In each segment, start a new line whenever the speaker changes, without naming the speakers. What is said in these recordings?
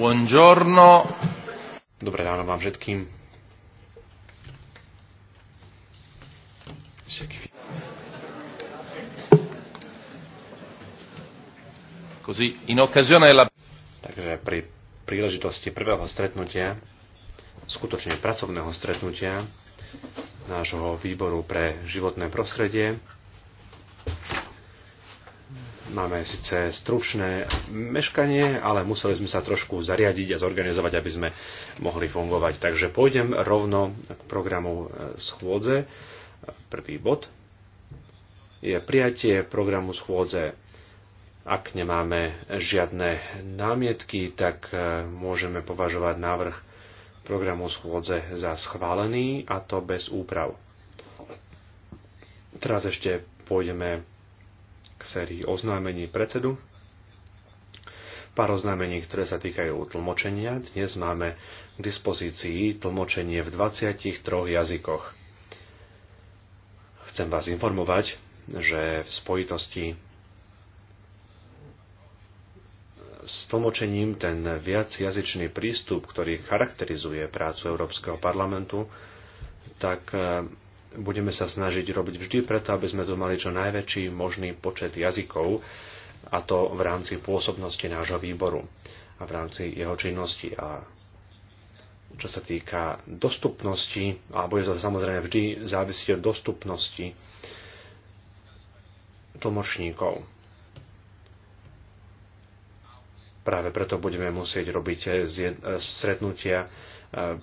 Buongiorno.
Dobré ráno vám všetkým. Così, in occasione della... Takže pri príležitosti prvého stretnutia, skutočne pracovného stretnutia nášho výboru pre životné prostredie, Máme síce stručné meškanie, ale museli sme sa trošku zariadiť a zorganizovať, aby sme mohli fungovať. Takže pôjdem rovno k programu e, schôdze. Prvý bod je prijatie programu schôdze. Ak nemáme žiadne námietky, tak e, môžeme považovať návrh programu schôdze za schválený a to bez úprav. Teraz ešte pôjdeme k sérii oznámení predsedu. Pár oznámení, ktoré sa týkajú tlmočenia. Dnes máme k dispozícii tlmočenie v 23 jazykoch. Chcem vás informovať, že v spojitosti s tlmočením ten viacjazyčný prístup, ktorý charakterizuje prácu Európskeho parlamentu, tak budeme sa snažiť robiť vždy preto, aby sme tu mali čo najväčší možný počet jazykov, a to v rámci pôsobnosti nášho výboru a v rámci jeho činnosti. A čo sa týka dostupnosti, a bude to samozrejme vždy závisieť od dostupnosti tlmočníkov. Práve preto budeme musieť robiť eh, eh, stretnutia eh,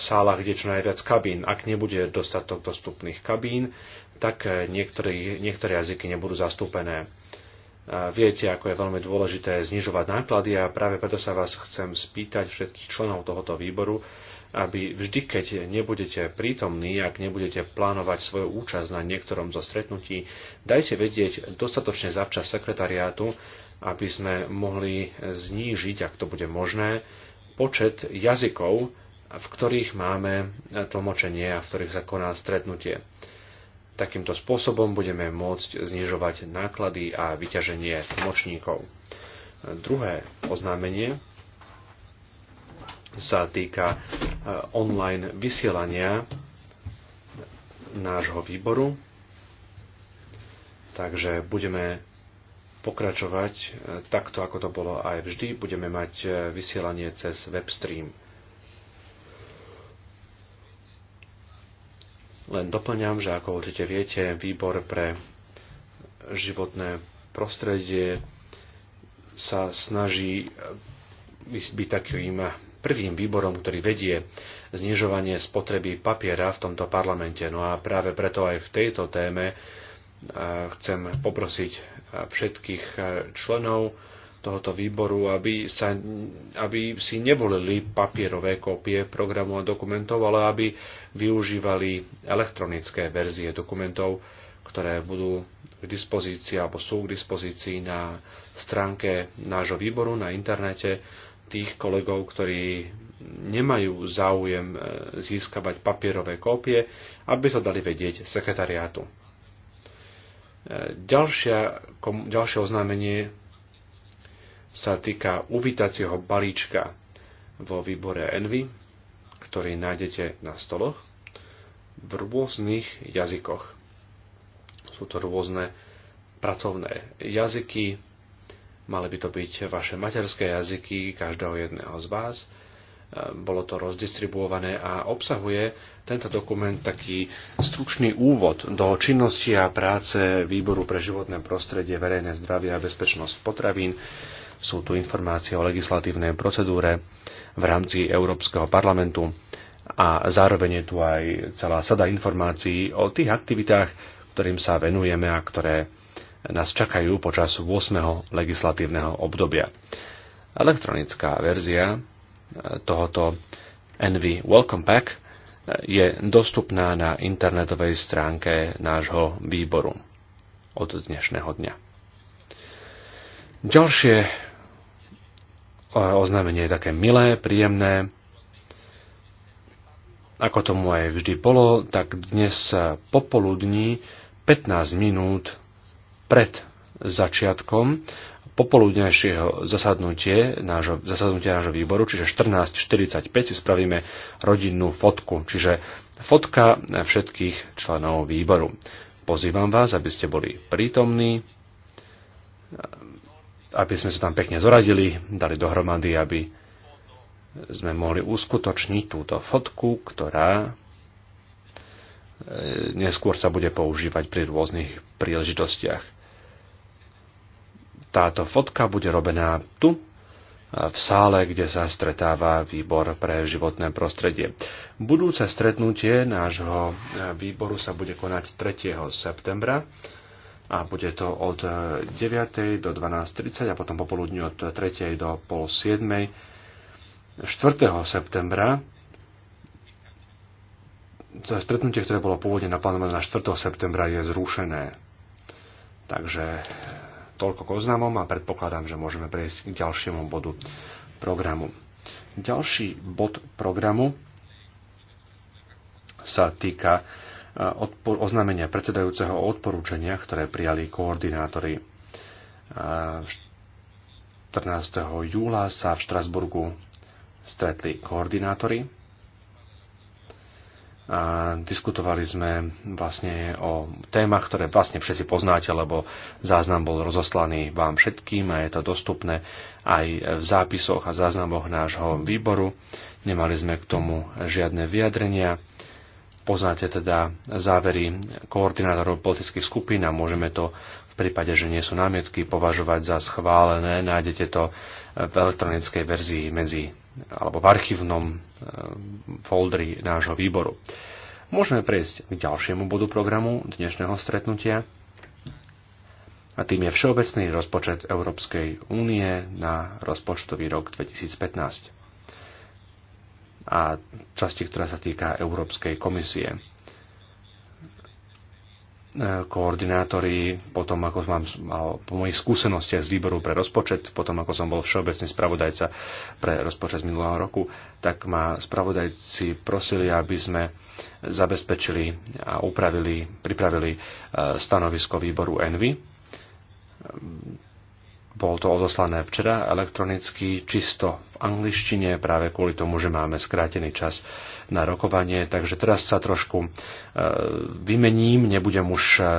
sálach, kde čo najviac kabín. Ak nebude dostatok dostupných kabín, tak eh, niektoré, niektoré jazyky nebudú zastúpené. Eh, viete, ako je veľmi dôležité znižovať náklady a práve preto sa vás chcem spýtať všetkých členov tohoto výboru, aby vždy, keď nebudete prítomní, ak nebudete plánovať svoju účasť na niektorom zo stretnutí, dajte vedieť dostatočne zavčas sekretariátu, aby sme mohli znížiť, ak to bude možné, počet jazykov, v ktorých máme tlmočenie a v ktorých sa koná stretnutie. Takýmto spôsobom budeme môcť znižovať náklady a vyťaženie tlmočníkov. Druhé oznámenie sa týka e, online vysielania nášho výboru. Takže budeme pokračovať e, takto, ako to bolo aj vždy. Budeme mať e, vysielanie cez webstream. Len doplňam, že ako určite viete, výbor pre životné prostredie sa snaží byť takým prvým výborom, ktorý vedie znižovanie spotreby papiera v tomto parlamente. No a práve preto aj v tejto téme chcem poprosiť všetkých členov, tohoto výboru, aby, sa, aby si nevolili papierové kópie programu a dokumentov, ale aby využívali elektronické verzie dokumentov, ktoré budú k dispozícii alebo sú k dispozícii na stránke nášho výboru na internete tých kolegov, ktorí nemajú záujem e, získavať papierové kópie, aby to dali vedieť sekretariátu. E, ďalšia, kom, ďalšie oznámenie sa týka uvítacieho balíčka vo výbore Envy, ktorý nájdete na stoloch v rôznych jazykoch. Sú to rôzne pracovné jazyky, mali by to byť vaše materské jazyky každého jedného z vás. Ehm, bolo to rozdistribuované a obsahuje tento dokument taký stručný úvod do činnosti a práce Výboru pre životné prostredie, verejné zdravie a bezpečnosť potravín sú tu informácie o legislatívnej procedúre v rámci Európskeho parlamentu a zároveň je tu aj celá sada informácií o tých aktivitách, ktorým sa venujeme a ktoré nás čakajú počas 8. legislatívneho obdobia. Elektronická verzia eh, tohoto Envy Welcome Pack eh, je dostupná na internetovej stránke nášho výboru od dnešného dňa. Ďalšie oznámenie je také milé, príjemné. Ako tomu aj vždy bolo, tak dnes popoludní 15 minút pred začiatkom popoludnejšieho zasadnutie nášho, zasadnutia nášho výboru, čiže 14.45 si spravíme rodinnú fotku, čiže fotka všetkých členov výboru. Pozývam vás, aby ste boli prítomní aby sme sa tam pekne zoradili, dali dohromady, aby sme mohli uskutočniť túto fotku, ktorá e, neskôr sa bude používať pri rôznych príležitostiach. Táto fotka bude robená tu, v sále, kde sa stretáva výbor pre životné prostredie. Budúce stretnutie nášho e, výboru sa bude konať 3. septembra a bude to od 9. E, do 12.30 a potom popoludní od 3. do pol 7. 4. septembra to stretnutie, ktoré bolo pôvodne naplánované na 4. septembra, je zrušené. Takže toľko k oznamom a predpokladám, že môžeme prejsť k ďalšiemu bodu programu. Ďalší bod programu sa týka oznámenia predsedajúceho o odporúčaniach, ktoré prijali koordinátori. 14. júla sa v Štrasburgu stretli koordinátori a diskutovali sme vlastne o témach, ktoré vlastne všetci poznáte, lebo záznam bol rozoslaný vám všetkým a je to dostupné aj v zápisoch a záznamoch nášho výboru. Nemali sme k tomu žiadne vyjadrenia Poznáte teda závery koordinátorov politických skupín a môžeme to v prípade, že nie sú námietky, považovať za schválené. Nájdete to v elektronickej verzii medzi, alebo v archívnom eh, foldri nášho výboru. Môžeme prejsť k ďalšiemu bodu programu dnešného stretnutia a tým je Všeobecný rozpočet Európskej únie na rozpočtový rok 2015 a časti, ktorá sa týka Európskej komisie. E, koordinátori, potom ako mám po mojich skúsenostiach z výboru pre rozpočet, potom ako som bol všeobecný spravodajca pre rozpočet z minulého roku, tak ma spravodajci prosili, aby sme zabezpečili a upravili, pripravili e, stanovisko výboru Envy bol to odoslané včera elektronicky, čisto v angličtine, práve kvôli tomu, že máme skrátený čas na rokovanie. Takže teraz sa trošku e, vymením, nebudem už e,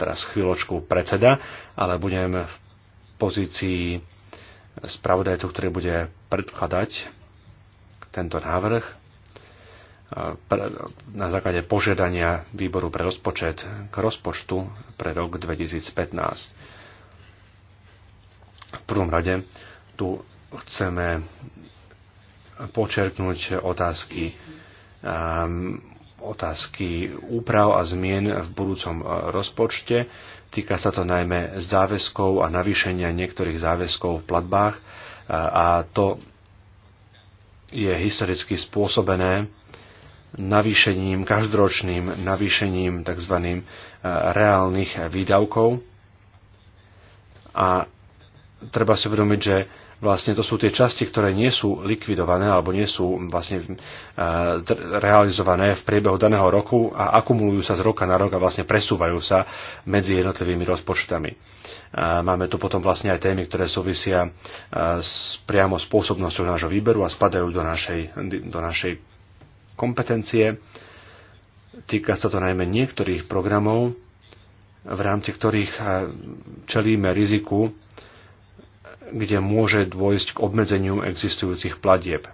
teraz chvíľočku predseda, ale budem v pozícii spravodajcu, ktorý bude predkladať tento návrh e, na základe požiadania výboru pre rozpočet k rozpočtu pre rok 2015. V prvom rade tu chceme počerknúť otázky ehm, otázky úprav a zmien v budúcom e, rozpočte. Týka sa to najmä záväzkov a navýšenia niektorých záväzkov v platbách e, a to je historicky spôsobené navýšením, každoročným navýšením tzv. E, reálnych výdavkov a treba si uvedomiť, že vlastne to sú tie časti, ktoré nie sú likvidované alebo nie sú vlastne e, realizované v priebehu daného roku a akumulujú sa z roka na rok a vlastne presúvajú sa medzi jednotlivými rozpočtami. E, máme tu potom vlastne aj témy, ktoré súvisia e, s priamo spôsobnosťou nášho výberu a spadajú do našej, do našej kompetencie. Týka sa to najmä niektorých programov, v rámci ktorých čelíme riziku kde môže dôjsť k obmedzeniu existujúcich platieb.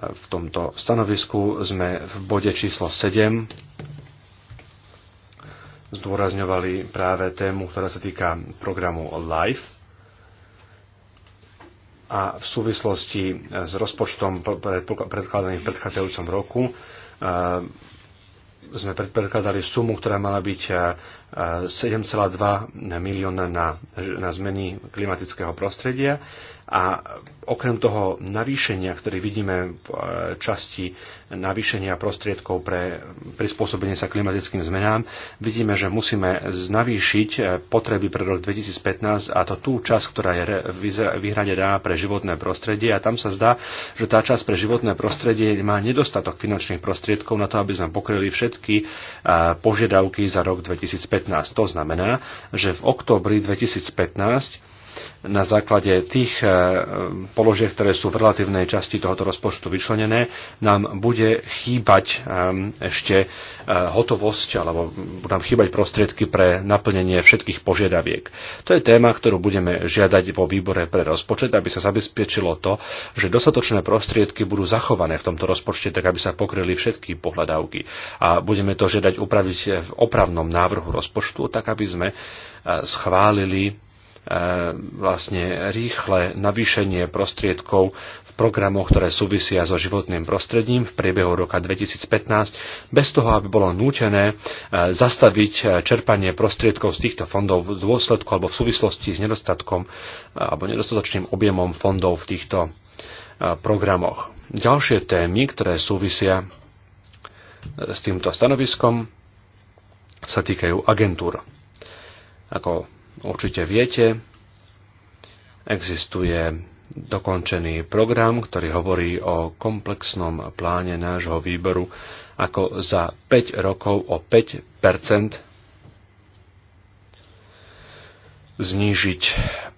V tomto stanovisku sme v bode číslo 7 zdôrazňovali práve tému, ktorá sa týka programu LIFE, a v súvislosti s rozpočtom predkladaným v predchádzajúcom roku sme predpredkladali sumu, ktorá mala byť 7,2 e, e, milióna na, na zmeny klimatického prostredia a okrem toho navýšenia, ktorý vidíme v e, časti navýšenia prostriedkov pre prispôsobenie sa klimatickým zmenám, vidíme, že musíme navýšiť e, potreby pre rok 2015 a to tú časť, ktorá je dá pre životné prostredie a tam sa zdá, že tá časť pre životné prostredie má nedostatok finančných prostriedkov na to, aby sme pokryli všetky e, požiadavky za rok 2015. To znamená, že v oktobri 2015 na základe tých eh, položiek, ktoré sú v relatívnej časti tohoto rozpočtu vyčlenené, nám bude chýbať eh, ešte eh, hotovosť alebo budú nám chýbať prostriedky pre naplnenie všetkých požiadaviek. To je téma, ktorú budeme žiadať vo výbore pre rozpočet, aby sa zabezpečilo to, že dostatočné prostriedky budú zachované v tomto rozpočte, tak aby sa pokryli všetky pohľadávky. A budeme to žiadať upraviť v opravnom návrhu rozpočtu, tak aby sme schválili E, vlastne rýchle navýšenie prostriedkov v programoch, ktoré súvisia so životným prostredím v priebehu roka 2015, bez toho, aby bolo nútené e, zastaviť e, čerpanie prostriedkov z týchto fondov v dôsledku alebo v súvislosti s nedostatkom alebo nedostatočným objemom fondov v týchto programoch. Ďalšie témy, ktoré súvisia s týmto stanoviskom, sa týkajú agentúr. Ako určite viete, existuje dokončený program, ktorý hovorí o komplexnom pláne nášho výboru, ako za 5 rokov o 5 znížiť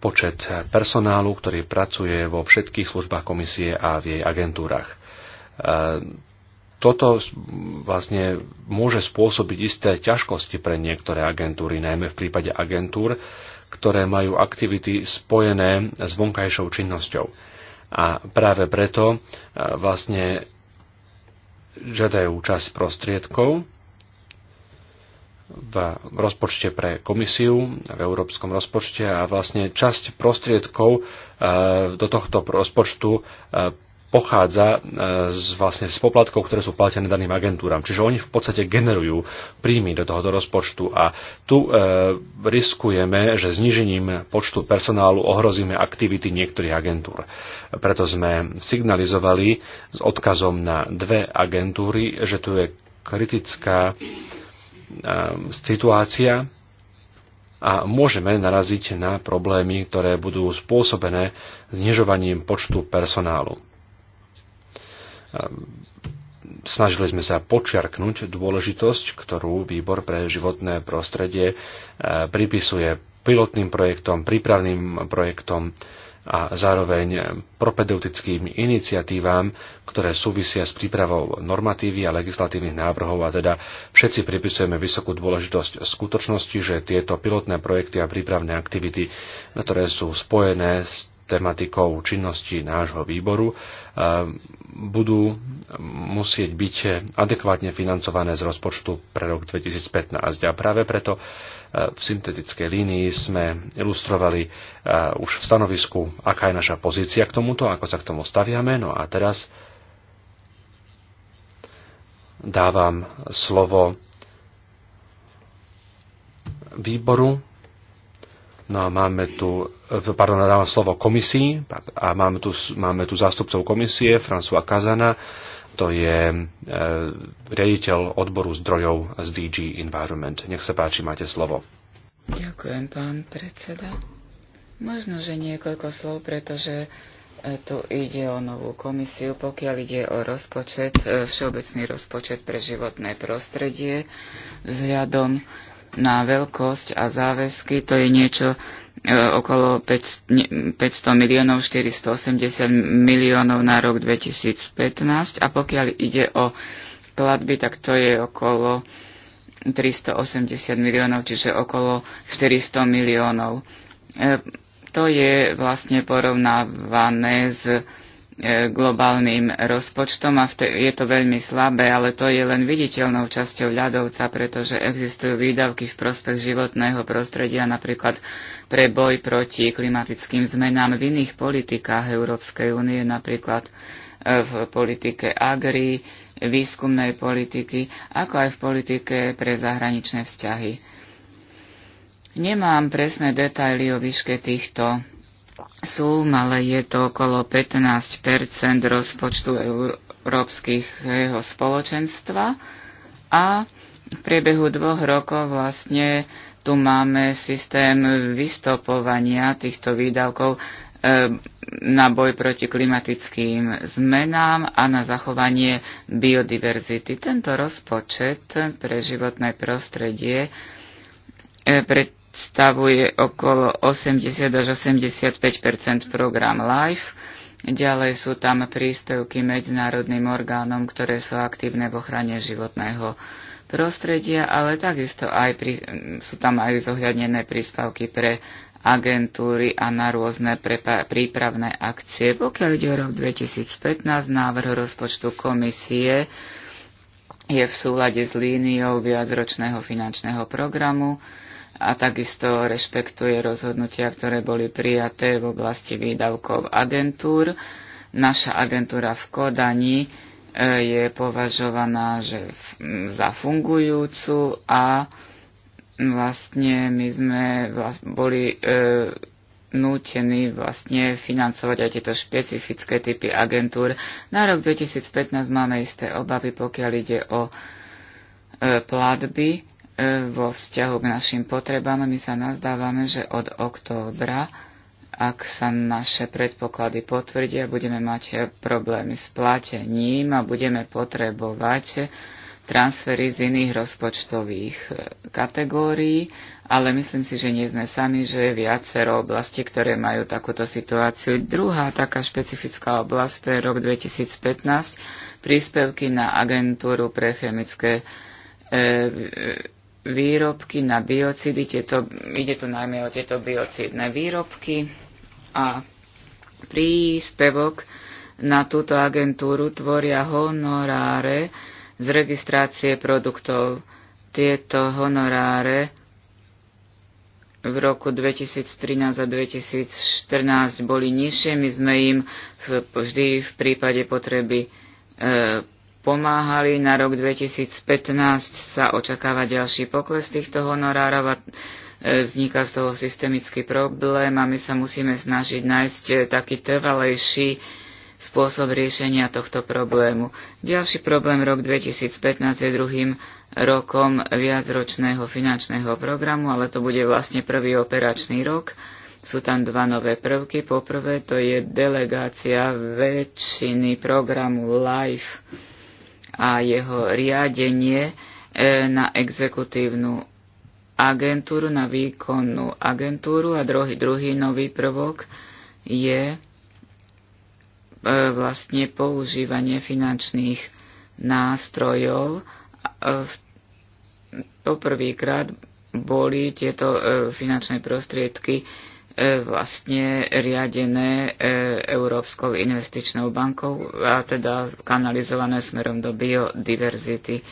počet personálu, ktorý pracuje vo všetkých službách komisie a v jej agentúrach e, toto vlastne môže spôsobiť isté ťažkosti pre niektoré agentúry, najmä v prípade agentúr, ktoré majú aktivity spojené s vonkajšou činnosťou. A práve preto e, vlastne žiadajú časť prostriedkov v rozpočte pre komisiu, v európskom rozpočte a vlastne časť prostriedkov e, do tohto rozpočtu e, pochádza e, z, vlastne z poplatkov, ktoré sú platené daným agentúram. Čiže oni v podstate generujú príjmy do tohoto rozpočtu a tu e, riskujeme, že znižením počtu personálu ohrozíme aktivity niektorých agentúr. Preto sme signalizovali s odkazom na dve agentúry, že tu je kritická e, situácia a môžeme naraziť na problémy, ktoré budú spôsobené znižovaním počtu personálu. Snažili sme sa počiarknúť dôležitosť, ktorú Výbor pre životné prostredie e, pripisuje pilotným projektom, prípravným projektom a zároveň propedeutickým iniciatívam, ktoré súvisia s prípravou normatívy a legislatívnych návrhov a teda všetci pripisujeme vysokú dôležitosť skutočnosti, že tieto pilotné projekty a prípravné aktivity, ktoré sú spojené s tematikou činnosti nášho výboru, e, budú musieť byť adekvátne financované z rozpočtu pre rok 2015. A práve preto e, v syntetickej línii sme ilustrovali e, už v stanovisku, aká je naša pozícia k tomuto, ako sa k tomu staviame. No a teraz dávam slovo výboru. No a máme tu pardon, dávam slovo komisii a máme tu, máme tu zástupcov komisie François Kazana, to je e, riaditeľ odboru zdrojov z DG Environment. Nech sa páči, máte slovo.
Ďakujem, pán predseda. Možno, že niekoľko slov, pretože e, tu ide o novú komisiu, pokiaľ ide o rozpočet, e, všeobecný rozpočet pre životné prostredie vzhľadom na veľkosť a záväzky. To je niečo, E, okolo 500 miliónov 480 miliónov na rok 2015 a pokiaľ ide o platby, tak to je okolo 380 miliónov, čiže okolo 400 miliónov. E, to je vlastne porovnávané s E, globálnym rozpočtom a je to veľmi slabé, ale to je len viditeľnou časťou ľadovca, pretože existujú výdavky v prospech životného prostredia, napríklad pre boj proti klimatickým zmenám v iných politikách Európskej únie, napríklad e, v politike agri, výskumnej politiky, ako aj v politike pre zahraničné vzťahy. Nemám presné detaily o výške týchto sú, ale je to okolo 15 rozpočtu európskeho spoločenstva a v priebehu dvoch rokov vlastne tu máme systém vystopovania týchto výdavkov eh, na boj proti klimatickým zmenám a na zachovanie biodiverzity. Tento rozpočet pre životné prostredie eh, pre predstavuje okolo 80 až 85 program LIFE. Ďalej sú tam príspevky medzinárodným orgánom, ktoré sú aktívne v ochrane životného prostredia, ale takisto aj pri, sú tam aj zohľadnené príspevky pre agentúry a na rôzne prepa- prípravné akcie. Pokiaľ ide o rok 2015, návrh rozpočtu komisie je v súlade s líniou viacročného finančného programu a takisto rešpektuje rozhodnutia, ktoré boli prijaté v oblasti výdavkov agentúr. Naša agentúra v Kodani e, je považovaná že za fungujúcu a vlastne my sme vlast, boli e, nútení vlastne financovať aj tieto špecifické typy agentúr. Na rok 2015 máme isté obavy, pokiaľ ide o e, platby E, vo vzťahu k našim potrebám. My sa nazdávame, že od októbra, ak sa naše predpoklady potvrdia, budeme mať problémy s platením a budeme potrebovať transfery z iných rozpočtových e, kategórií, ale myslím si, že nie sme sami, že je viacero oblasti, ktoré majú takúto situáciu. Druhá taká špecifická oblasť pre rok 2015, príspevky na agentúru pre chemické e, e výrobky na biocidy, tieto, ide tu najmä o tieto biocidné výrobky a príspevok na túto agentúru tvoria honoráre z registrácie produktov. Tieto honoráre v roku 2013 a 2014 boli nižšie. My sme im vždy v prípade potreby e, pomáhali. Na rok 2015 sa očakáva ďalší pokles týchto honorárov a e, vzniká z toho systemický problém a my sa musíme snažiť nájsť e, taký trvalejší spôsob riešenia tohto problému. Ďalší problém rok 2015 je druhým rokom viacročného finančného programu, ale to bude vlastne prvý operačný rok. Sú tam dva nové prvky. Poprvé to je delegácia väčšiny programu LIFE a jeho riadenie e, na exekutívnu agentúru, na výkonnú agentúru a druhý, druhý nový prvok je e, vlastne používanie finančných nástrojov. E, poprvýkrát boli tieto finančné prostriedky E, vlastne riadené e, Európskou investičnou bankou a teda kanalizované smerom do biodiverzity.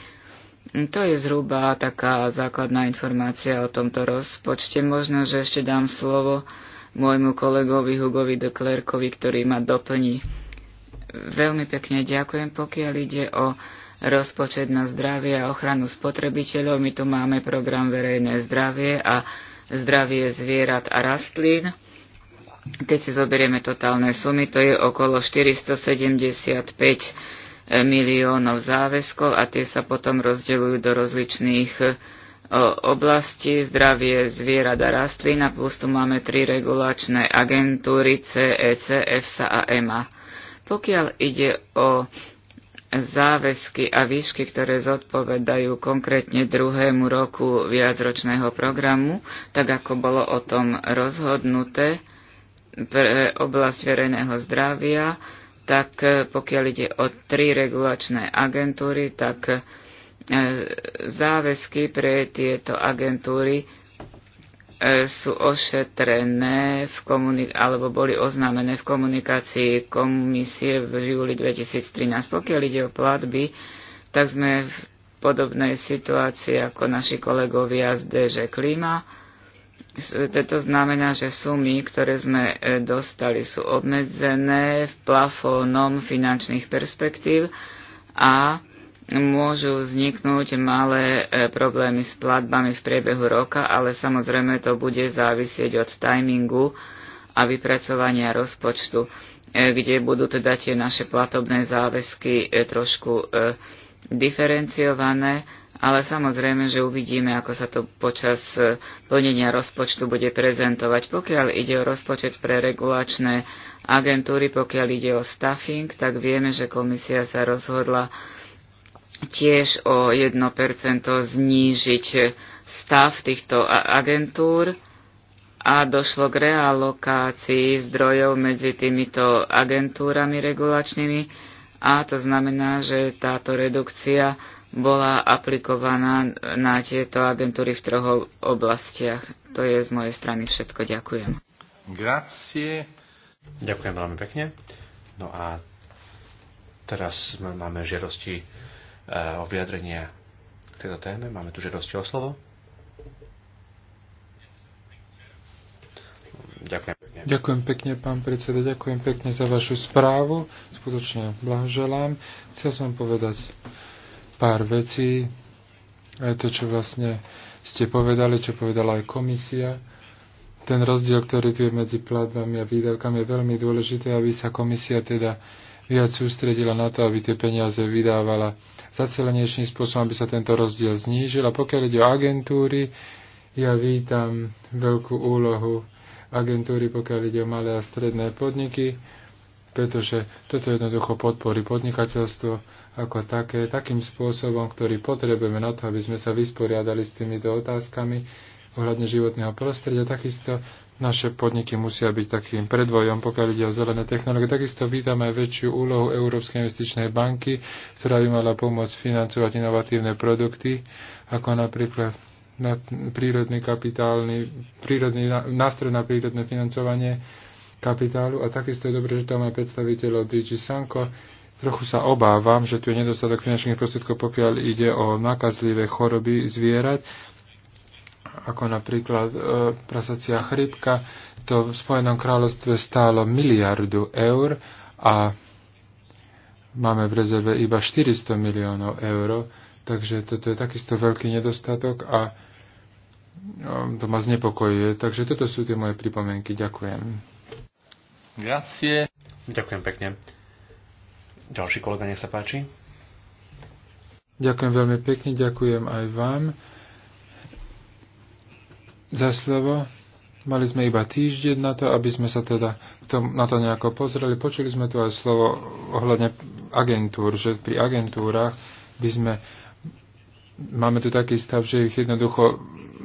To je zhruba taká základná informácia o tomto rozpočte. Možno, že ešte dám slovo môjmu kolegovi Hugovi de Klerkovi, ktorý ma doplní. Veľmi pekne ďakujem, pokiaľ ide o rozpočet na zdravie a ochranu spotrebiteľov. My tu máme program verejné zdravie a zdravie zvierat a rastlín. Keď si zoberieme totálne sumy, to je okolo 475 miliónov záväzkov a tie sa potom rozdeľujú do rozličných e, oblastí. zdravie zvierat a rastlín a plus tu máme tri regulačné agentúry CEC, EFSA a EMA. Pokiaľ ide o záväzky a výšky, ktoré zodpovedajú konkrétne druhému roku viacročného programu, tak ako bolo o tom rozhodnuté pre oblasť verejného zdravia, tak pokiaľ ide o tri regulačné agentúry, tak e, záväzky pre tieto agentúry E, sú ošetrené v komunik- alebo boli oznámené v komunikácii komisie v júli 2013. Pokiaľ ide o platby, tak sme v podobnej situácii ako naši kolegovia z DŽ Klima. To znamená, že sumy, ktoré sme e, dostali, sú obmedzené v plafónom finančných perspektív a môžu vzniknúť malé e, problémy s platbami v priebehu roka, ale samozrejme to bude závisieť od timingu a vypracovania rozpočtu, e, kde budú teda tie naše platobné záväzky e, trošku diferenciované, ale samozrejme, že uvidíme, ako sa to počas plnenia rozpočtu bude prezentovať. Pokiaľ ide o rozpočet pre regulačné agentúry, pokiaľ ide o staffing, tak vieme, že komisia sa rozhodla tiež o 1% znížiť stav týchto agentúr a došlo k realokácii zdrojov medzi týmito agentúrami regulačnými a to znamená, že táto redukcia bola aplikovaná na tieto agentúry v troch oblastiach. To je z mojej strany všetko. Ďakujem.
Grazie. Ďakujem veľmi pekne. No a teraz máme žiadosti Eh, o vyjadrenia k tejto téme. Máme tu žiadosti o slovo. Ďakujem pekne.
Ďakujem pekne, pán predseda. Ďakujem pekne za vašu správu. Skutočne blahoželám. Chcel som povedať pár vecí. Aj to, čo vlastne ste povedali, čo povedala aj komisia. Ten rozdiel, ktorý tu je medzi platbami a výdavkami, je veľmi dôležité, aby sa komisia teda viac sústredila na to, aby tie peniaze vydávala zacelenejším spôsobom, aby sa tento rozdiel znížil. A pokiaľ ide o agentúry, ja vítam veľkú úlohu agentúry, pokiaľ ide o malé a stredné podniky, pretože toto jednoducho podporí podnikateľstvo ako také, takým spôsobom, ktorý potrebujeme na to, aby sme sa vysporiadali s týmito otázkami ohľadne životného prostredia, takisto naše podniky musia byť takým predvojom, pokiaľ ide o zelené technológie. Takisto vítame aj väčšiu úlohu Európskej investičnej banky, ktorá by mala pomôcť financovať inovatívne produkty, ako napríklad na prírodný kapitálny, prírodný, nástroj na prírodné financovanie kapitálu. A takisto je dobré, že tam aj predstaviteľov DG Sanko. Trochu sa obávam, že tu je nedostatok finančných prostriedkov, pokiaľ ide o nakazlivé choroby zvierať ako napríklad e, prasacia chrypka, to v Spojenom kráľovstve stálo miliardu eur a máme v rezerve iba 400 miliónov eur, takže toto je takisto veľký nedostatok a e, to ma znepokojuje. Takže toto sú tie moje pripomienky. Ďakujem.
Grazie. Ďakujem pekne. Ďalší kolega, nech sa
páči. Ďakujem veľmi pekne, ďakujem aj vám za slovo. Mali sme iba týždeň na to, aby sme sa teda tom, na to nejako pozreli. Počuli sme tu aj slovo ohľadne agentúr, že pri agentúrach by sme... Máme tu taký stav, že ich jednoducho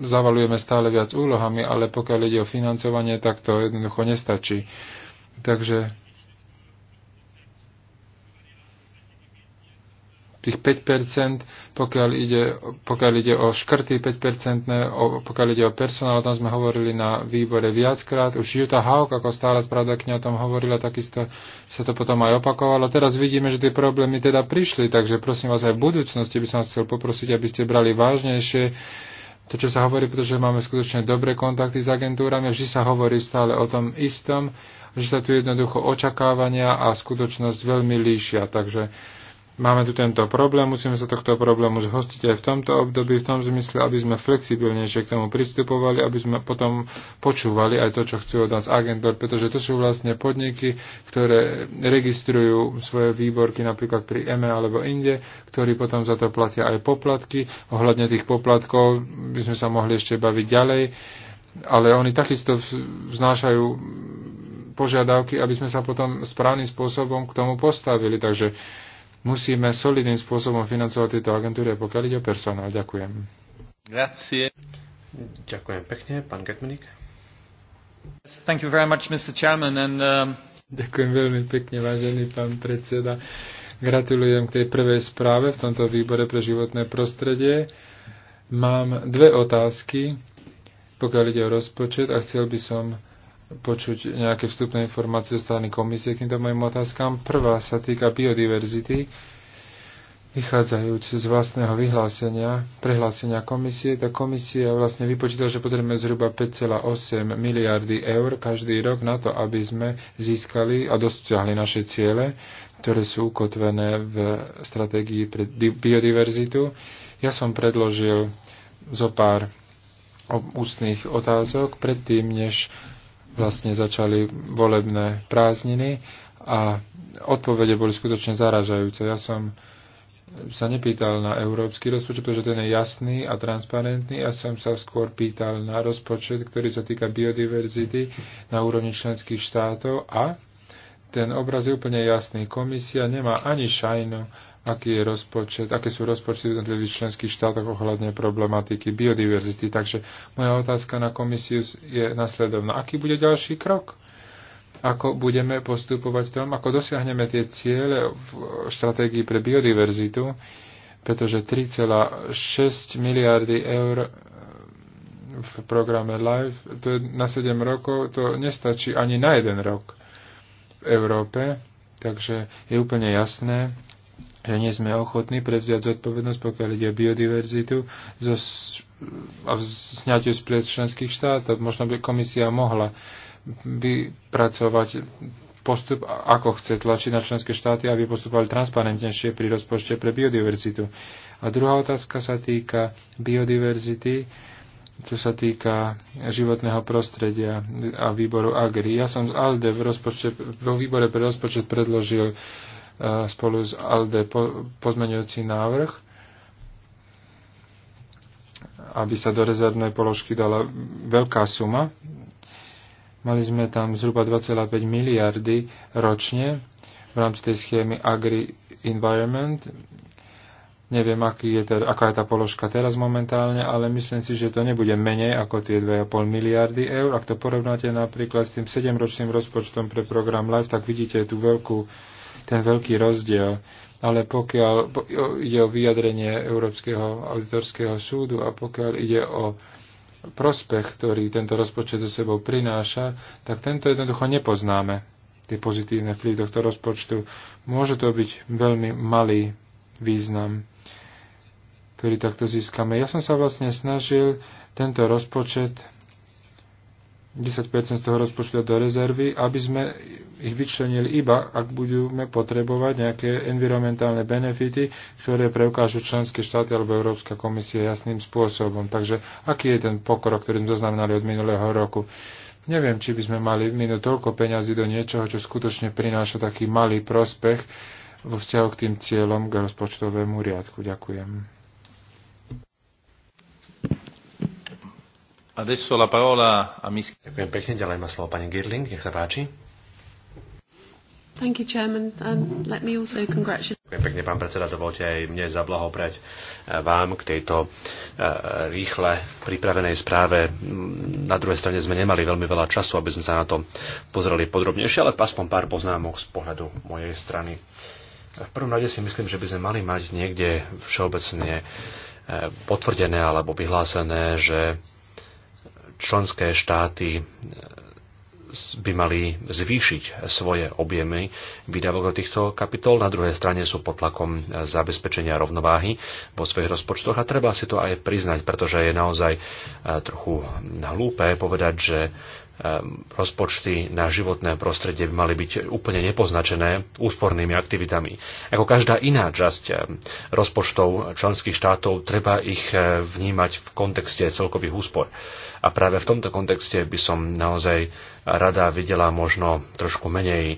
zavalujeme stále viac úlohami, ale pokiaľ ide o financovanie, tak to jednoducho nestačí. Takže tých 5%, pokiaľ ide, pokiaľ ide o škrty 5%, o, pokiaľ ide o personál, o tom sme hovorili na výbore viackrát. Už Juta Hauk, ako stále spravda kňa o tom hovorila, takisto sa to potom aj opakovalo. Teraz vidíme, že tie problémy teda prišli, takže prosím vás aj v budúcnosti by som vás chcel poprosiť, aby ste brali vážnejšie to, čo sa hovorí, pretože máme skutočne dobré kontakty s agentúrami, vždy sa hovorí stále o tom istom, že sa tu jednoducho očakávania a skutočnosť veľmi líšia. Takže Máme tu tento problém, musíme sa tohto problému zhostiť aj v tomto období, v tom zmysle, aby sme flexibilnejšie k tomu pristupovali, aby sme potom počúvali aj to, čo chcú od nás agentor, pretože to sú vlastne podniky, ktoré registrujú svoje výborky napríklad pri EME e alebo inde, ktorí potom za to platia aj poplatky. Ohľadne tých poplatkov by sme sa mohli ešte baviť ďalej, ale oni takisto vznášajú požiadavky, aby sme sa potom správnym spôsobom k tomu postavili. Takže musíme solidným spôsobom financovať tieto agentúry, pokiaľ ide o personál. Ďakujem. Grazie.
Ďakujem pekne, pán Getmanik.
Thank you very much, Mr. Chairman, and, um... Ďakujem veľmi pekne, vážený pán predseda. Gratulujem k tej prvej správe v tomto výbore pre životné prostredie. Mám dve otázky, pokiaľ ide o rozpočet a chcel by som počuť nejaké vstupné informácie zo strany komisie k týmto mojim otázkam. Prvá sa týka biodiverzity. Vychádzajúc z vlastného vyhlásenia, prehlásenia komisie, tá komisia vlastne vypočítala, že potrebujeme zhruba 5,8 miliardy eur každý rok na to, aby sme získali a dosiahli naše ciele, ktoré sú ukotvené v stratégii pre biodiverzitu. Ja som predložil zo pár ústnych otázok predtým, než vlastne začali volebné prázdniny a odpovede boli skutočne zaražajúce. Ja som sa nepýtal na európsky rozpočet, pretože ten je jasný a transparentný. Ja som sa skôr pýtal na rozpočet, ktorý sa týka biodiverzity na úrovni členských štátov a ten obraz je úplne jasný. Komisia nemá ani šajnu, aký je rozpočet, aké sú rozpočty v jednotlivých členských štátoch ohľadne problematiky biodiverzity. Takže moja otázka na komisiu je nasledovná. Aký bude ďalší krok? Ako budeme postupovať v tom, ako dosiahneme tie ciele v stratégii pre biodiverzitu, pretože 3,6 miliardy eur eh, v programe LIFE, to je na 7 rokov, to nestačí ani na jeden rok v Európe, takže je úplne jasné, že nie sme ochotní prevziať zodpovednosť, pokiaľ ide o biodiverzitu, zo, a sňať z spred členských štátov. Možno by komisia mohla vypracovať postup, ako chce tlačiť na členské štáty, aby postupovali transparentnejšie pri rozpočte pre biodiverzitu. A druhá otázka sa týka biodiverzity, čo sa týka životného prostredia a výboru Agri. Ja som z ALDE v rozpočte, vo výbore pre rozpočet predložil uh, E, spolu s ALDE po, pozmeňujúci návrh, aby sa do rezervnej položky dala veľká suma. Mali sme tam zhruba 2,5 miliardy ročne v rámci tej schémy Agri Environment, Neviem, aký je ter, aká je tá položka teraz momentálne, ale myslím si, že to nebude menej ako tie 2,5 miliardy eur. Ak to porovnáte napríklad s tým 7-ročným rozpočtom pre program LIFE, tak vidíte tú veľkú ten veľký rozdiel. Ale pokiaľ ide o vyjadrenie Európskeho auditorského súdu a pokiaľ ide o prospech, ktorý tento rozpočet do sebou prináša, tak tento jednoducho nepoznáme, tie pozitívne vplyvy tohto rozpočtu. Môže to byť veľmi malý význam, ktorý takto získame. Ja som sa vlastne snažil tento rozpočet 10% z toho rozpočtu do rezervy, aby sme ich vyčlenili iba, ak budeme potrebovať nejaké environmentálne benefity, ktoré preukážu členské štáty alebo Európska komisia jasným spôsobom. Takže aký je ten pokrok, ktorý sme zaznamenali od minulého roku? Neviem, či by sme mali minúť toľko peňazí do niečoho, čo skutočne prináša taký malý prospech vo vzťahu k tým cieľom k rozpočtovému riadku. Ďakujem.
Adesso la parola a Miss... Ďakujem pekne, ďalej má slovo pani Girling, nech sa páči. Thank you, Chairman, and let me also congratulate... Ďakujem pekne, pán predseda, dovolte aj mne zablahoprať eh, vám k tejto eh, rýchle pripravenej správe. Na druhej strane sme nemali veľmi veľa času, aby sme sa na to pozreli podrobnejšie, ale aspoň pár poznámok z pohľadu mojej strany. V prvom rade si myslím, že by sme mali mať niekde všeobecne eh, potvrdené alebo vyhlásené, že členské štáty e, by mali zvýšiť svoje objemy výdavok do týchto kapitol. Na druhej strane sú pod tlakom e, zabezpečenia rovnováhy vo svojich rozpočtoch a treba si to aj priznať, pretože je naozaj e, trochu hlúpe povedať, že rozpočty na životné prostredie by mali byť úplne nepoznačené úspornými aktivitami. Ako každá iná časť rozpočtov členských štátov, treba ich vnímať v kontexte celkových úspor. A práve v tomto kontexte by som naozaj rada videla možno trošku menej e,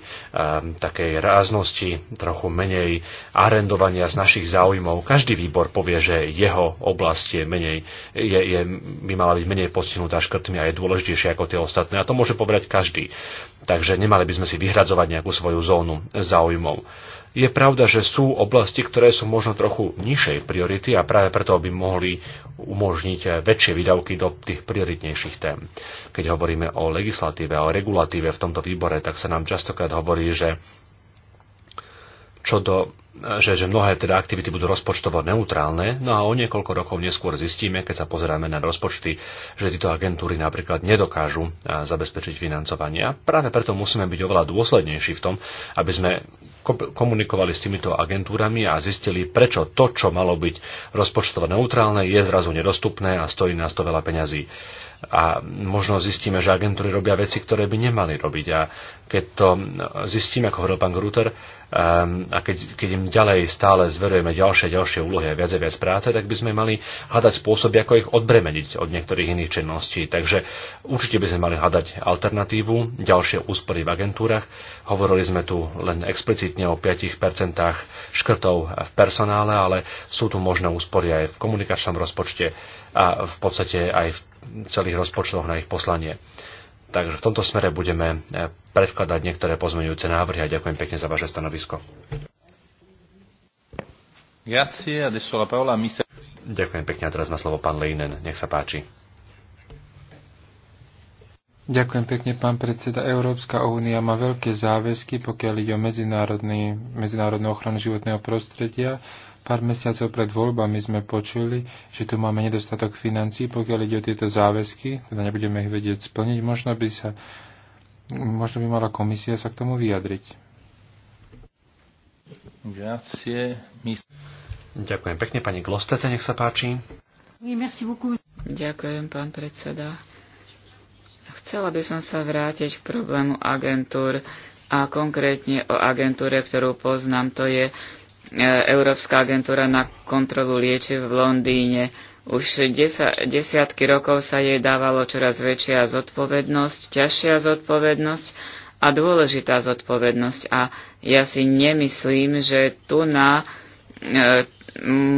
takej ráznosti, trochu menej arendovania z našich záujmov. Každý výbor povie, že jeho oblast je menej, je, je, by mala byť menej postihnutá škrtmi a je dôležitejšia ako tie ostatné. A to môže povedať každý. Takže nemali by sme si vyhradzovať nejakú svoju zónu záujmov. Je pravda, že sú oblasti, ktoré sú možno trochu nižšej priority a práve preto by mohli umožniť väčšie výdavky do tých prioritnejších tém. Keď hovoríme o legislatíve a o regulatíve v tomto výbore, tak sa nám častokrát hovorí, že čo do, že, že mnohé teda aktivity budú rozpočtovo neutrálne, no a o niekoľko rokov neskôr zistíme, keď sa pozeráme na rozpočty, že tieto agentúry napríklad nedokážu zabezpečiť financovanie. A práve preto musíme byť oveľa dôslednejší v tom, aby sme komunikovali s týmito agentúrami a zistili, prečo to, čo malo byť rozpočtovo neutrálne, je zrazu nedostupné a stojí nás to veľa peňazí. A možno zistíme, že agentúry robia veci, ktoré by nemali robiť. A keď to zistíme, ako hovoril pán Gruter, Ehm, a keď, keď im ďalej stále zverujeme ďalšie ďalšie úlohy a viac a viac práce, tak by sme mali hľadať spôsoby, ako ich odbremeniť od niektorých iných činností. Takže určite by sme mali hľadať alternatívu, ďalšie úspory v agentúrach. Hovorili sme tu len explicitne o 5% škrtov v personále, ale sú tu možné úspory aj v komunikačnom rozpočte a v podstate aj v celých rozpočtoch na ich poslanie. Takže v tomto smere budeme e, predkladať niektoré pozmeňujúce návrhy a ďakujem pekne za vaše stanovisko. Ďakujem pekne a teraz má slovo pán Leinen. Nech sa páči.
Ďakujem pekne, pán predseda. Európska únia má veľké záväzky, pokiaľ ide o medzinárodnú ochranu životného prostredia Pár mesiacov pred voľbami sme počuli, že tu máme nedostatok financí, pokiaľ ide o tieto záväzky, teda nebudeme ich vedieť splniť. Možno by, sa, možno by mala komisia sa k tomu vyjadriť. Grazie. Ďakujem pekne, pani Glostete, nech sa páči.
Ďakujem, pán predseda. Chcela by som sa vrátiť k problému agentúr a konkrétne o agentúre, ktorú poznám, to je E, Európska agentúra na kontrolu liečiv v Londýne. Už desa, desiatky rokov sa jej dávalo čoraz väčšia zodpovednosť, ťažšia zodpovednosť a dôležitá zodpovednosť. A ja si nemyslím, že tu na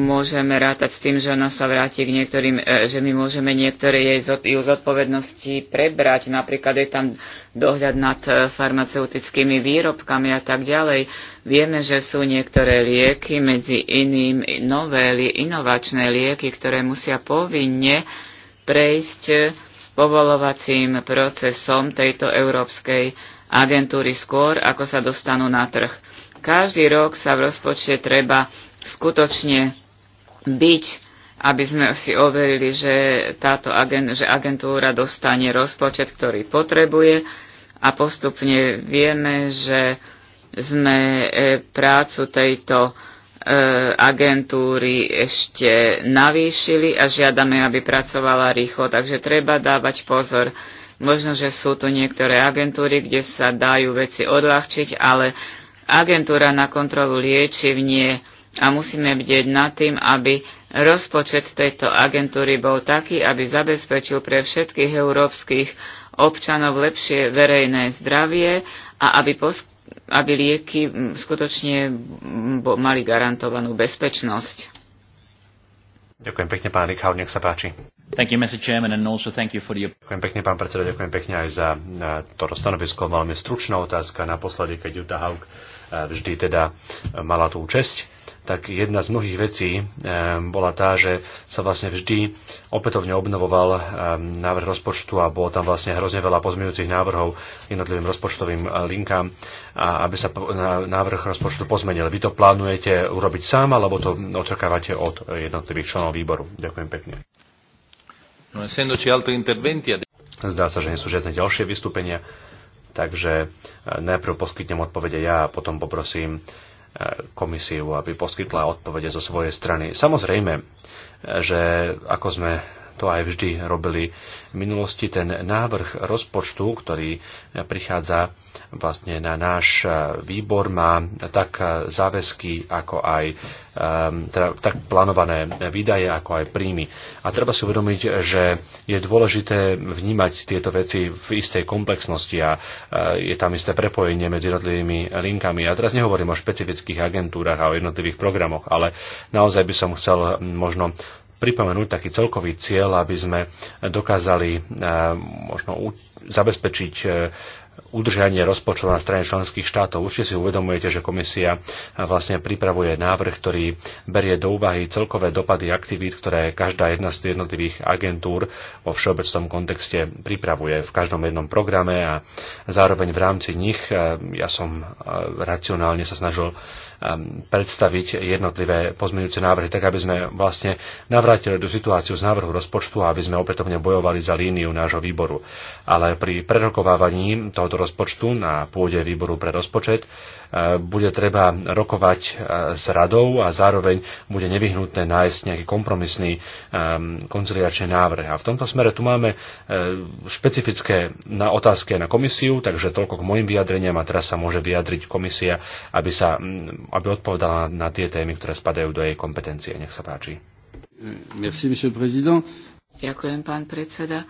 môžeme rátať s tým, že ona sa vráti k niektorým, e, že my môžeme niektoré jej zodpovednosti prebrať. Napríklad je tam dohľad nad e, farmaceutickými výrobkami a tak ďalej. Vieme, že sú niektoré lieky, medzi iným nové, inovačné lieky, ktoré musia povinne prejsť e, povolovacím procesom tejto európskej agentúry skôr, ako sa dostanú na trh. Každý rok sa v rozpočte treba skutočne byť, aby sme si overili, že, táto agent, že agentúra dostane rozpočet, ktorý potrebuje a postupne vieme, že sme e, prácu tejto e, agentúry ešte navýšili a žiadame, aby pracovala rýchlo. Takže treba dávať pozor. Možno, že sú tu niektoré agentúry, kde sa dajú veci odľahčiť, ale agentúra na kontrolu liečiv nie je a musíme bdieť nad tým, aby rozpočet tejto agentúry bol taký, aby zabezpečil pre všetkých európskych občanov lepšie verejné zdravie a aby, aby lieky skutočne mali garantovanú
bezpečnosť. Ďakujem pekne, pán Rikau, nech sa páči. Thank you, Mr. Chairman, and also thank you for Ďakujem pekne, pán predseda, ďakujem pekne aj za toto stanovisko. Veľmi stručná otázka naposledy, keď Jutta Haug eh, vždy teda eh, mala tú česť tak jedna z mnohých vecí eh, bola tá, že sa vlastne vždy opätovne obnovoval eh, návrh rozpočtu a bolo tam vlastne hrozne veľa pozmeňujúcich návrhov jednotlivým rozpočtovým eh, linkám, a aby sa návrh rozpočtu pozmenil. Vy to plánujete urobiť sám, alebo to očakávate od jednotlivých členov výboru? Ďakujem pekne. No, Zdá sa, že nie sú žiadne ďalšie vystúpenia, takže najprv poskytnem odpovede ja a potom poprosím komisiu, aby poskytla odpovede zo svojej strany. Samozrejme, že ako sme to aj vždy robili v minulosti. Ten návrh rozpočtu, ktorý prichádza vlastne na náš e, výbor, má tak e, záväzky, ako aj e, teda, tak plánované výdaje, ako aj príjmy. A treba si uvedomiť, že je dôležité vnímať tieto veci v istej komplexnosti a je tam isté prepojenie medzi jednotlivými linkami. Ja teraz nehovorím o špecifických agentúrach a o jednotlivých programoch, ale naozaj by som chcel možno pripomenúť taký celkový cieľ, aby sme dokázali e, možno zabezpečiť e, udržanie rozpočtu na strane členských štátov. Určite si uvedomujete, že komisia vlastne pripravuje návrh, ktorý berie do úvahy celkové dopady aktivít, ktoré každá jedna z jednotlivých agentúr vo všeobecnom kontexte pripravuje v každom jednom programe a zároveň v rámci nich e, ja som racionálne sa snažil Um, predstaviť jednotlivé pozmeňujúce návrhy, tak aby sme vlastne navrátili do situáciu z návrhu rozpočtu a aby sme opätovne bojovali za líniu nášho výboru. Ale pri prerokovávaní tohoto rozpočtu na pôde výboru pre rozpočet bude treba rokovať e, s radou a zároveň bude nevyhnutné nájsť nejaký kompromisný e, konciliačný návrh. A v tomto smere tu máme e, špecifické na otázky na komisiu, takže toľko k mojim vyjadreniam a teraz sa môže vyjadriť komisia, aby, sa, aby odpovedala na tie témy, ktoré spadajú do jej kompetencie. Nech sa páči. Merci, monsieur président.
Ďakujem, pán predseda.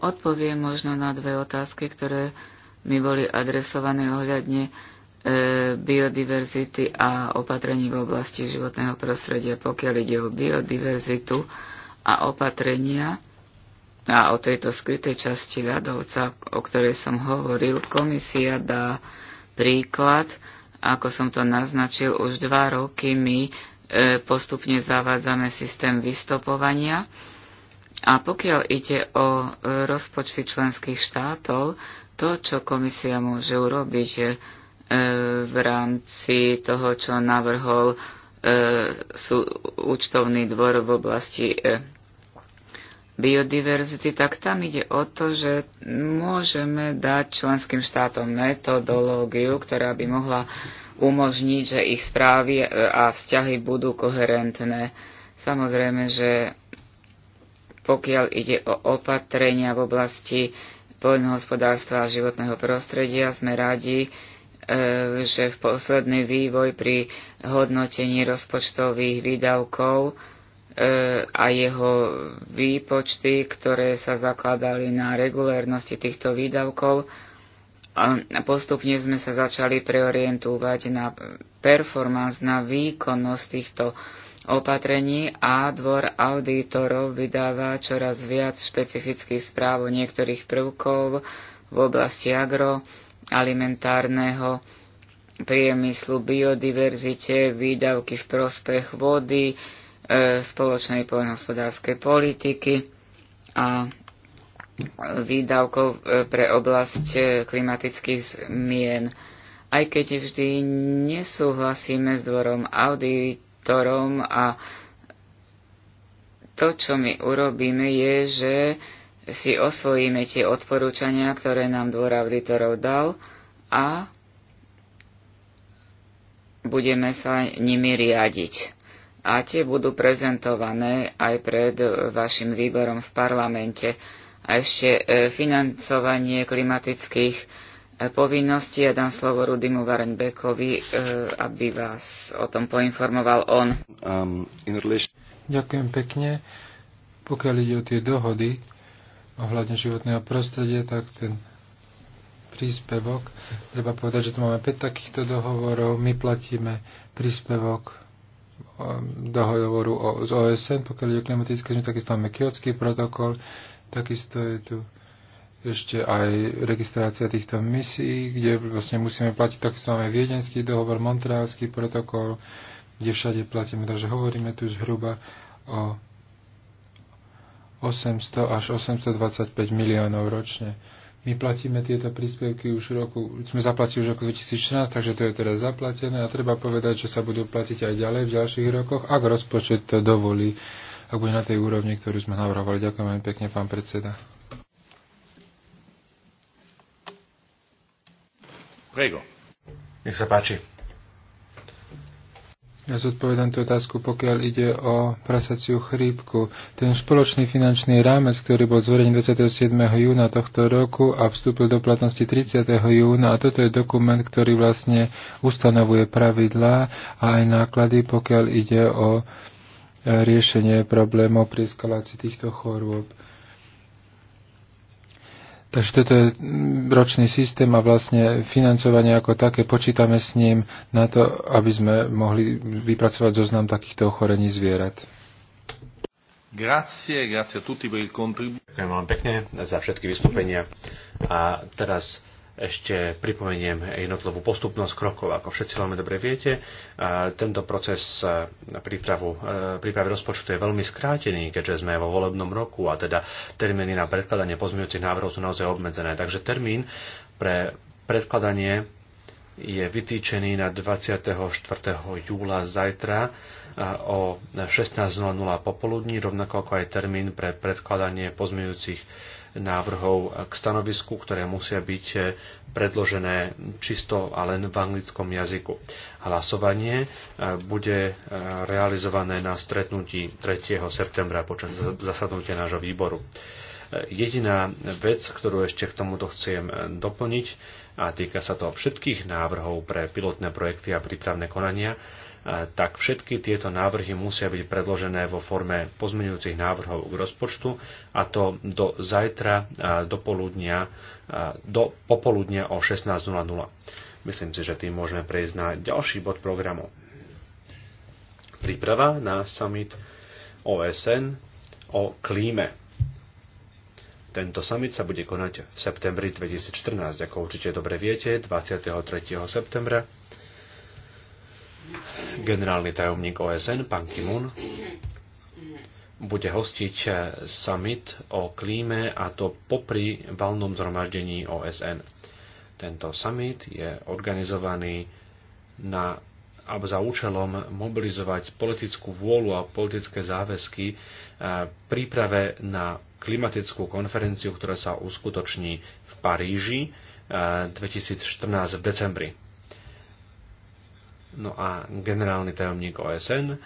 Odpoviem možno na dve otázky, ktoré mi boli adresované ohľadne E, biodiverzity a opatrení v oblasti životného prostredia, pokiaľ ide o biodiverzitu a opatrenia a o tejto skrytej časti ľadovca, o ktorej som hovoril, komisia dá príklad, ako som to naznačil, už dva roky my e, postupne zavádzame systém vystopovania a pokiaľ ide o e, rozpočty členských štátov, to, čo komisia môže urobiť, E, v rámci toho, čo navrhol e, sú účtovný dvor v oblasti e, biodiverzity, tak tam ide o to, že môžeme dať členským štátom metodológiu, ktorá by mohla umožniť, že ich správy a vzťahy budú koherentné. Samozrejme, že pokiaľ ide o opatrenia v oblasti poľnohospodárstva a životného prostredia, sme radi, E, že v posledný vývoj pri hodnotení rozpočtových výdavkov e, a jeho výpočty, ktoré sa zakladali na regulérnosti týchto výdavkov, a postupne sme sa začali preorientovať na performance, na výkonnosť týchto opatrení a dvor auditorov vydáva čoraz viac špecifických správ o niektorých prvkov v oblasti agro, alimentárneho priemyslu, biodiverzite, výdavky v prospech vody, e, spoločnej poľnohospodárskej politiky a výdavkov e, pre oblasť e, klimatických zmien. Aj keď vždy nesúhlasíme s dvorom auditorom a to, čo my urobíme, je, že si osvojíme tie odporúčania, ktoré nám dvor auditorov dal a budeme sa nimi riadiť. A tie budú prezentované aj pred vašim výborom v parlamente. A ešte e, financovanie klimatických e, povinností. Ja dám slovo Rudimu Varenbekovi, e, aby vás o tom poinformoval on.
Um,
Ďakujem pekne. Pokiaľ ide o tie dohody, ohľadne životného prostredia, tak ten príspevok, treba povedať, že tu máme 5 takýchto dohovorov, my platíme príspevok um, dohovoru z OSN, pokiaľ ide o klimatické zmeny, takisto máme kiotský protokol, takisto je tu ešte aj registrácia týchto misií, kde vlastne musíme platiť, takisto máme viedenský dohovor, montrealský protokol, kde všade platíme, takže hovoríme tu zhruba o 800 až 825 miliónov ročne. My platíme tieto príspevky už roku, sme zaplatili už roku 2016, takže to je teraz zaplatené a treba povedať, že sa budú platiť aj ďalej v ďalších rokoch, ak rozpočet to dovolí, ak bude na tej úrovni, ktorú sme navrhovali. Ďakujem veľmi pekne, pán predseda. Prego. Nech sa páči. Ja zodpovedám tú otázku, pokiaľ ide o prasaciu chrípku. Ten spoločný finančný rámec, ktorý bol zverejný 27. júna tohto roku a vstúpil do platnosti 30. júna, a toto je dokument, ktorý vlastne ustanovuje pravidlá a aj náklady, pokiaľ ide o e, riešenie problémov pri eskalácii týchto chorôb. Takže toto je mm, ročný systém a vlastne financovanie ako také počítame s ním na to, aby sme mohli vypracovať zoznam takýchto ochorení zvierat.
Grazie, grazie a tutti per il contributo. Ďakujem vám pekne za všetky vystúpenia. A teraz ešte pripomeniem jednotlivú postupnosť krokov. Ako všetci veľmi dobre viete, tento proces prípravu, e, prípravy rozpočtu je veľmi skrátený, keďže sme vo volebnom roku a teda termíny na predkladanie pozmeňujúcich návrhov sú naozaj obmedzené. Takže termín pre predkladanie je vytýčený na 24. júla zajtra e, o 16.00 popoludní, rovnako ako aj termín pre predkladanie pozmeňujúcich návrhov k stanovisku, ktoré musia byť eh, predložené čisto a len v anglickom jazyku. Hlasovanie eh, bude eh, realizované na stretnutí 3. septembra počas zasadnutia nášho výboru. Jediná vec, ktorú ešte k tomuto chcem doplniť, a týka sa to všetkých návrhov pre pilotné projekty a prípravné konania, tak všetky tieto návrhy musia byť predložené vo forme pozmeňujúcich návrhov k rozpočtu a to do zajtra do, poludnia, do popoludnia o 16.00. Myslím si, že tým môžeme prejsť na ďalší bod programu. Príprava na summit OSN o klíme. Tento summit sa bude konať v septembri 2014, ako určite dobre viete, 23. septembra Generálny tajomník OSN, pán Kimun, bude hostiť eh, summit o klíme a to popri valnom zhromaždení OSN. Tento summit je organizovaný na, za účelom mobilizovať politickú vôľu a politické záväzky eh, príprave na klimatickú konferenciu, ktorá sa uskutoční v Paríži 2014 eh, v decembri. No a generálny tajomník OSN eh,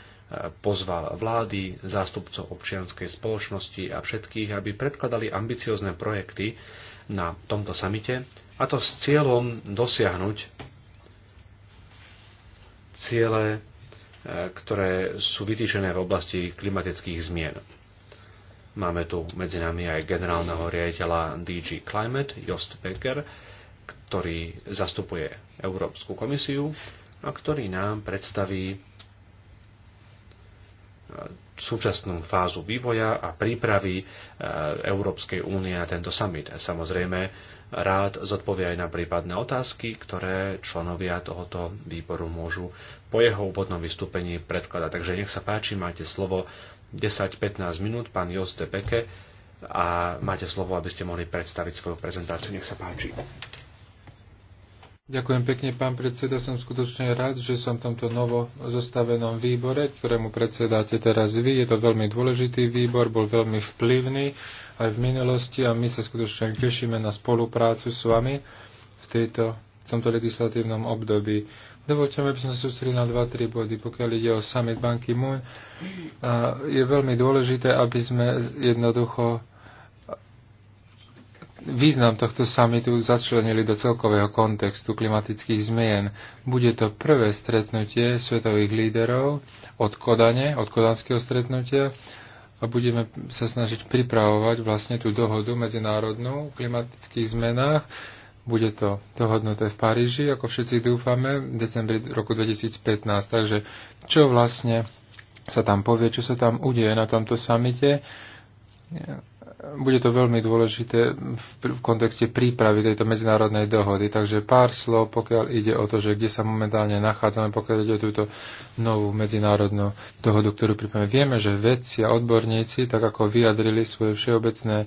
pozval vlády, zástupcov občianskej spoločnosti a všetkých, aby predkladali ambiciozne projekty na tomto samite, a to s cieľom dosiahnuť ciele, eh, ktoré sú vytýčené v oblasti klimatických zmien. Máme tu medzi nami aj generálneho riaditeľa DG Climate, Jost Becker, ktorý zastupuje Európsku komisiu a ktorý nám predstaví e, súčasnú fázu vývoja a prípravy e, Európskej únie na tento summit. Samozrejme, rád zodpovie aj na prípadné otázky, ktoré členovia tohoto výboru môžu po jeho úvodnom vystúpení predkladať. Takže nech sa páči, máte slovo 10-15 minút, pán Joste Beke, a máte slovo, aby ste mohli predstaviť svoju prezentáciu. Nech sa páči.
Ďakujem pekne, pán predseda. Som skutočne rád, že som v tomto novo zostavenom výbore, ktorému predsedáte teraz vy. Je to veľmi dôležitý výbor, bol veľmi vplyvný aj v minulosti a my sa skutočne tešíme na spoluprácu s vami v, tejto, v tomto legislatívnom období. Dovolte mi, aby som sa sústredil na 2-3 body, pokiaľ ide o summit Banky Moon. Je veľmi dôležité, aby sme jednoducho význam tohto samitu začlenili do celkového kontextu klimatických zmien. Bude to prvé stretnutie svetových líderov od Kodane, od kodanského stretnutia a budeme sa snažiť pripravovať vlastne tú dohodu medzinárodnú o klimatických zmenách. Bude to dohodnuté v Paríži, ako všetci dúfame, v decembri roku 2015. Takže čo vlastne sa tam povie, čo sa tam udeje na tomto samite? bude to veľmi dôležité v, kontexte prípravy tejto medzinárodnej dohody. Takže pár slov, pokiaľ ide o to, že kde sa momentálne nachádzame, pokiaľ ide o túto novú medzinárodnú dohodu, ktorú pripomíme. Vieme, že vedci a odborníci, tak ako vyjadrili svoje všeobecné e,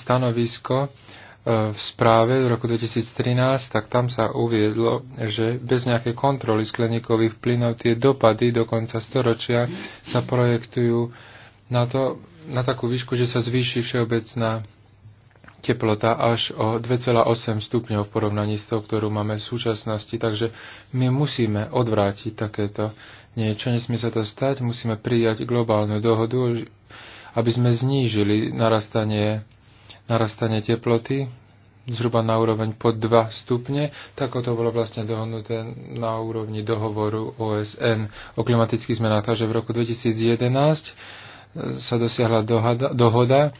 stanovisko e, v správe z roku 2013, tak tam sa uviedlo, že bez nejakej kontroly skleníkových plynov tie dopady do konca storočia sa projektujú na to, na takú výšku, že sa zvýši všeobecná teplota až o 2,8 stupňov v porovnaní s tou, ktorú máme v súčasnosti. Takže my musíme odvrátiť takéto niečo. Nesmie sa to stať, musíme prijať globálnu dohodu, aby sme znížili narastanie, narastanie teploty zhruba na úroveň pod 2 stupne, tak to bolo vlastne dohodnuté na úrovni dohovoru OSN o klimatických zmenách. Takže v roku 2011 sa dosiahla dohada, dohoda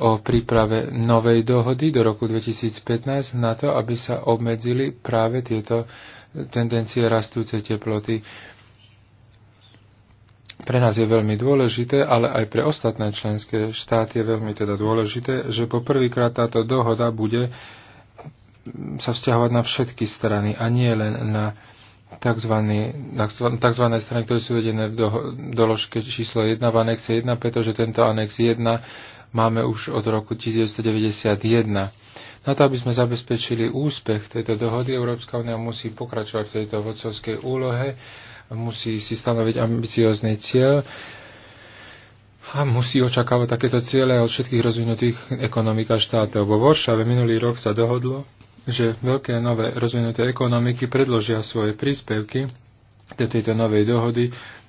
o príprave novej dohody do roku 2015 na to, aby sa obmedzili práve tieto tendencie rastúcej teploty. Pre nás je veľmi dôležité, ale aj pre ostatné členské štáty je veľmi teda dôležité, že poprvýkrát táto dohoda bude sa vzťahovať na všetky strany a nie len na tzv. strany, ktoré sú vedené v do, doložke číslo 1 v anexe 1, pretože tento anex 1 máme už od roku 1991. Na to, aby sme zabezpečili úspech tejto dohody, Európska únia musí pokračovať v tejto vodcovskej úlohe, musí si stanoviť ambiciózny cieľ a musí očakávať takéto ciele od všetkých rozvinutých ekonomik a štátov. Vo Varšave minulý rok sa dohodlo, že veľké nové rozvinuté ekonomiky predložia svoje príspevky do tejto novej dohody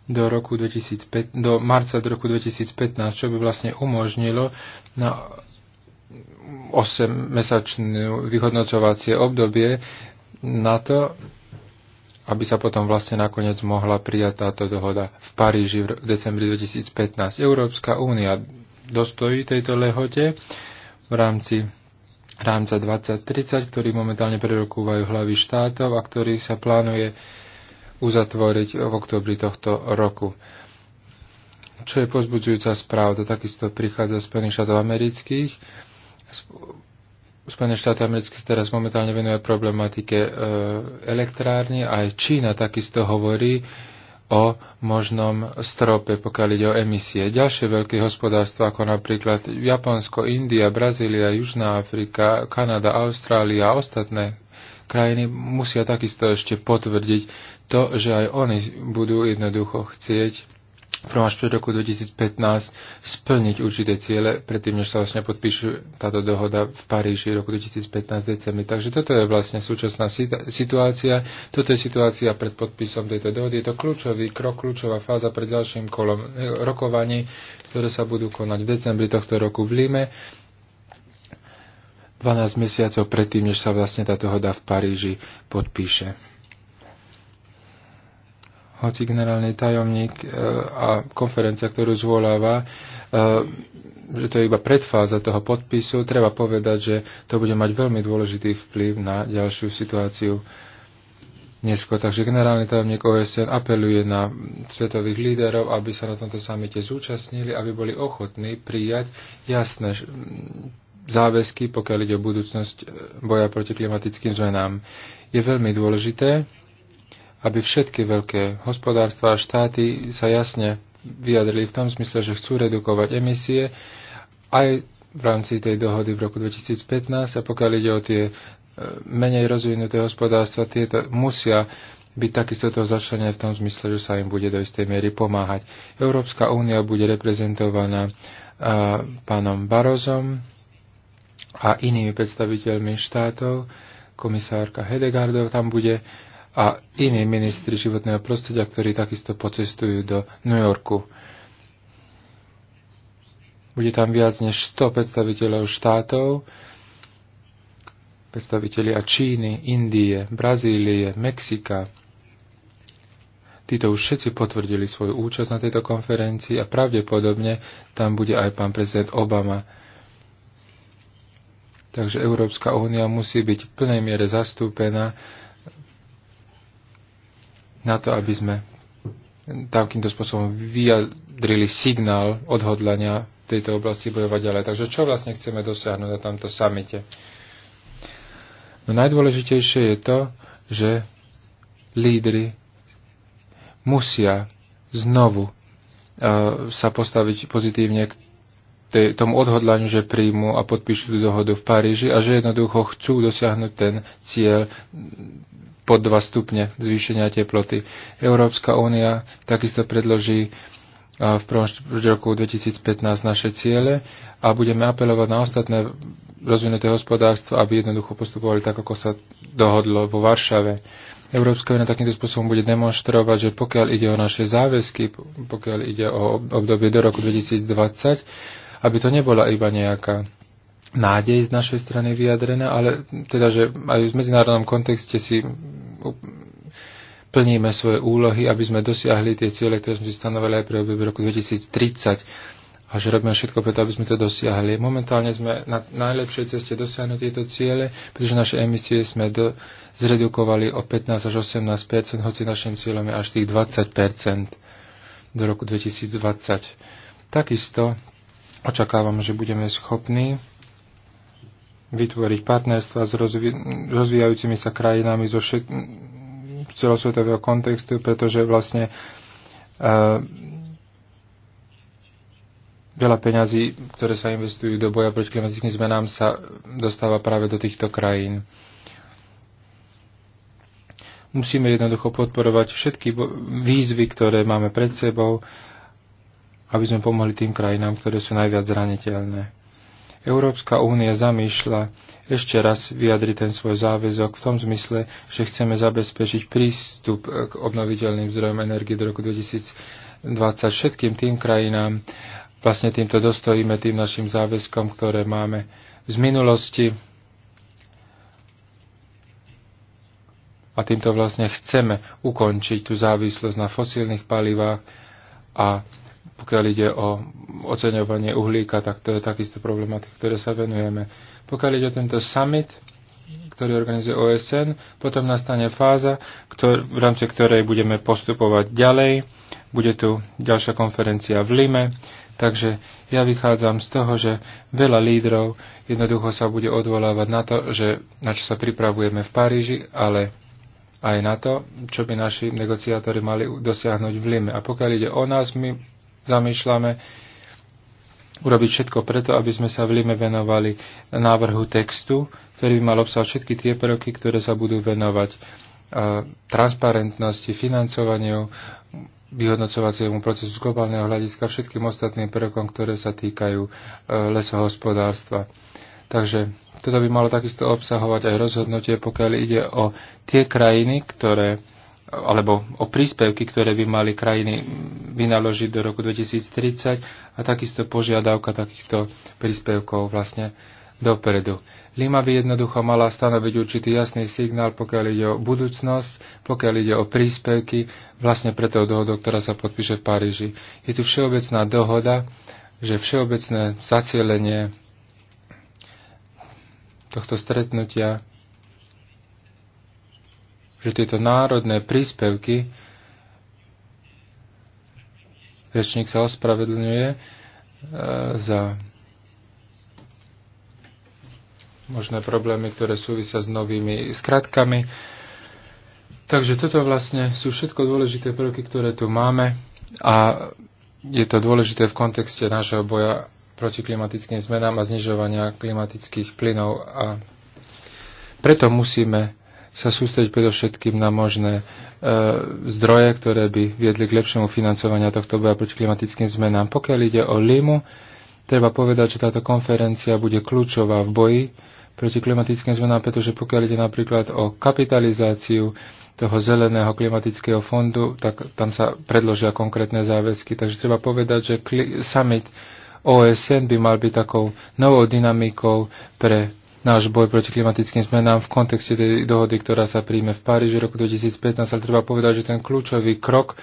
do, roku 2005, do marca do roku 2015, čo by vlastne umožnilo na 8-mesačné vyhodnocovacie obdobie na to, aby sa potom vlastne nakoniec mohla prijať táto dohoda v Paríži v decembri 2015. Európska únia dostojí tejto lehote v rámci rámca 2030, ktorý momentálne prerokúvajú hlavy štátov a ktorý sa plánuje uzatvoriť v oktobri tohto roku. Čo je pozbudzujúca správa, to takisto prichádza z Spojených štátov amerických. Spojené štáty americké teraz momentálne venuje problematike e, elektrárne, aj Čína takisto hovorí, o možnom strope, pokiaľ ide o emisie. Ďalšie veľké hospodárstva, ako napríklad Japonsko, India, Brazília, Južná Afrika, Kanada, Austrália a ostatné krajiny musia takisto ešte potvrdiť to, že aj oni budú jednoducho chcieť prvom štvrť roku 2015 splniť určité ciele, predtým, než sa vlastne podpíšu táto dohoda v Paríži roku 2015 decembri. Takže toto je vlastne súčasná situácia. Toto je situácia pred podpisom tejto dohody. Je to kľúčový krok, kľúčová fáza pred ďalším kolom eh, rokovaní, ktoré sa budú konať v decembri tohto roku v Lime. 12 mesiacov predtým, než sa vlastne tá dohoda v Paríži podpíše hoci generálny tajomník e, a konferencia, ktorú zvoláva, e, že to je iba predfáza toho podpisu, treba povedať, že to bude mať veľmi dôležitý vplyv na ďalšiu situáciu neskôr. Takže generálny tajomník OSN apeluje na svetových líderov, aby sa na tomto samite zúčastnili, aby boli ochotní prijať jasné záväzky, pokiaľ ide o budúcnosť e, boja proti klimatickým zmenám. Je veľmi dôležité, aby všetky veľké hospodárstva a štáty sa jasne vyjadrili v tom smysle, že chcú redukovať emisie aj v rámci tej dohody v roku 2015 a pokiaľ ide o tie e, menej rozvinuté hospodárstva, tieto musia byť takisto to začlenené v tom zmysle, že sa im bude do istej miery pomáhať. Európska únia bude reprezentovaná a, e, pánom Barozom a inými predstaviteľmi štátov. Komisárka Hedegardov tam bude a iní ministri životného prostredia, ktorí takisto pocestujú do New Yorku. Bude tam viac než 100 predstaviteľov štátov, predstavitelia Číny, Indie, Brazílie, Mexika. Títo už všetci potvrdili svoju účasť na tejto konferencii a pravdepodobne tam bude aj pán prezident Obama. Takže Európska únia musí byť v plnej miere zastúpená na to, aby sme takýmto spôsobom vyjadrili signál odhodlania v tejto oblasti bojovať ďalej. Takže čo vlastne chceme dosiahnuť na tomto samite? No najdôležitejšie je to, že lídry musia znovu uh, sa postaviť pozitívne k tej, tomu odhodlaniu, že príjmu a podpíšu tú dohodu v Paríži a že jednoducho chcú dosiahnuť ten cieľ pod 2 stupne zvýšenia teploty. Európska únia takisto predloží v prvom roku 2015 naše ciele a budeme apelovať na ostatné rozvinuté hospodárstvo, aby jednoducho postupovali tak, ako sa dohodlo vo Varšave. Európska únia takýmto spôsobom bude demonstrovať, že pokiaľ ide o naše záväzky, pokiaľ ide o obdobie do roku 2020, aby to nebola iba nejaká nádej z našej strany vyjadrená, ale teda, že aj v medzinárodnom kontexte si plníme svoje úlohy, aby sme dosiahli tie ciele, ktoré sme si stanovali aj pre obdobie roku 2030 a že robíme všetko preto, aby sme to dosiahli. Momentálne sme na najlepšej ceste dosiahnuť tieto ciele, pretože naše emisie sme do, zredukovali o 15 až 18 hoci našim cieľom je až tých 20 do roku 2020. Takisto Očakávam, že budeme schopní vytvoriť partnerstva s rozvi- rozvíjajúcimi sa krajinami zo všet- celosvetového kontextu, pretože vlastne uh, veľa peňazí, ktoré sa investujú do boja proti klimatickým zmenám, sa dostáva práve do týchto krajín. Musíme jednoducho podporovať všetky výzvy, ktoré máme pred sebou aby sme pomohli tým krajinám, ktoré sú najviac zraniteľné. Európska únia zamýšľa ešte raz vyjadriť ten svoj záväzok v tom zmysle, že chceme zabezpečiť prístup k obnoviteľným zdrojom energie do roku 2020 všetkým tým krajinám. Vlastne týmto dostojíme tým našim záväzkom, ktoré máme z minulosti. A týmto vlastne chceme ukončiť tú závislosť na fosílnych palivách a pokiaľ ide o oceňovanie uhlíka, tak to je takisto problematika, ktoré sa venujeme. Pokiaľ ide o tento summit, ktorý organizuje OSN, potom nastane fáza, ktor- v rámci ktorej budeme postupovať ďalej. Bude tu ďalšia konferencia v Lime, takže ja vychádzam z toho, že veľa lídrov jednoducho sa bude odvolávať na to, že, na čo sa pripravujeme v Paríži, ale aj na to, čo by naši negociátori mali dosiahnuť v Lime. A pokiaľ ide o nás, my zamýšľame urobiť všetko preto, aby sme sa v Lime venovali návrhu textu, ktorý by mal obsahovať všetky tie prvky, ktoré sa budú venovať e, transparentnosti, financovaniu, vyhodnocovaciemu procesu z globálneho hľadiska, všetkým ostatným prvkom, ktoré sa týkajú e, lesohospodárstva. Takže toto by malo takisto obsahovať aj rozhodnutie, pokiaľ ide o tie krajiny, ktoré alebo o príspevky, ktoré by mali krajiny vynaložiť do roku 2030 a takisto požiadavka takýchto príspevkov vlastne dopredu. Lima by jednoducho mala stanoviť určitý jasný signál, pokiaľ ide o budúcnosť, pokiaľ ide o príspevky, vlastne pre toho dohodou, ktorá sa podpíše v Paríži. Je tu všeobecná dohoda, že všeobecné zacielenie tohto stretnutia že tieto národné príspevky, rečník sa ospravedlňuje e, za možné problémy, ktoré súvisia s novými skratkami. Takže toto vlastne sú všetko dôležité prvky, ktoré tu máme a je to dôležité v kontexte nášho boja proti klimatickým zmenám a znižovania klimatických plynov a preto musíme sa sústrediť predovšetkým na možné e, zdroje, ktoré by viedli k lepšiemu financovania tohto boja proti klimatickým zmenám. Pokiaľ ide o Limu, treba povedať, že táto konferencia bude kľúčová v boji proti klimatickým zmenám, pretože pokiaľ ide napríklad o kapitalizáciu toho zeleného klimatického fondu, tak tam sa predložia konkrétne záväzky. Takže treba povedať, že summit OSN by mal byť takou novou dynamikou pre náš boj proti klimatickým zmenám v kontexte tej dohody, ktorá sa príjme v Paríži roku 2015, ale treba povedať, že ten kľúčový krok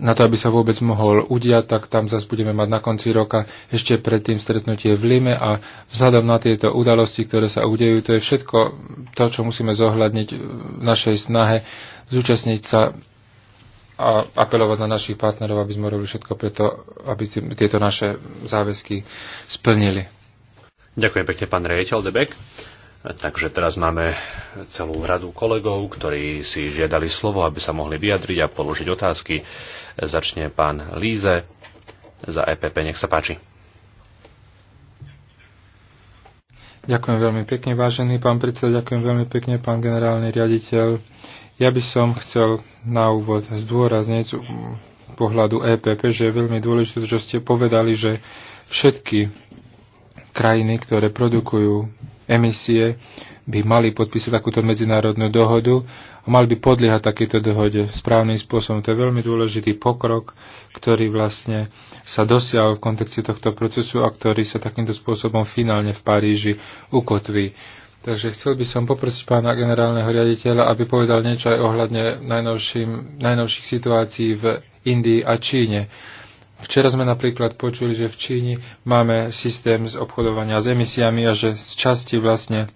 na to, aby sa vôbec mohol udiať, tak tam zase budeme mať na konci roka ešte predtým stretnutie v Lime a vzhľadom na tieto udalosti, ktoré sa udejú, to je všetko to, čo musíme zohľadniť v našej snahe zúčastniť sa a apelovať na našich partnerov, aby sme robili všetko preto, aby tieto naše záväzky splnili.
Ďakujem pekne, pán rejiteľ Debek. Takže teraz máme celú radu kolegov, ktorí si žiadali slovo, aby sa mohli vyjadriť a položiť otázky. Začne pán Líze za EPP. Nech sa páči.
Ďakujem veľmi pekne, vážený pán predseda, ďakujem veľmi pekne, pán generálny riaditeľ. Ja by som chcel na úvod zdôrazniť pohľadu EPP, že je veľmi dôležité, čo ste povedali, že všetky krajiny, ktoré produkujú emisie, by mali podpísať takúto medzinárodnú dohodu a mali by podliehať takéto dohode správnym spôsobom. To je veľmi dôležitý pokrok, ktorý vlastne sa dosial v kontexte tohto procesu a ktorý sa takýmto spôsobom finálne v Paríži ukotví. Takže chcel by som poprosiť pána generálneho riaditeľa, aby povedal niečo aj ohľadne najnovších situácií v Indii a Číne Včera sme napríklad počuli, že v Číni máme systém z obchodovania s emisiami a že z časti vlastne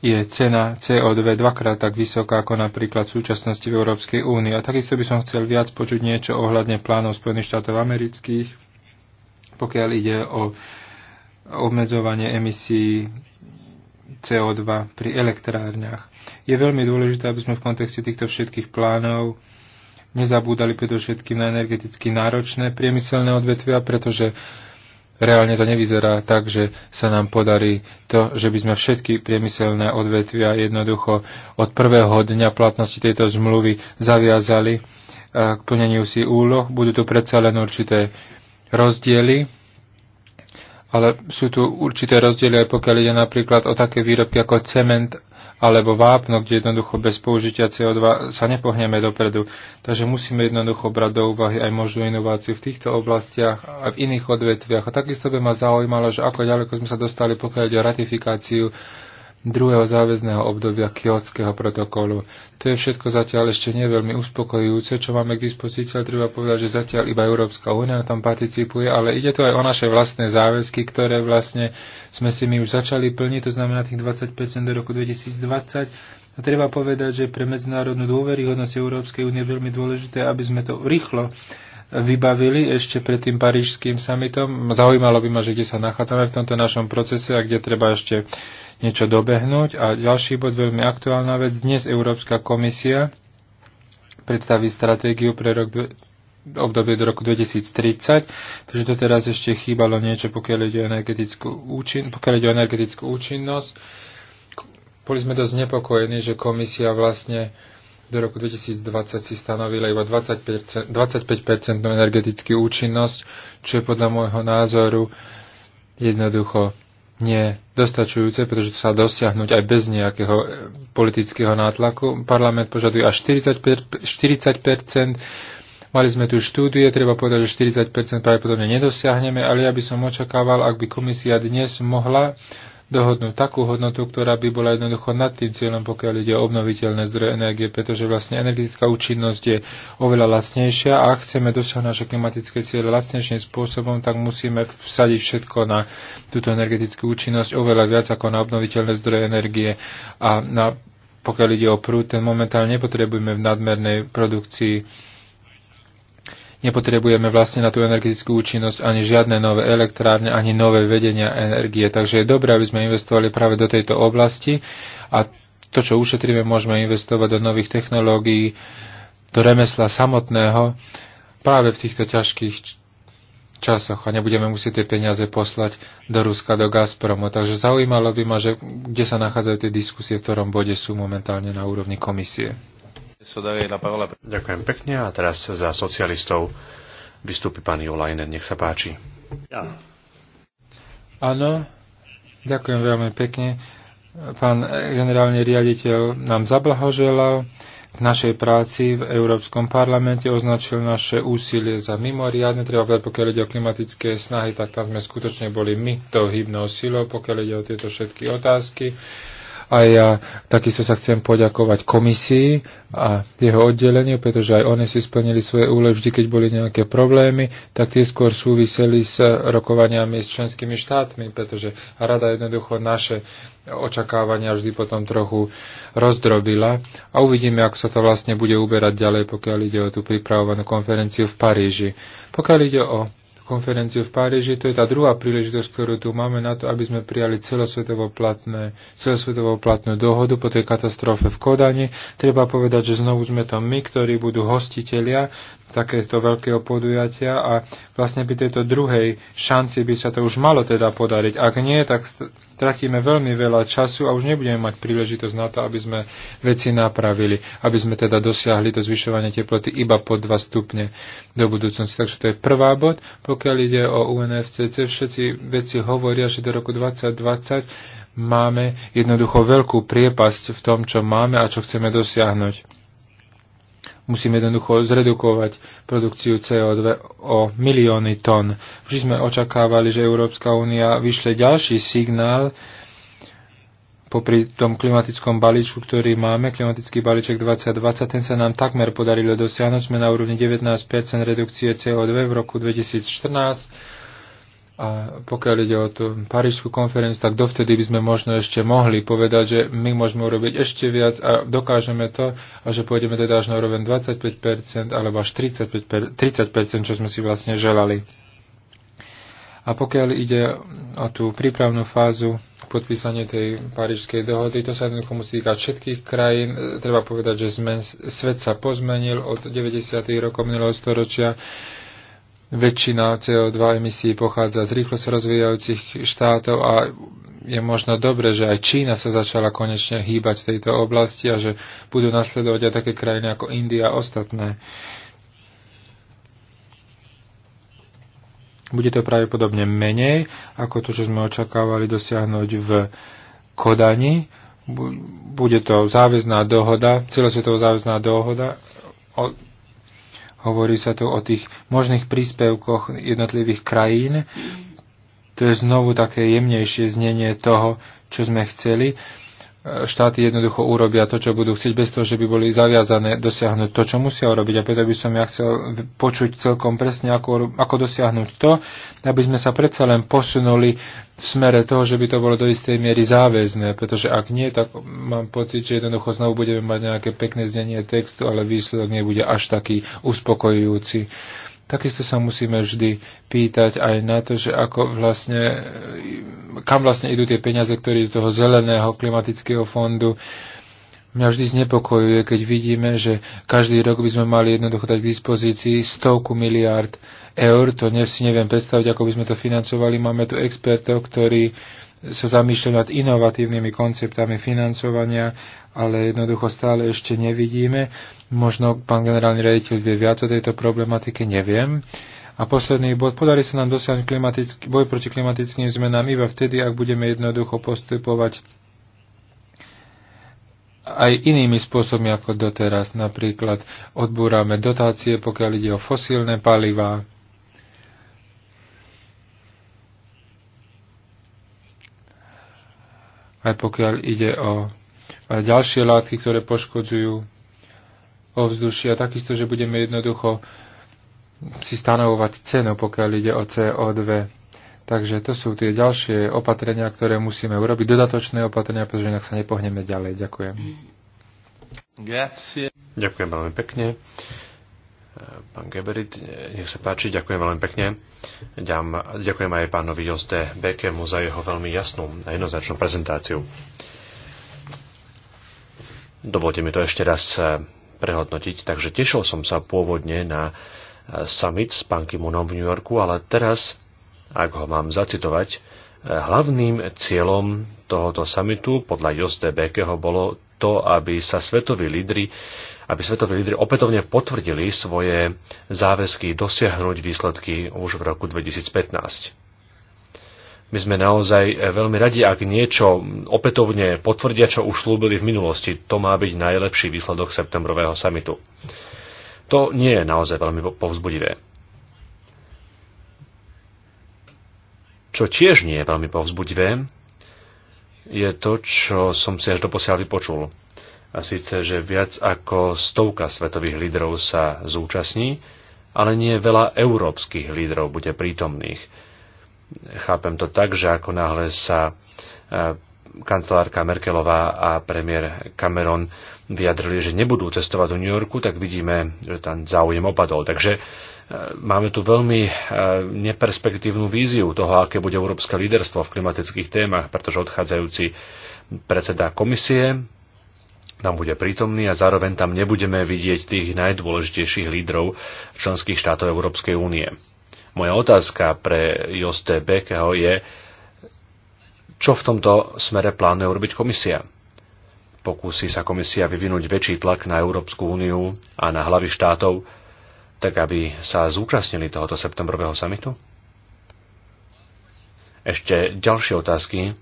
je cena CO2 dvakrát tak vysoká ako napríklad v súčasnosti v Európskej únii. A takisto by som chcel viac počuť niečo ohľadne plánov Spojených štátov amerických, pokiaľ ide o obmedzovanie emisí CO2 pri elektrárniach. Je veľmi dôležité, aby sme v kontexte týchto všetkých plánov nezabúdali predovšetkým na energeticky náročné priemyselné odvetvia, pretože reálne to nevyzerá tak, že sa nám podarí to, že by sme všetky priemyselné odvetvia jednoducho od prvého dňa platnosti tejto zmluvy zaviazali eh, k plneniu si úloh. Budú tu predsa len určité rozdiely, ale sú tu určité rozdiely aj pokiaľ ide napríklad o také výrobky ako cement alebo vápno, kde jednoducho bez použitia CO2 sa nepohneme dopredu. Takže musíme jednoducho brať do úvahy aj možnú inováciu v týchto oblastiach a v iných odvetviach. A takisto by ma zaujímalo, že ako ďaleko sme sa dostali, pokiaľ ide o ratifikáciu druhého záväzného obdobia Kyotského protokolu. To je všetko zatiaľ ešte nie veľmi uspokojujúce, čo máme k dispozícii, ale treba povedať, že zatiaľ iba Európska únia na tom participuje, ale ide to aj o naše vlastné záväzky, ktoré vlastne sme si my už začali plniť, to znamená tých 25% do roku 2020. A treba povedať, že pre medzinárodnú dôveryhodnosť Európskej únie je veľmi dôležité, aby sme to rýchlo vybavili ešte pred tým parížským samitom. Zaujímalo by ma, že kde sa nachádzame v tomto našom procese a kde treba ešte niečo dobehnúť. A ďalší bod, veľmi aktuálna vec, dnes Európska komisia predstaví stratégiu pre rok obdobie do roku 2030, to doteraz ešte chýbalo niečo, pokiaľ ide o energetickú, účin, pokiaľ ide o energetickú účinnosť. Boli sme dosť nepokojení, že komisia vlastne do roku 2020 si stanovila iba 25%, 25% energetickú účinnosť, čo je podľa môjho názoru jednoducho nedostačujúce, pretože to sa dosiahnuť aj bez nejakého e, politického nátlaku. Parlament požaduje až 40, 40 Mali sme tu štúdie, treba povedať, že 40 pravdepodobne nedosiahneme, ale ja by som očakával, ak by komisia dnes mohla dohodnúť takú hodnotu, ktorá by bola jednoducho nad tým cieľom, pokiaľ ide o obnoviteľné zdroje energie, pretože vlastne energetická účinnosť je oveľa lacnejšia a ak chceme dosiahnuť naše klimatické ciele lacnejším spôsobom, tak musíme vsadiť všetko na túto energetickú účinnosť oveľa viac ako na obnoviteľné zdroje energie a na, pokiaľ ide o prúd, ten momentálne nepotrebujeme v nadmernej produkcii Nepotrebujeme vlastne na tú energetickú účinnosť ani žiadne nové elektrárne, ani nové vedenia energie. Takže je dobré, aby sme investovali práve do tejto oblasti a to, čo ušetríme, môžeme investovať do nových technológií, do remesla samotného práve v týchto ťažkých časoch a nebudeme musieť tie peniaze poslať do Ruska, do Gazpromu. Takže zaujímalo by ma, že kde sa nachádzajú tie diskusie, v ktorom bode sú momentálne na úrovni komisie.
Ďakujem pekne a teraz za socialistov vystúpi pán Jolajnen. Nech sa páči.
Áno, ďakujem veľmi pekne. Pán generálny riaditeľ nám zablahoželal k našej práci v Európskom parlamente, označil naše úsilie za mimoriadne. Treba povedať, pokiaľ ide o klimatické snahy, tak tam sme skutočne boli my tou hybnou silou, pokiaľ ide o tieto všetky otázky a ja takisto sa chcem poďakovať komisii a jeho oddeleniu, pretože aj oni si splnili svoje úle vždy, keď boli nejaké problémy, tak tie skôr súviseli s rokovaniami s členskými štátmi, pretože rada jednoducho naše očakávania vždy potom trochu rozdrobila a uvidíme, ako sa to vlastne bude uberať ďalej, pokiaľ ide o tú pripravovanú konferenciu v Paríži. Pokiaľ ide o konferenciu v Páriži. To je tá druhá príležitosť, ktorú tu máme na to, aby sme prijali celosvetovo, platné, celosvetovo platnú dohodu po tej katastrofe v Kodani. Treba povedať, že znovu sme to my, ktorí budú hostitelia takéto veľkého podujatia a vlastne by tejto druhej šanci by sa to už malo teda podariť. Ak nie, tak tratíme veľmi veľa času a už nebudeme mať príležitosť na to, aby sme veci napravili, aby sme teda dosiahli to zvyšovanie teploty iba po 2 stupne do budúcnosti. Takže to je prvá bod. Pokiaľ ide o UNFCC, všetci veci hovoria, že do roku 2020 máme jednoducho veľkú priepasť v tom, čo máme a čo chceme dosiahnuť. Musíme jednoducho zredukovať produkciu CO2 o milióny tón. Vždy sme očakávali, že Európska únia vyšle ďalší signál popri tom klimatickom balíčku, ktorý máme, klimatický balíček 2020, ten sa nám takmer podarilo dosiahnuť. Sme na úrovni 19% redukcie CO2 v roku 2014 a pokiaľ ide o tú parížskú konferenciu, tak dovtedy by sme možno ešte mohli povedať, že my môžeme urobiť ešte viac a dokážeme to a že pôjdeme teda až na úroveň 25% alebo až 35%, 30%, čo sme si vlastne želali. A pokiaľ ide o tú prípravnú fázu podpísanie tej parížskej dohody, to sa jednoducho musí týkať všetkých krajín. Treba povedať, že zmen, svet sa pozmenil od 90. rokov minulého storočia väčšina CO2 emisí pochádza z rýchlo sa rozvíjajúcich štátov a je možno dobre, že aj Čína sa začala konečne hýbať v tejto oblasti a že budú nasledovať aj také krajiny ako India a ostatné. Bude to pravdepodobne menej ako to, čo sme očakávali dosiahnuť v Kodani. Bude to záväzná dohoda, celosvetová záväzná dohoda o Hovorí sa tu o tých možných príspevkoch jednotlivých krajín. To je znovu také jemnejšie znenie toho, čo sme chceli. E, štáty jednoducho urobia to, čo budú chcieť, bez toho, že by boli zaviazané dosiahnuť to, čo musia urobiť. A preto by som ja chcel počuť celkom presne, ako, ako dosiahnuť to, aby sme sa predsa len posunuli v smere toho, že by to bolo do istej miery záväzné, pretože ak nie, tak mám pocit, že jednoducho znovu budeme mať nejaké pekné znenie textu, ale výsledok nebude až taký uspokojujúci. Uh, Takisto sa musíme vždy pýtať aj na to, že ako vlastne, kam vlastne idú tie peniaze, ktoré do toho zeleného klimatického fondu. Mňa vždy znepokojuje, keď vidíme, že každý rok by sme mali jednoducho dať k dispozícii stovku miliárd eur. To ne, si neviem predstaviť, ako by sme to financovali. Máme tu expertov, ktorí sa zamýšľajú nad inovatívnymi konceptami financovania, ale jednoducho stále ešte nevidíme, Možno pán generálny rediteľ vie viac o tejto problematike, neviem. A posledný bod, podarí sa nám dosiahnuť klimatický, boj proti klimatickým zmenám iba vtedy, ak budeme jednoducho postupovať aj inými spôsobmi ako doteraz. Napríklad odbúrame dotácie, pokiaľ ide o fosílne palivá. Aj pokiaľ ide o e, ďalšie látky, ktoré poškodzujú ovzdušia, takisto, že budeme jednoducho si stanovovať cenu, pokiaľ ide o CO2. Takže to sú tie ďalšie opatrenia, ktoré musíme urobiť, dodatočné opatrenia, pretože inak sa nepohneme ďalej. Ďakujem.
Grazie. Ďakujem veľmi pekne. Pán Geberit, nech sa páči, ďakujem veľmi pekne. Ďakujem aj pánovi Joste Bekemu za jeho veľmi jasnú a jednoznačnú prezentáciu. Dovolte mi to ešte raz prehodnotiť. Takže tešil som sa pôvodne na e, summit s pán Kimunom v New Yorku, ale teraz, ak ho mám zacitovať, e, hlavným cieľom tohoto summitu podľa Joste Bekeho bolo to, aby sa svetoví lídry aby svetoví lídry opätovne potvrdili svoje záväzky dosiahnuť výsledky už v roku 2015. My sme naozaj e, veľmi radi, ak niečo opätovne potvrdia, čo už slúbili v minulosti. To má byť najlepší výsledok septembrového samitu. To nie je naozaj veľmi povzbudivé. Čo tiež nie je veľmi povzbudivé, je to, čo som si až doposiaľ vypočul. A síce, že viac ako stovka svetových lídrov sa zúčastní, ale nie veľa európskych lídrov bude prítomných. Chápem to tak, že ako náhle sa e, kancelárka Merkelová a premiér Cameron vyjadrili, že nebudú cestovať do New Yorku, tak vidíme, že tam záujem opadol. Takže e, máme tu veľmi e, neperspektívnu víziu toho, aké bude európske líderstvo v klimatických témach, pretože odchádzajúci predseda komisie tam bude prítomný a zároveň tam nebudeme vidieť tých najdôležitejších lídrov členských štátov Európskej únie. Moja otázka pre Joste Bekeho je, čo v tomto smere plánuje urobiť komisia? Pokúsi sa komisia vyvinúť väčší tlak na Európsku úniu a na hlavy štátov, tak aby sa zúčastnili tohoto septembrového samitu? Ešte ďalšie otázky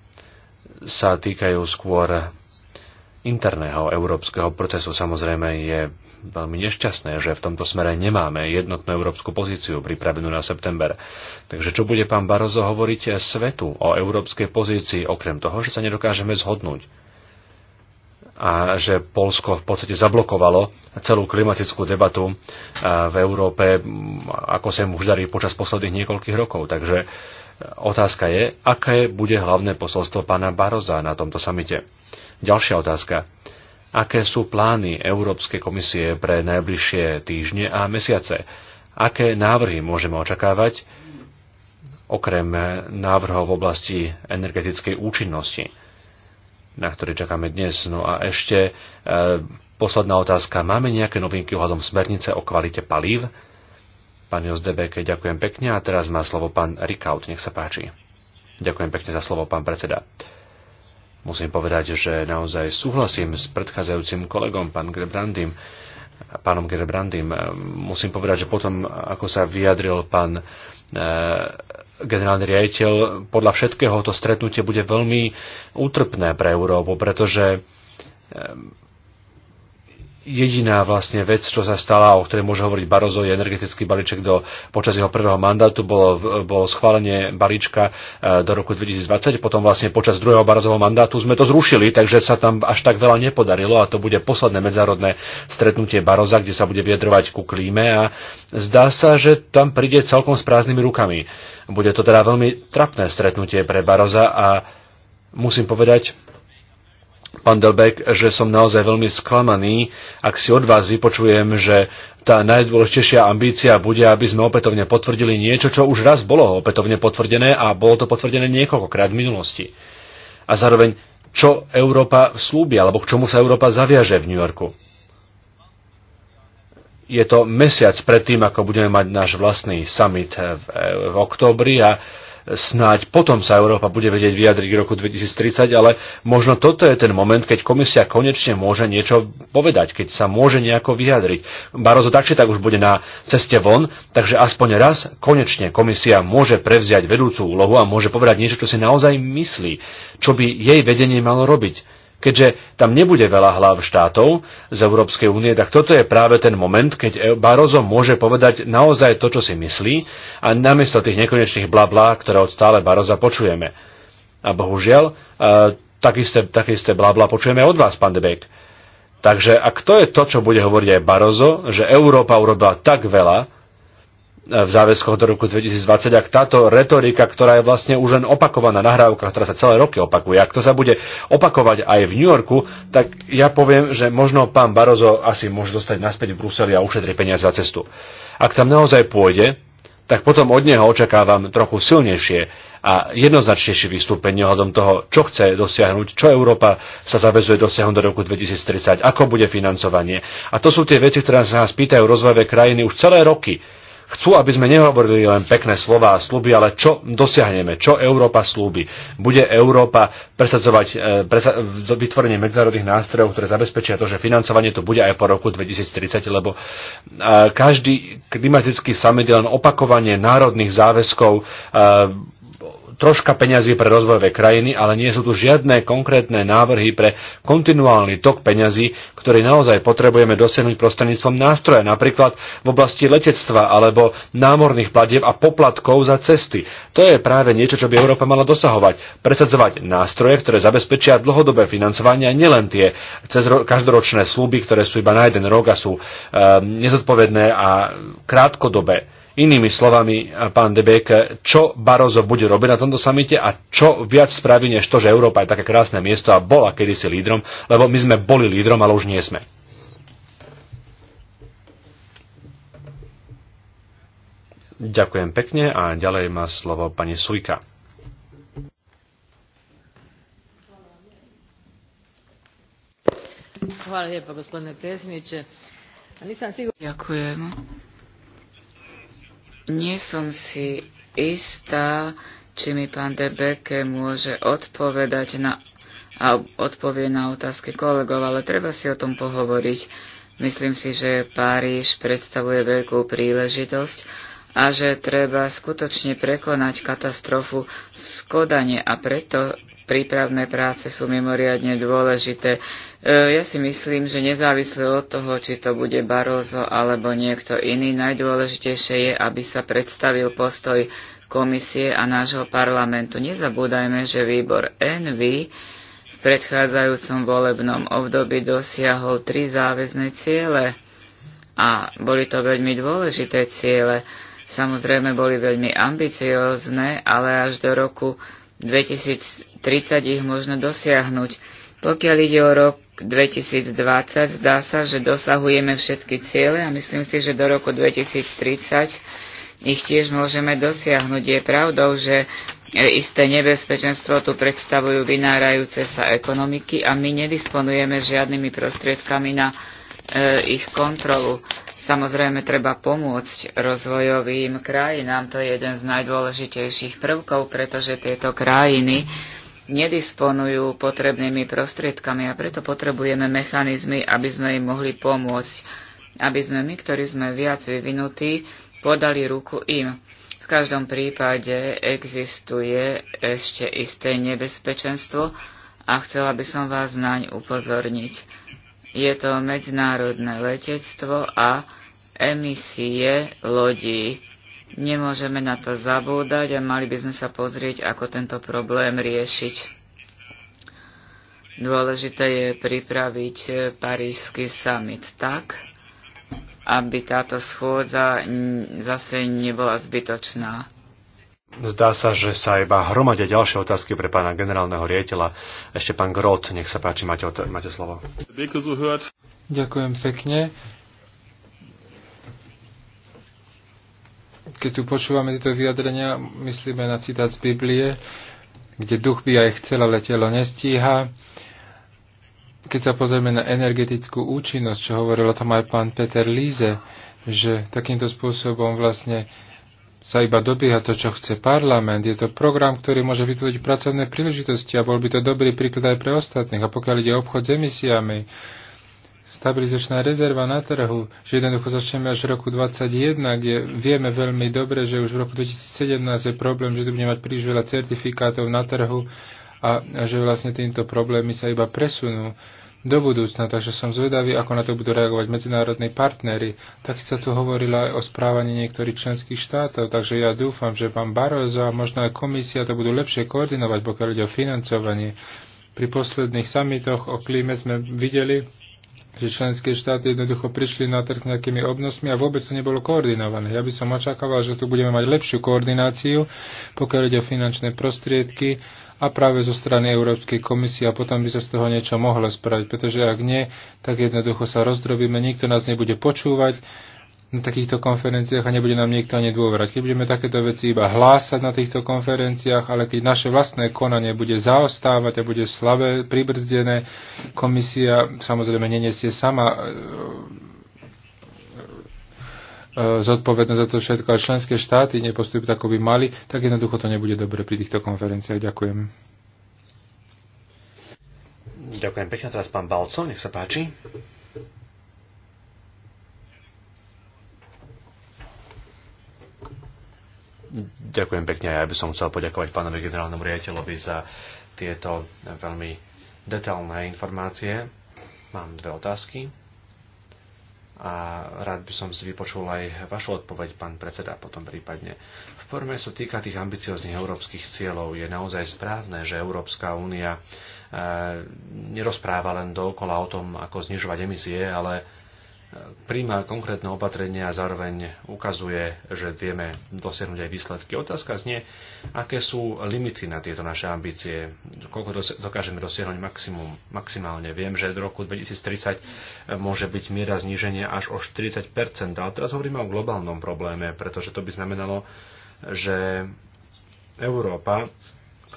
sa týkajú skôr interného európskeho procesu. Samozrejme je veľmi nešťastné, že v tomto smere nemáme jednotnú európsku pozíciu pripravenú na september. Takže čo bude pán Barozo hovoriť svetu o európskej pozícii, okrem toho, že sa nedokážeme zhodnúť? a že Polsko v podstate zablokovalo celú klimatickú debatu v Európe, ako sa mu už darí počas posledných niekoľkých rokov. Takže otázka je, aké bude hlavné posolstvo pána Baroza na tomto samite. Ďalšia otázka. Aké sú plány Európskej komisie pre najbližšie týždne a mesiace? Aké návrhy môžeme očakávať, okrem návrhov v oblasti energetickej účinnosti, na ktorý čakáme dnes? No a ešte e, posledná otázka. Máme nejaké novinky ohľadom smernice o kvalite palív? Pán Jozdebeke, ďakujem pekne a teraz má slovo pán Rikaut. Nech sa páči. Ďakujem pekne za slovo, pán predseda. Musím povedať, že naozaj súhlasím s predchádzajúcim kolegom, pán Grebrandym, pánom Gerbrandim. Musím povedať, že potom, ako sa vyjadril pán e, generálny riaditeľ, podľa všetkého to stretnutie bude veľmi útrpné pre Európu, pretože e, jediná vlastne vec, čo sa stala, o ktorej môže hovoriť Barozo, je energetický balíček do, počas jeho prvého mandátu. Bolo, bolo schválenie balíčka e, do roku 2020, potom vlastne počas druhého Barozovho mandátu sme to zrušili, takže sa tam až tak veľa nepodarilo a to bude posledné medzárodné stretnutie Baroza, kde sa bude vyjadrovať ku klíme a zdá sa, že tam príde celkom s prázdnymi rukami. Bude to teda veľmi trapné stretnutie pre Baroza a musím povedať, pán Delbek, že som naozaj veľmi sklamaný, ak si od vás vypočujem, že tá najdôležitejšia ambícia bude, aby sme opätovne potvrdili niečo, čo už raz bolo opätovne potvrdené a bolo to potvrdené niekoľkokrát v minulosti. A zároveň, čo Európa slúbi, alebo k čomu sa Európa zaviaže v New Yorku. Je to mesiac pred tým, ako budeme mať náš vlastný summit v, v októbri a snáď potom sa Európa bude vedieť vyjadriť k roku 2030, ale možno toto je ten moment, keď komisia konečne môže niečo povedať, keď sa môže nejako vyjadriť. Barozo tak či tak už bude na ceste von, takže aspoň raz konečne komisia môže prevziať vedúcu úlohu a môže povedať niečo, čo si naozaj myslí, čo by jej vedenie malo robiť keďže tam nebude veľa hlav štátov z Európskej únie, tak toto je práve ten moment, keď Barozo môže povedať naozaj to, čo si myslí a namiesto tých nekonečných blablá, ktoré od stále Baroza počujeme. A bohužiaľ, takisté, e, takisté blabla počujeme od vás, pán Debek. Takže ak to je to, čo bude hovoriť aj Barozo, že Európa urobila tak veľa, E, v záväzkoch do roku 2020, ak táto retorika, ktorá je vlastne už len opakovaná nahrávka, ktorá sa celé roky opakuje, ak to sa bude opakovať aj v New Yorku, tak ja poviem, že možno pán Barozo asi môže dostať naspäť v Bruseli a ušetri peniaze za cestu. Ak tam naozaj pôjde, tak potom od neho očakávam trochu silnejšie a jednoznačnejšie vystúpenie ohľadom toho, čo chce dosiahnuť, čo Európa sa zavezuje dosiahnuť do roku 2030, ako bude financovanie. A to sú tie veci, ktoré sa nás pýtajú rozvojové krajiny už celé roky Chcú, aby sme nehovorili len pekné slova a sluby, ale čo dosiahneme, čo Európa slúbi. Bude Európa presadzovať e, presa- vytvorenie medzinárodných nástrojov, ktoré zabezpečia to, že financovanie to bude aj po roku 2030, lebo e, každý klimatický summit je len opakovanie národných záväzkov e, troška peňazí pre rozvojové krajiny, ale nie sú tu žiadne konkrétne návrhy pre kontinuálny tok peňazí, ktorý naozaj potrebujeme dosiahnuť prostredníctvom nástroja, napríklad v oblasti letectva alebo námorných platieb a poplatkov za cesty. To je práve niečo, čo by Európa mala dosahovať. Presadzovať nástroje, ktoré zabezpečia dlhodobé financovanie a nielen tie cez každoročné sluby, ktoré sú iba na jeden rok a sú e, nezodpovedné a krátkodobé Inými slovami, pán Debek, čo Barozo bude robiť na tomto samite a čo viac spraví, než to, že Európa je také krásne miesto a bola kedysi lídrom, lebo my sme boli lídrom, ale už nie sme. Ďakujem pekne a ďalej má slovo pani Sujka.
Hvala lijepo, gospodine predsjedniče. Ďakujem. Nie som si istá, či mi pán de Beke môže odpovedať na, a odpovie na otázky kolegov, ale treba si o tom pohovoriť. Myslím si, že Páriž predstavuje veľkú príležitosť a že treba skutočne prekonať katastrofu skodanie a preto prípravné práce sú mimoriadne dôležité. E, ja si myslím, že nezávisle od toho, či to bude Barozo alebo niekto iný, najdôležitejšie je, aby sa predstavil postoj komisie a nášho parlamentu. Nezabúdajme, že výbor NV v predchádzajúcom volebnom období dosiahol tri záväzné ciele a boli to veľmi dôležité ciele. Samozrejme boli veľmi ambiciózne, ale až do roku 2030 ich možno dosiahnuť. Pokiaľ ide o rok 2020, zdá sa, že dosahujeme všetky ciele a myslím si, že do roku 2030 ich tiež môžeme dosiahnuť. Je pravdou, že e, isté nebezpečenstvo tu predstavujú vynárajúce sa ekonomiky a my nedisponujeme žiadnymi prostriedkami na e, ich kontrolu. Samozrejme, treba pomôcť rozvojovým krajinám. To je jeden z najdôležitejších prvkov, pretože tieto krajiny nedisponujú potrebnými prostriedkami a preto potrebujeme mechanizmy, aby sme im mohli pomôcť, aby sme my, ktorí sme viac vyvinutí, podali ruku im. V každom prípade existuje ešte isté nebezpečenstvo a chcela by som vás naň upozorniť. Je to medzinárodné letectvo a emisie lodí. Nemôžeme na to zabúdať a mali by sme sa pozrieť, ako tento problém riešiť. Dôležité je pripraviť parížský summit tak, aby táto schôdza zase nebola zbytočná.
Zdá sa, že sa iba hromadia ďalšie otázky pre pána generálneho riaditeľa. Ešte pán Grot, nech sa páči, máte, máte slovo.
Ďakujem pekne. Keď tu počúvame tieto vyjadrenia, myslíme na citát z Biblie, kde duch by aj chcel, ale telo nestíha. Keď sa pozrieme na energetickú účinnosť, čo hovoril o tom aj pán Peter Líze, že takýmto spôsobom vlastne sa iba dobieha to, čo chce parlament. Je to program, ktorý môže vytvoriť pracovné príležitosti a bol by to dobrý príklad aj pre ostatných. A pokiaľ ide o obchod s emisiami, stabilizačná rezerva na trhu, že jednoducho začneme až v roku 2021, kde vieme veľmi dobre, že už v roku 2017 je problém, že tu bude mať príliš veľa certifikátov na trhu a že vlastne týmto problémy sa iba presunú do budúcna, takže som zvedavý, ako na to budú reagovať medzinárodní partnery. tak sa tu hovorila aj o správaní niektorých členských štátov, takže ja dúfam, že pán Barozo a možno aj komisia to budú lepšie koordinovať, pokiaľ ide o financovanie. Pri posledných samitoch o klíme sme videli, že členské štáty jednoducho prišli na trh s nejakými obnosmi a vôbec to nebolo koordinované. Ja by som očakával, že tu budeme mať lepšiu koordináciu, pokiaľ ide o finančné prostriedky a práve zo strany Európskej komisie a potom by sa z toho niečo mohlo spraviť, pretože ak nie, tak jednoducho sa rozdrobíme, nikto nás nebude počúvať na takýchto konferenciách a nebude nám niekto ani dôverať. Keď budeme takéto veci iba hlásať na týchto konferenciách, ale keď naše vlastné konanie bude zaostávať a bude slabé, pribrzdené, komisia samozrejme neniesie sama E, zodpovednosť za to všetko a členské štáty nepostupujú tak, ako by mali, tak jednoducho to nebude dobre pri týchto konferenciách. Ďakujem.
Ďakujem pekne. Teraz pán Balco, nech sa páči. Ďakujem pekne. Ja by som chcel poďakovať pánovi generálnemu riaditeľovi za tieto veľmi detailné informácie. Mám dve otázky a rád by som si vypočul aj vašu odpoveď, pán predseda, potom prípadne. V forme sa týka tých ambicioznych európskych cieľov, je naozaj správne, že Európska únia e, nerozpráva len dookola o tom, ako znižovať emisie, ale príjma konkrétne opatrenia a zároveň ukazuje, že vieme dosiahnuť aj výsledky. Otázka znie, aké sú limity na tieto naše ambície, koľko dokážeme dosiahnuť maximum, maximálne. Viem, že do roku 2030 e, môže byť miera zníženia až o 40 ale teraz hovoríme o globálnom probléme, pretože to by znamenalo, že Európa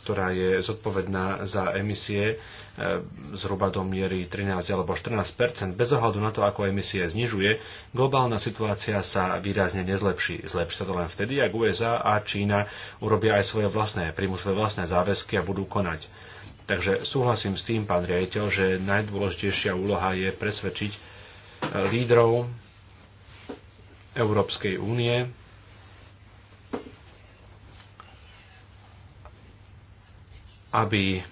ktorá je zodpovedná za emisie e, zhruba do miery 13 alebo 14 bez ohľadu na to, ako emisie znižuje, globálna situácia sa výrazne nezlepší. Zlepší sa to len vtedy, ak USA a Čína urobia aj svoje vlastné, príjmu svoje vlastné záväzky a budú konať. Takže súhlasím s tým, pán riaditeľ, že najdôležitejšia úloha je presvedčiť e, lídrov Európskej únie, aby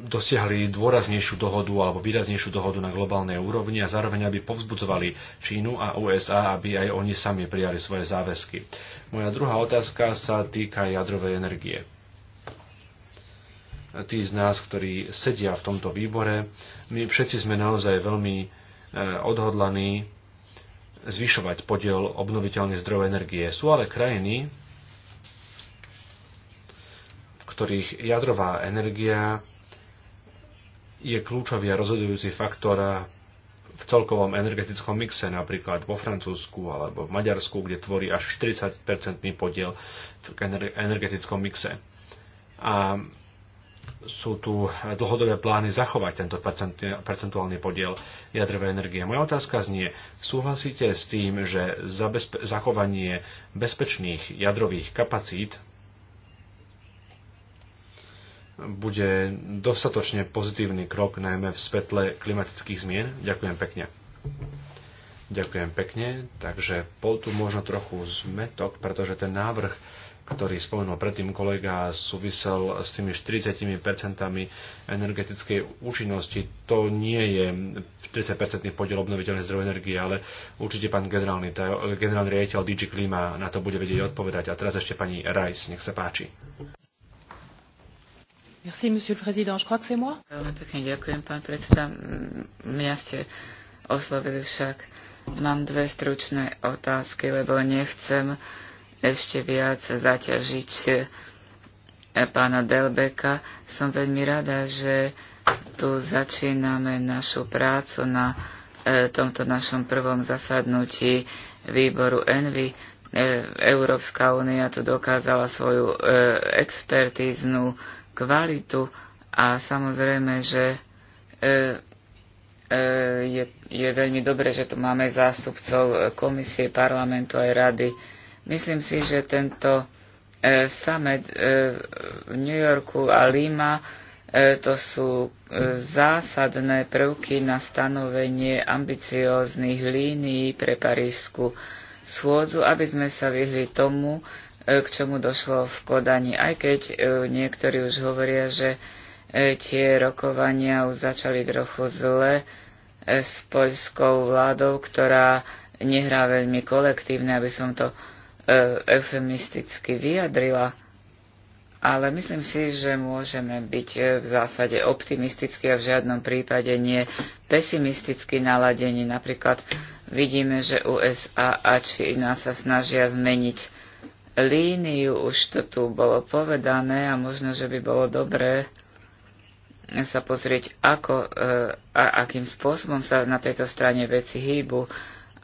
dosiahli dôraznejšiu dohodu alebo výraznejšiu dohodu na globálnej úrovni a zároveň aby povzbudzovali Čínu a USA, aby aj oni sami prijali svoje záväzky. Moja druhá otázka sa týka jadrovej energie. Tí z nás, ktorí sedia v tomto výbore, my všetci sme naozaj veľmi e, odhodlaní zvyšovať podiel obnoviteľných zdrojov energie. Sú ale krajiny, ktorých jadrová energia je kľúčový a rozhodujúci faktor v celkovom energetickom mixe, napríklad vo Francúzsku alebo v Maďarsku, kde tvorí až 40-percentný podiel v energetickom mixe. A sú tu dlhodobé plány zachovať tento percentuálny podiel jadrovej energie. Moja otázka znie, súhlasíte s tým, že zachovanie bezpečných jadrových kapacít bude dostatočne pozitívny krok najmä v svetle klimatických zmien. Ďakujem pekne. Ďakujem pekne. Takže bol tu možno trochu zmetok, pretože ten návrh, ktorý spomenul predtým kolega, súvisel s tými 40% energetickej účinnosti. To nie je 40% podiel obnoviteľných zdrojov energie, ale určite pán generálny, generálny riaditeľ DG Klima na to bude vedieť odpovedať. A teraz ešte pani Rice, nech sa páči.
Merci, monsieur le président. Je crois que c'est moi. Veľmi pekne ďakujem, pán predseda. Mňa ste oslovili však. Mám dve stručné otázky, lebo nechcem ešte viac zaťažiť eh, pána Delbeka. Som veľmi rada, že tu začíname našu prácu na eh, tomto našom prvom zasadnutí výboru Envy. Eh, Európska únia tu dokázala svoju expertíznu kvalitu a samozrejme, že e, e je, je veľmi dobre, že tu máme zástupcov e, komisie, parlamentu aj rady. Myslím si, že tento e, summit e, v New Yorku a Lima e, to sú e, zásadné prvky na stanovenie ambicióznych línií pre parížskú schôdzu, aby sme sa vyhli tomu, E, k čomu došlo v Kodani, aj keď e, niektorí už hovoria, že e, tie rokovania už začali trochu zle s poľskou vládou, ktorá nehrá veľmi kolektívne, aby som to eufemisticky vyjadrila. Ale myslím si, že môžeme byť v zásade optimisticky a v žiadnom prípade nie pesimisticky naladení. Napríklad vidíme, že USA a Čína sa snažia zmeniť líniu, už to tu bolo povedané a možno, že by bolo dobré sa pozrieť, ako eh, a akým spôsobom sa na tejto strane veci hýbu.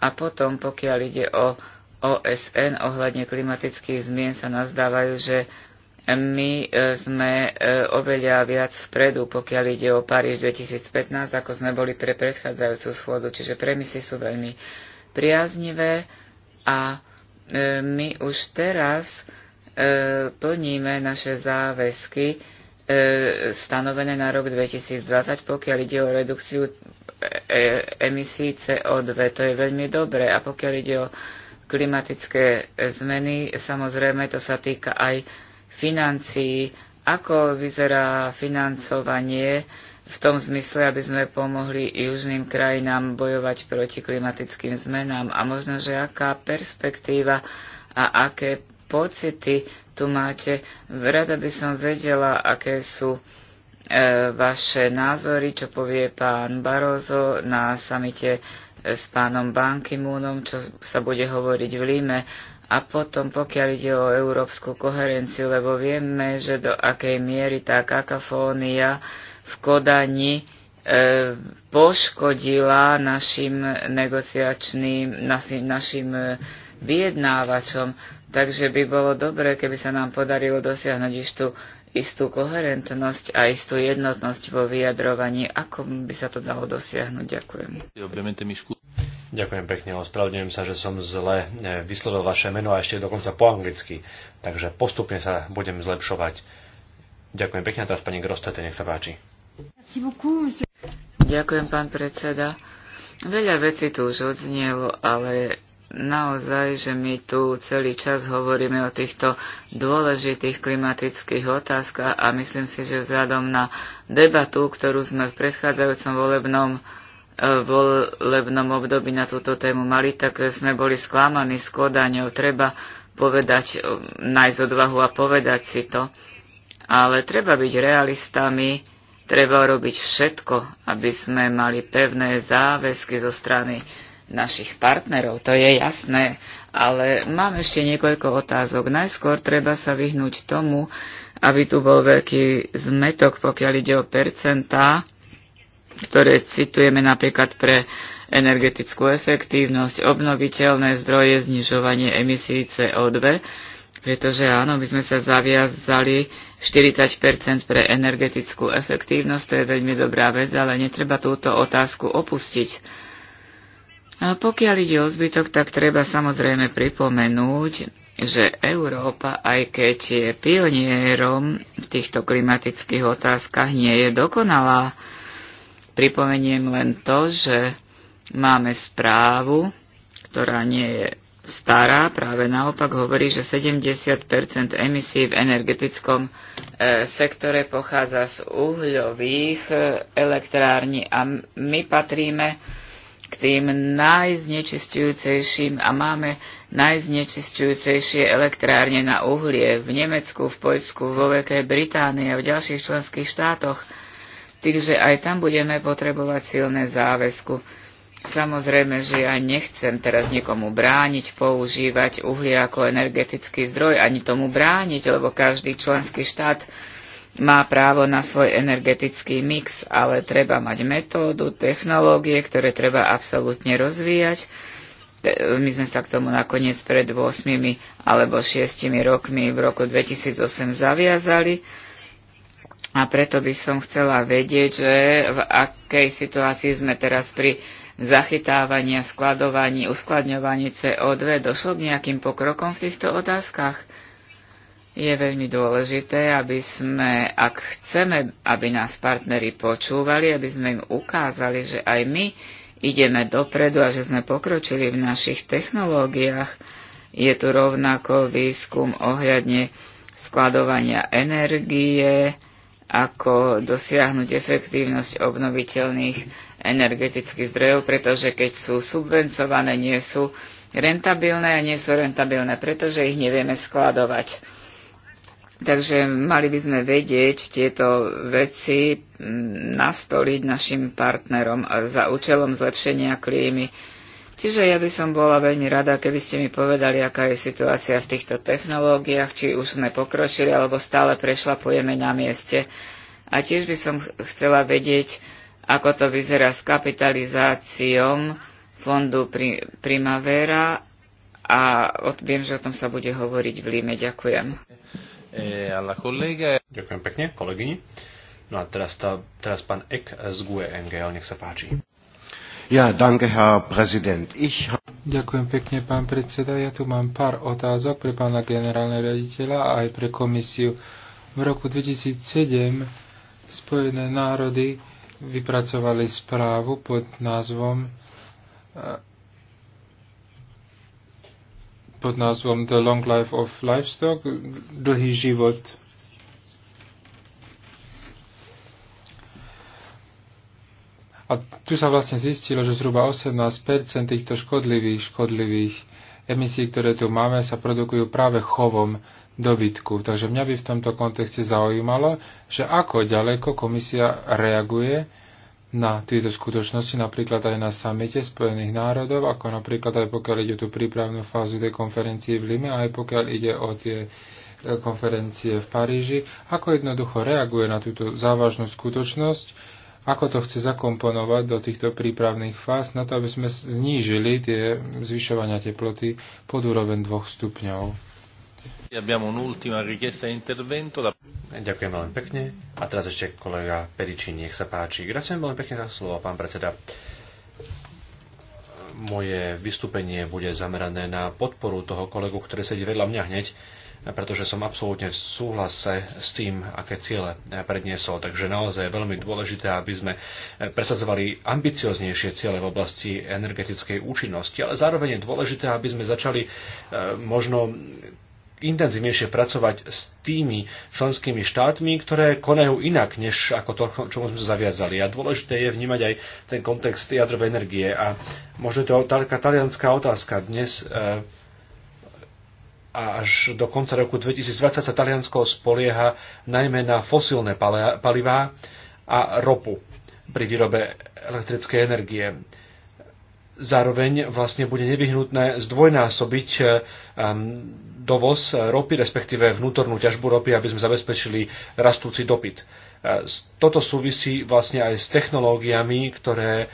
A potom, pokiaľ ide o OSN ohľadne klimatických zmien, sa nazdávajú, že my eh, sme eh, oveľa viac vpredu, pokiaľ ide o Paríž 2015, ako sme boli pre predchádzajúcu schôdzu. Čiže premisy sú veľmi priaznivé a E, my už teraz e, plníme naše záväzky e, stanovené na rok 2020, pokiaľ ide o redukciu emisí CO2. To je veľmi dobré. A pokiaľ ide o klimatické zmeny, samozrejme to sa týka aj financií. Ako vyzerá financovanie v tom zmysle, aby sme pomohli južným krajinám bojovať proti klimatickým zmenám. A možno, že aká perspektíva a aké pocity tu máte. Rada by som vedela, aké sú e, vaše názory, čo povie pán Barozo na samite e, s pánom Bankimúnom, čo sa bude hovoriť v Líme. A potom, pokiaľ ide o európsku koherenciu, lebo vieme, že do akej miery tá kakafónia v Kodani e, poškodila našim negociačným, našim, našim e, vyjednávačom. Takže by bolo dobré, keby sa nám podarilo dosiahnuť istú, istú koherentnosť a istú jednotnosť vo vyjadrovaní. Ako by sa
to dalo dosiahnuť? Ďakujem. Ďakujem pekne, ospravedlňujem sa, že som zle e, vyslovil vaše meno a ešte dokonca po anglicky, takže postupne sa budem zlepšovať. Ďakujem pekne a teraz pani Grostete, nech sa páči.
Ďakujem, pán predseda. Veľa vecí tu už odznielo, ale naozaj, že my tu celý čas hovoríme o týchto dôležitých klimatických otázkach a myslím si, že vzhľadom na debatu, ktorú sme v predchádzajúcom volebnom e, volebnom období na túto tému mali, tak sme boli sklamaní s kodaňou. Treba povedať, e, nájsť odvahu a povedať si to. Ale treba byť realistami, Treba robiť všetko, aby sme mali pevné záväzky zo strany našich partnerov, to je jasné, ale mám ešte niekoľko otázok. Najskôr treba sa vyhnúť tomu, aby tu bol veľký zmetok, pokiaľ ide o percentá, ktoré citujeme napríklad pre energetickú efektívnosť, obnoviteľné zdroje, znižovanie emisí CO2 pretože áno, my sme sa zaviazali 40% pre energetickú efektívnosť, to je veľmi dobrá vec, ale netreba túto otázku opustiť. A pokiaľ ide o zbytok, tak treba samozrejme pripomenúť, že Európa, aj keď je pionierom v týchto klimatických otázkach, nie je dokonalá. Pripomeniem len to, že máme správu, ktorá nie je stará, práve naopak hovorí, že 70 emisí v energetickom e, sektore pochádza z uhľových e, elektrární a my patríme k tým najznečistujúcejším a máme najznečistujúcejšie elektrárne na uhlie v Nemecku, v Poľsku, vo Veľkej Británii a v ďalších členských štátoch. Takže aj tam budeme potrebovať silné záväzku. Samozrejme, že ja nechcem teraz nikomu brániť používať uhlie ako energetický zdroj, ani tomu brániť, lebo každý členský štát má právo na svoj energetický mix, ale treba mať metódu, technológie, ktoré treba absolútne rozvíjať. E, my sme sa k tomu nakoniec pred 8 alebo 6 rokmi v roku 2008 zaviazali. A preto by som chcela vedieť, že v akej situácii sme teraz pri zachytávania, skladovaní, uskladňovanie CO2. Došlo k nejakým pokrokom v týchto otázkach? Je veľmi dôležité, aby sme, ak chceme, aby nás partneri počúvali, aby sme im ukázali, že aj my ideme dopredu a že sme pokročili v našich technológiách. Je tu rovnako výskum ohľadne skladovania energie, ako dosiahnuť efektívnosť obnoviteľných energetických zdrojov, pretože keď sú subvencované, nie sú rentabilné a nie sú rentabilné, pretože ich nevieme skladovať. Takže mali by sme vedieť tieto veci mm, nastoliť našim partnerom za účelom zlepšenia klímy. Čiže ja by som bola veľmi rada, keby ste mi povedali, aká je situácia v týchto technológiách, či už sme pokročili, alebo stále prešlapujeme na mieste. A tiež by som chcela vedieť, ako to vyzerá s kapitalizáciou fondu Primavera a viem, že o tom sa bude hovoriť v Líme. Ďakujem. E,
Ďakujem pekne, kolegyni. No a teraz, tá, teraz pán Ek z GUE NGL, nech
sa páči. Ja, danke, Herr Präsident. Ich... Ďakujem pekne, pán predseda. Ja tu mám pár otázok pre pána generálneho riaditeľa a aj pre komisiu. V roku 2007 Spojené národy vypracovali správu pod názvom eh, pod názvom The Long Life of Livestock, dlhý život A tu sa vlastne zistilo, že zhruba 18% týchto škodlivých, škodlivých emisí, ktoré tu máme, sa produkujú práve chovom dobytku. Takže mňa by v tomto kontexte zaujímalo, že ako ďaleko komisia reaguje na tieto skutočnosti, napríklad aj na samite Spojených národov, ako napríklad aj pokiaľ ide o tú prípravnú fázu tej konferencie v Lime, aj pokiaľ ide o tie e, konferencie v Paríži, ako jednoducho reaguje na túto závažnú skutočnosť, ako to chce zakomponovať do týchto prípravných fáz, na to, aby sme znížili tie zvyšovania teploty pod úroveň 2 stupňov.
E Ďakujem veľmi pekne. A teraz ešte kolega Peričín, nech sa páči. Ďakujem veľmi pekne za slovo, pán predseda. Moje vystúpenie bude zamerané na podporu toho kolegu, ktorý sedí vedľa mňa hneď pretože som absolútne v súhlase s tým, aké ciele predniesol. Takže naozaj je veľmi dôležité, aby sme presadzovali ambicioznejšie ciele v oblasti energetickej účinnosti, ale zároveň je dôležité, aby sme začali e, možno intenzívnejšie pracovať s tými členskými štátmi, ktoré konajú inak, než ako to, čomu sme sa zaviazali. A dôležité je vnímať aj ten kontext jadrovej energie. A možno to taká talianská otázka dnes. E, až do konca roku 2020 sa Taliansko spolieha najmä na fosílne palivá a ropu pri výrobe elektrickej energie. Zároveň vlastne bude nevyhnutné zdvojnásobiť eh, dovoz ropy, respektíve vnútornú ťažbu ropy, aby sme zabezpečili rastúci dopyt. Toto súvisí vlastne aj s technológiami, ktoré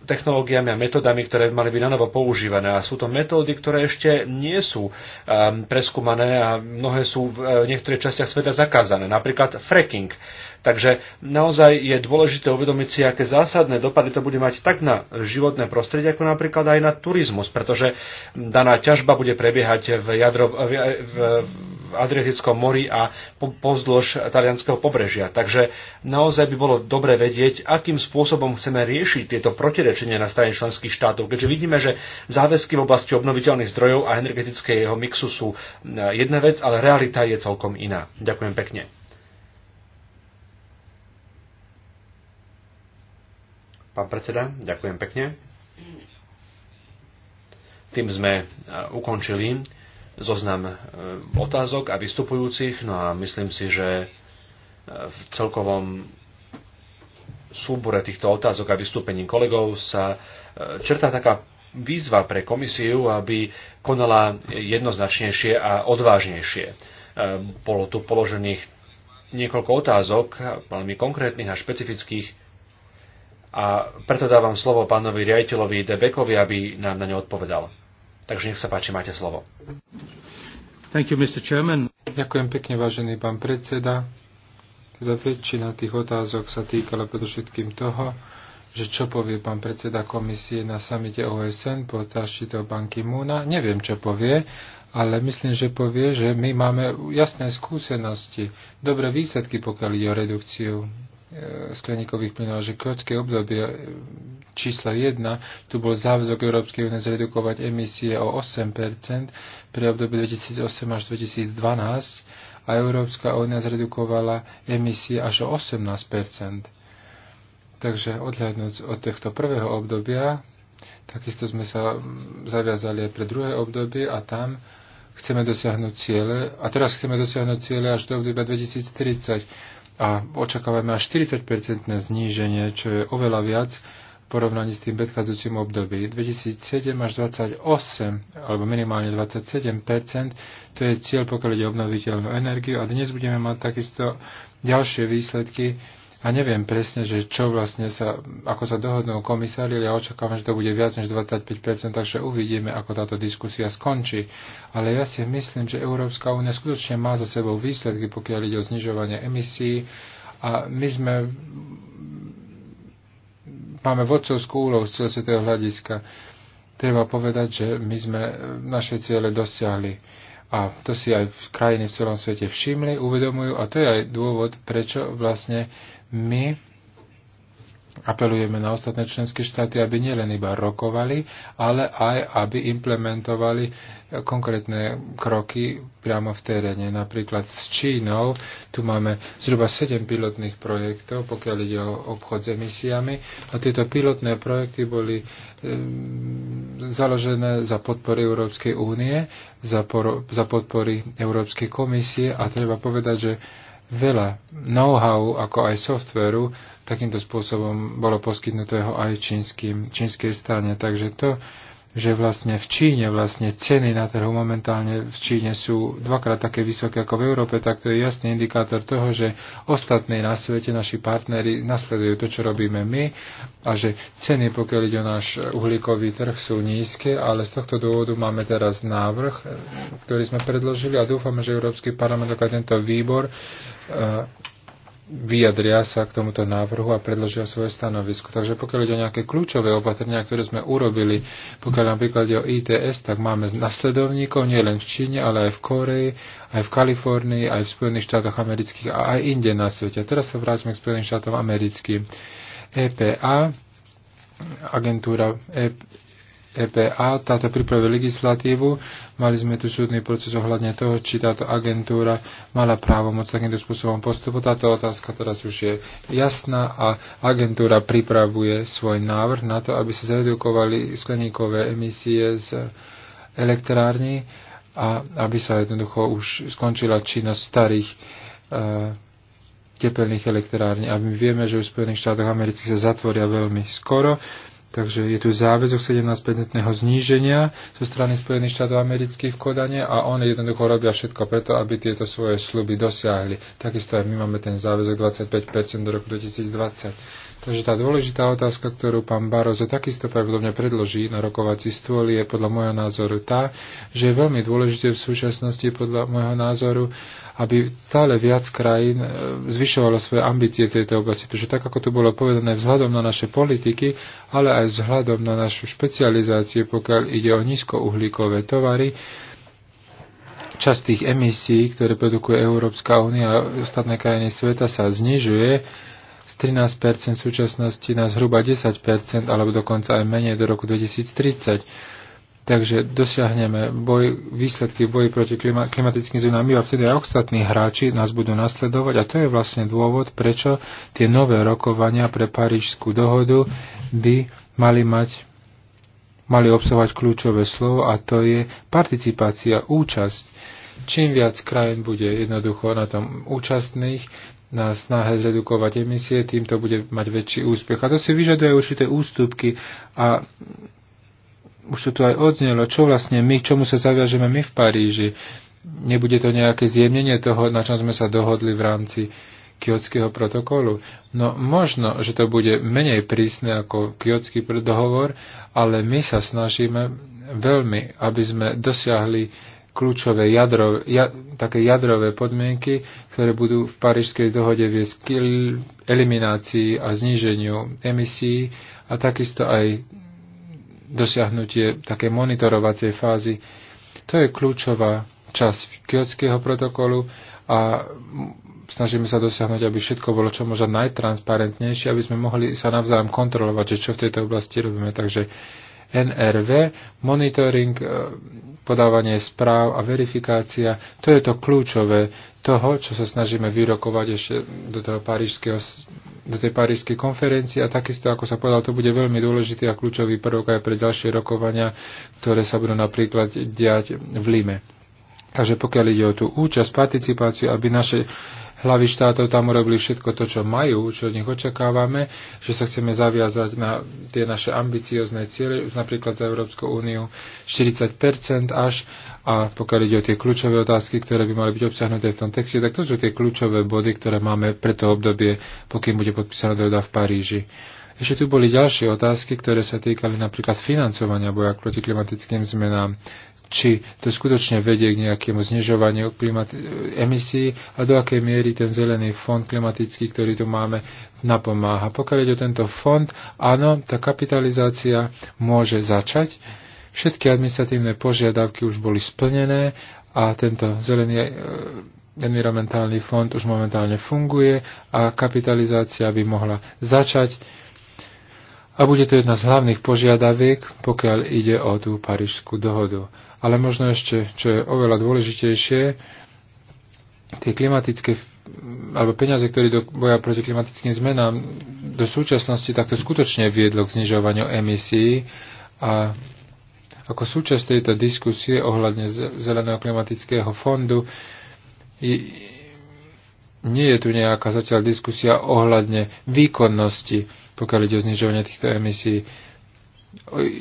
technológiami a metodami, ktoré by mali byť nanovo používané. A sú to metódy, ktoré ešte nie sú um, preskúmané a mnohé sú e, v niektorých častiach sveta zakázané. Napríklad fracking. Takže naozaj je dôležité uvedomiť si, aké zásadné dopady to bude mať tak na životné prostredie, ako napríklad aj na turizmus, pretože daná ťažba bude prebiehať v, jadro, v, v, v Adriatickom mori a po, pozdĺž talianského pobrežia. Takže naozaj by bolo dobre vedieť, akým spôsobom chceme riešiť tieto protirečenia na strane členských štátov, keďže vidíme, že záväzky v oblasti obnoviteľných zdrojov a energetického mixu sú e, jedna vec, ale realita je celkom iná. Ďakujem pekne. Pán predseda, ďakujem pekne. Tým sme e, ukončili zoznam e, otázok a vystupujúcich, no a myslím si, že e, v celkovom súbore týchto otázok a vystúpení kolegov sa črta taká výzva pre komisiu, aby konala jednoznačnejšie a odvážnejšie. Bolo tu položených niekoľko otázok, veľmi konkrétnych a špecifických, a preto dávam slovo pánovi riaditeľovi Debekovi, aby nám na ne odpovedal. Takže nech sa páči, máte slovo.
Thank you, Mr. Chairman. Ďakujem pekne, vážený pán predseda. Teda väčšina tých otázok sa týkala predovšetkým toho, že čo povie pán predseda komisie na samite OSN po zaštitou banky Múna. Neviem, čo povie, ale myslím, že povie, že my máme jasné skúsenosti, dobré výsledky, pokiaľ ide o redukciu E, skleníkových plynov, že krátke obdobie e, čísla 1, tu bol záväzok Európskej únie zredukovať emisie o 8% pre obdobie 2008 až 2012 a Európska únia zredukovala emisie až o 18%. Takže odhľadnúť od tohto prvého obdobia, takisto sme sa zaviazali aj pre druhé obdobie a tam chceme dosiahnuť ciele, a teraz chceme dosiahnuť ciele až do obdobia 2030 a očakávame až 40-percentné zníženie, čo je oveľa viac v porovnaní s tým predchádzajúcim období. 2007 až 28, alebo minimálne 27 to je cieľ, pokiaľ ide obnoviteľnú energiu a dnes budeme mať takisto ďalšie výsledky, a neviem presne, že čo vlastne sa, ako sa dohodnú komisári, ale ja očakávam, že to bude viac než 25%, takže uvidíme, ako táto diskusia skončí. Ale ja si myslím, že Európska únia skutočne má za sebou výsledky, pokiaľ ide o znižovanie emisí a my sme máme vodcovskú úlohu z celosvetého hľadiska. Treba povedať, že my sme naše ciele dosiahli a to si aj v krajiny v celom svete všimli, uvedomujú a to je aj dôvod, prečo vlastne my apelujeme na ostatné členské štáty, aby nielen iba rokovali, ale aj aby implementovali konkrétne kroky priamo v teréne. Napríklad s Čínou tu máme zhruba 7 pilotných projektov, pokiaľ ide o obchod s emisiami. A tieto pilotné projekty boli založené za podpory Európskej únie, za, por- za podpory Európskej komisie a treba povedať, že veľa know-how, ako aj softveru, takýmto spôsobom bolo poskytnutého aj čínskej strane. Takže to, že vlastne v Číne vlastne ceny na trhu momentálne v Číne sú dvakrát také vysoké ako v Európe, tak to je jasný indikátor toho, že ostatní na svete, naši partneri nasledujú to, čo robíme my a že ceny, pokiaľ ide o náš uhlíkový trh, sú nízke, ale z tohto dôvodu máme teraz návrh, ktorý sme predložili a dúfame, že Európsky parlament, ako tento výbor, e, vyjadria sa k tomuto návrhu a predložia svoje stanovisko. Takže pokiaľ ide o nejaké kľúčové opatrenia, ktoré sme urobili, pokiaľ napríklad ide o ITS, tak máme nasledovníkov nie len v Číne, ale aj v Koreji, aj v Kalifornii, aj v Spojených štátoch amerických a aj inde na svete. A teraz sa vráťme k Spojeným štátom americkým. EPA, agentúra e EPA, táto pripravuje legislatívu. Mali sme tu súdny proces ohľadne toho, či táto agentúra mala právo môcť takýmto spôsobom postupu. Táto otázka teraz už je jasná a agentúra pripravuje svoj návrh na to, aby sa zredukovali skleníkové emisie z elektrárni a aby sa jednoducho už skončila činnosť starých e, tepelných elektrární. A my vieme, že v Spojených štátoch amerických sa zatvoria veľmi skoro. Takže je tu záväzok 17-percentného zníženia zo strany Spojených štátov amerických v Kodane a oni jednoducho robia všetko preto, aby tieto svoje sluby dosiahli. Takisto aj my máme ten záväzok 25% do roku 2020. Takže tá dôležitá otázka, ktorú pán Barozo takisto pravdobne predloží na rokovací stôl, je podľa môjho názoru tá, že je veľmi dôležité v súčasnosti podľa môjho názoru, aby stále viac krajín e, zvyšovalo svoje ambície v tejto oblasti. Pretože tak, ako tu bolo povedané, vzhľadom na naše politiky, ale aj vzhľadom na našu špecializáciu, pokiaľ ide o nízkouhlíkové tovary, časť tých emisí, ktoré produkuje Európska únia a ostatné krajiny sveta sa znižuje, z 13% v súčasnosti na zhruba 10% alebo dokonca aj menej do roku 2030. Takže dosiahneme boj, výsledky boji proti klima, klimatickým zmenám a vtedy aj ostatní hráči nás budú nasledovať a to je vlastne dôvod, prečo tie nové rokovania pre Parížskú dohodu by mali mať mali obsahovať kľúčové slovo a to je participácia, účasť. Čím viac krajín bude jednoducho na tom účastných, na snahe zredukovať emisie, tým to bude mať väčší úspech. A to si vyžaduje určité ústupky a už to tu aj odznelo, čo vlastne my, k čomu sa zaviažeme my v Paríži. Nebude to nejaké zjemnenie toho, na čom sme sa dohodli v rámci kiotského protokolu. No možno, že to bude menej prísne ako kiotský dohovor, ale my sa snažíme veľmi, aby sme dosiahli kľúčové jadro, ja, také jadrové podmienky, ktoré budú v Parížskej dohode viesť k eliminácii a zníženiu emisí a takisto aj dosiahnutie také monitorovacej fázy. To je kľúčová časť Kyotského protokolu a snažíme sa dosiahnuť, aby všetko bolo čo možno najtransparentnejšie, aby sme mohli sa navzájom kontrolovať, že čo v tejto oblasti robíme. Takže NRV, monitoring, e, podávanie správ a verifikácia, to je to kľúčové toho, čo sa snažíme vyrokovať ešte do, toho do tej parížskej konferencie a takisto, ako sa povedal, to bude veľmi dôležitý a kľúčový prvok aj pre ďalšie rokovania, ktoré sa budú napríklad diať v Lime. Takže pokiaľ ide o tú účasť, participáciu, aby naše hlavy štátov tam urobili všetko to, čo majú, čo od nich očakávame, že sa chceme zaviazať na tie naše ambiciozne ciele, napríklad za Európsku úniu 40% až a pokiaľ ide o tie kľúčové otázky, ktoré by mali byť obsahnuté v tom texte, tak to sú tie kľúčové body, ktoré máme pre to obdobie, pokým bude podpísaná dohoda v Paríži. Ešte tu boli ďalšie otázky, ktoré sa týkali napríklad financovania boja proti klimatickým zmenám či to skutočne vedie k nejakému znižovaniu klimat- emisí a do akej miery ten zelený fond klimatický, ktorý tu máme, napomáha. Pokiaľ ide o tento fond, áno, tá kapitalizácia môže začať. Všetky administratívne požiadavky už boli splnené a tento zelený e, environmentálny fond už momentálne funguje a kapitalizácia by mohla začať a bude to jedna z hlavných požiadaviek, pokiaľ ide o tú Parížskú dohodu. Ale možno ešte, čo je oveľa dôležitejšie, tie klimatické alebo peniaze, ktoré do boja proti klimatickým zmenám do súčasnosti takto skutočne viedlo k znižovaniu emisí a ako súčasť tejto diskusie ohľadne Zeleného klimatického fondu nie je tu nejaká zatiaľ diskusia ohľadne výkonnosti pokiaľ ide o znižovanie týchto emisí.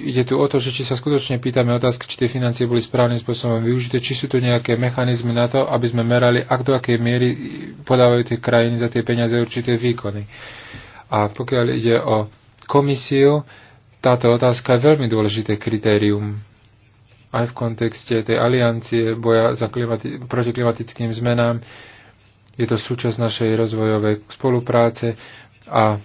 Ide tu o to, že či sa skutočne pýtame otázky, či tie financie boli správnym spôsobom využité, či sú tu nejaké mechanizmy na to, aby sme merali, ak do akej miery podávajú tie krajiny za tie peniaze určité výkony. A pokiaľ ide o komisiu, táto otázka je veľmi dôležité kritérium aj v kontexte tej aliancie boja za klimati- proti klimatickým zmenám. Je to súčasť našej rozvojovej spolupráce a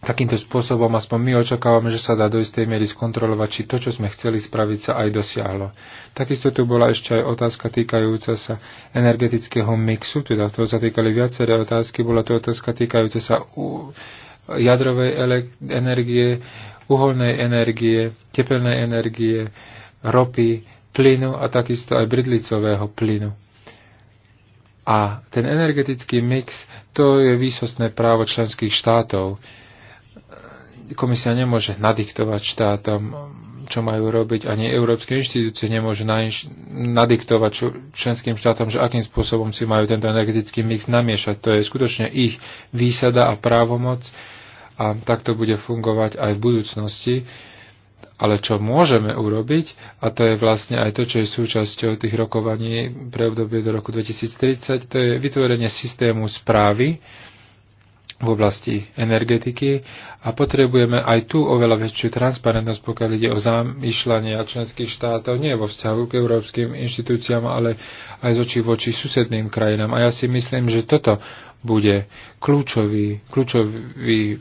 takýmto spôsobom aspoň my očakávame, že sa dá do istej miery skontrolovať, či to, čo sme chceli spraviť, sa aj dosiahlo. Takisto tu bola ešte aj otázka týkajúca sa energetického mixu, teda toho sa týkali viaceré otázky, bola to otázka týkajúca sa jadrovej energie, uholnej energie, tepelnej energie, ropy, plynu a takisto aj bridlicového plynu. A ten energetický mix, to je výsostné právo členských štátov komisia nemôže nadiktovať štátom, čo majú robiť, ani európske inštitúcie nemôžu nainš- nadiktovať čo, členským štátom, že akým spôsobom si majú tento energetický mix namiešať. To je skutočne ich výsada a právomoc a takto bude fungovať aj v budúcnosti. Ale čo môžeme urobiť, a to je vlastne aj to, čo je súčasťou tých rokovaní pre obdobie do roku 2030, to je vytvorenie systému správy, v oblasti energetiky a potrebujeme aj tu oveľa väčšiu transparentnosť, pokiaľ ide o a členských štátov, nie vo vzťahu k európskym inštitúciám, ale aj z očí voči susedným krajinám. A ja si myslím, že toto bude kľúčový, kľúčový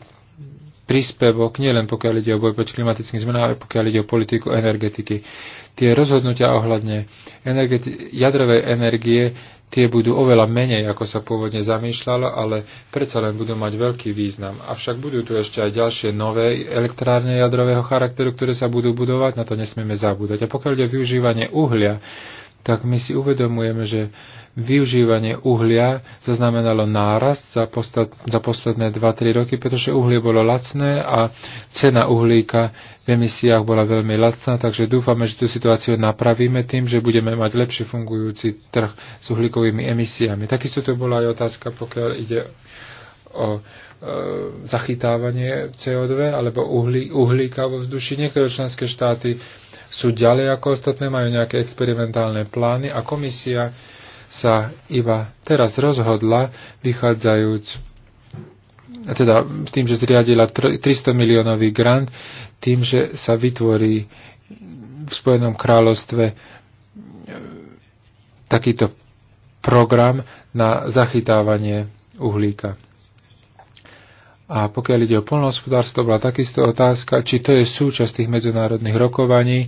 príspevok nielen pokiaľ ide o boj proti klimatickým zmenám, ale pokiaľ ide o politiku energetiky. Tie rozhodnutia ohľadne energeti- jadrovej energie, tie budú oveľa menej, ako sa pôvodne zamýšľalo, ale predsa len budú mať veľký význam. Avšak budú tu ešte aj ďalšie nové elektrárne jadrového charakteru, ktoré sa budú budovať, na to nesmieme zabúdať. A pokiaľ ide o využívanie uhlia, tak my si uvedomujeme, že využívanie uhlia zaznamenalo nárast za, postat, za posledné 2-3 roky, pretože uhlie bolo lacné a cena uhlíka v emisiách bola veľmi lacná, takže dúfame, že tú situáciu napravíme tým, že budeme mať lepšie fungujúci trh s uhlíkovými emisiami. Takisto to bola aj otázka, pokiaľ ide o e, zachytávanie CO2 alebo uhlí, uhlíka vo vzduši. Niektoré členské štáty sú ďalej ako ostatné, majú nejaké experimentálne plány a komisia sa iba teraz rozhodla, vychádzajúc teda tým, že zriadila 300 miliónový grant, tým, že sa vytvorí v Spojenom kráľovstve e, takýto program na zachytávanie uhlíka. A pokiaľ ide o polnohospodárstvo, bola takisto otázka, či to je súčasť tých medzinárodných rokovaní.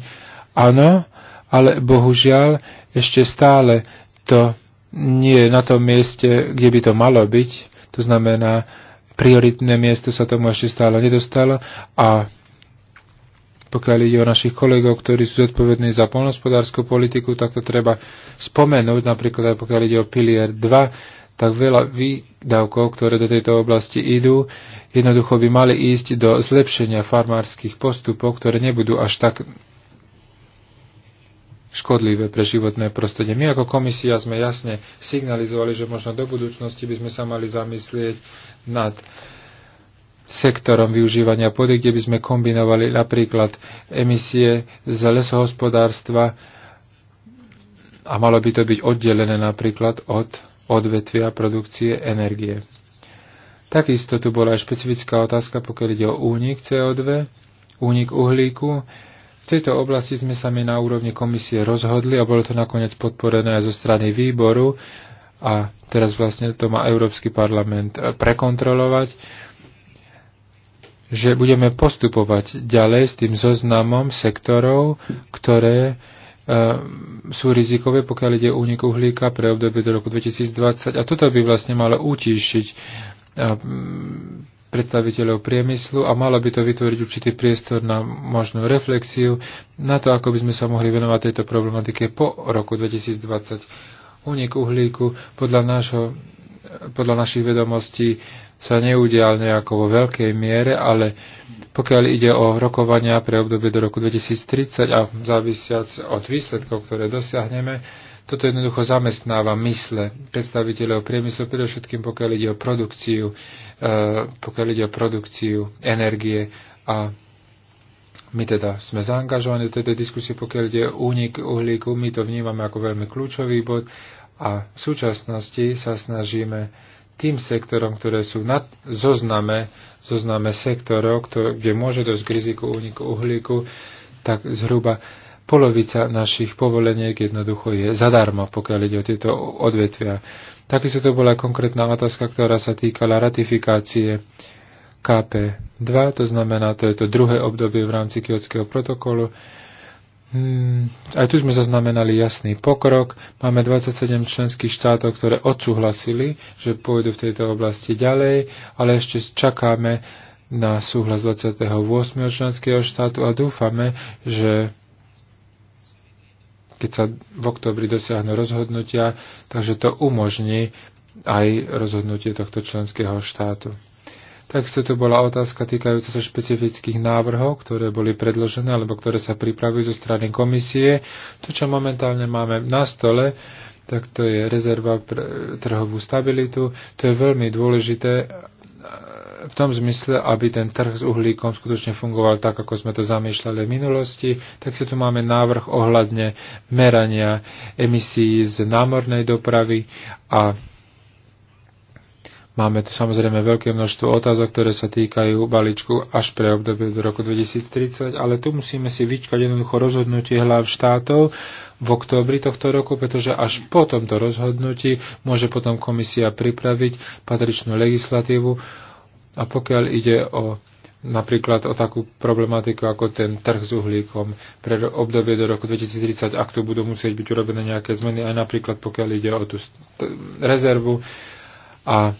Áno, ale bohužiaľ ešte stále to nie je na tom mieste, kde by to malo byť. To znamená, prioritné miesto sa tomu ešte stále nedostalo a pokiaľ ide o našich kolegov, ktorí sú zodpovední za polnohospodárskú politiku, tak to treba spomenúť, napríklad aj pokiaľ ide o pilier 2, tak veľa výdavkov, ktoré do tejto oblasti idú, jednoducho by mali ísť do zlepšenia farmárskych postupov, ktoré nebudú až tak škodlivé pre životné prostredie. My ako komisia sme jasne signalizovali, že možno do budúcnosti by sme sa mali zamyslieť nad sektorom využívania pôdy, kde by sme kombinovali napríklad emisie z lesohospodárstva a malo by to byť oddelené napríklad od odvetvia produkcie energie. Takisto tu bola aj špecifická otázka, pokiaľ ide o únik CO2, únik uhlíku. V tejto oblasti sme sa my na úrovni komisie rozhodli a bolo to nakoniec podporené aj zo strany výboru a teraz vlastne to má Európsky parlament e, prekontrolovať že budeme postupovať ďalej s tým zoznamom sektorov, ktoré Ehm, sú rizikové, pokiaľ ide únik uhlíka pre obdobie do roku 2020. A toto by vlastne malo utíšiť ehm, predstaviteľov priemyslu a malo by to vytvoriť určitý priestor na možnú reflexiu na to, ako by sme sa mohli venovať tejto problematike po roku 2020. Únik uhlíku podľa nášho podľa našich vedomostí sa neudial nejako vo veľkej miere, ale pokiaľ ide o rokovania pre obdobie do roku 2030 a závisiac od výsledkov, ktoré dosiahneme, toto jednoducho zamestnáva mysle predstaviteľov priemyslu, predovšetkým pokiaľ ide o produkciu, eh, pokiaľ ide o produkciu energie a my teda sme zaangažovaní do tejto diskusie, pokiaľ ide o únik uhlíku, my to vnímame ako veľmi kľúčový bod a v súčasnosti sa snažíme tým sektorom, ktoré sú na zozname, zozname sektorov, ktoré, kde môže dosť k riziku úniku uhlíku, tak zhruba polovica našich povoleniek jednoducho je zadarmo, pokiaľ ide o tieto odvetvia. Takisto to bola konkrétna otázka, ktorá sa týkala ratifikácie KP2, to znamená, to je to druhé obdobie v rámci Kyotského protokolu. Hmm, aj tu sme zaznamenali jasný pokrok. Máme 27 členských štátov, ktoré odsúhlasili, že pôjdu v tejto oblasti ďalej, ale ešte čakáme na súhlas 28. členského štátu a dúfame, že keď sa v oktobri dosiahnu rozhodnutia, takže to umožní aj rozhodnutie tohto členského štátu. Takisto tu bola otázka týkajúca sa špecifických návrhov, ktoré boli predložené alebo ktoré sa pripravujú zo strany komisie. To, čo momentálne máme na stole, tak to je rezerva pre trhovú stabilitu. To je veľmi dôležité e, v tom zmysle, aby ten trh s uhlíkom skutočne fungoval tak, ako sme to zamýšľali v minulosti, tak si tu máme návrh ohľadne merania emisí z námornej dopravy a Máme tu samozrejme veľké množstvo otázok, ktoré sa týkajú balíčku až pre obdobie do roku 2030, ale tu musíme si vyčkať jednoducho rozhodnutie hlav štátov v októbri tohto roku, pretože až po tomto rozhodnutí môže potom komisia pripraviť patričnú legislatívu a pokiaľ ide o napríklad o takú problematiku ako ten trh s uhlíkom pre obdobie do roku 2030, ak tu budú musieť byť urobené nejaké zmeny, aj napríklad pokiaľ ide o tú rezervu a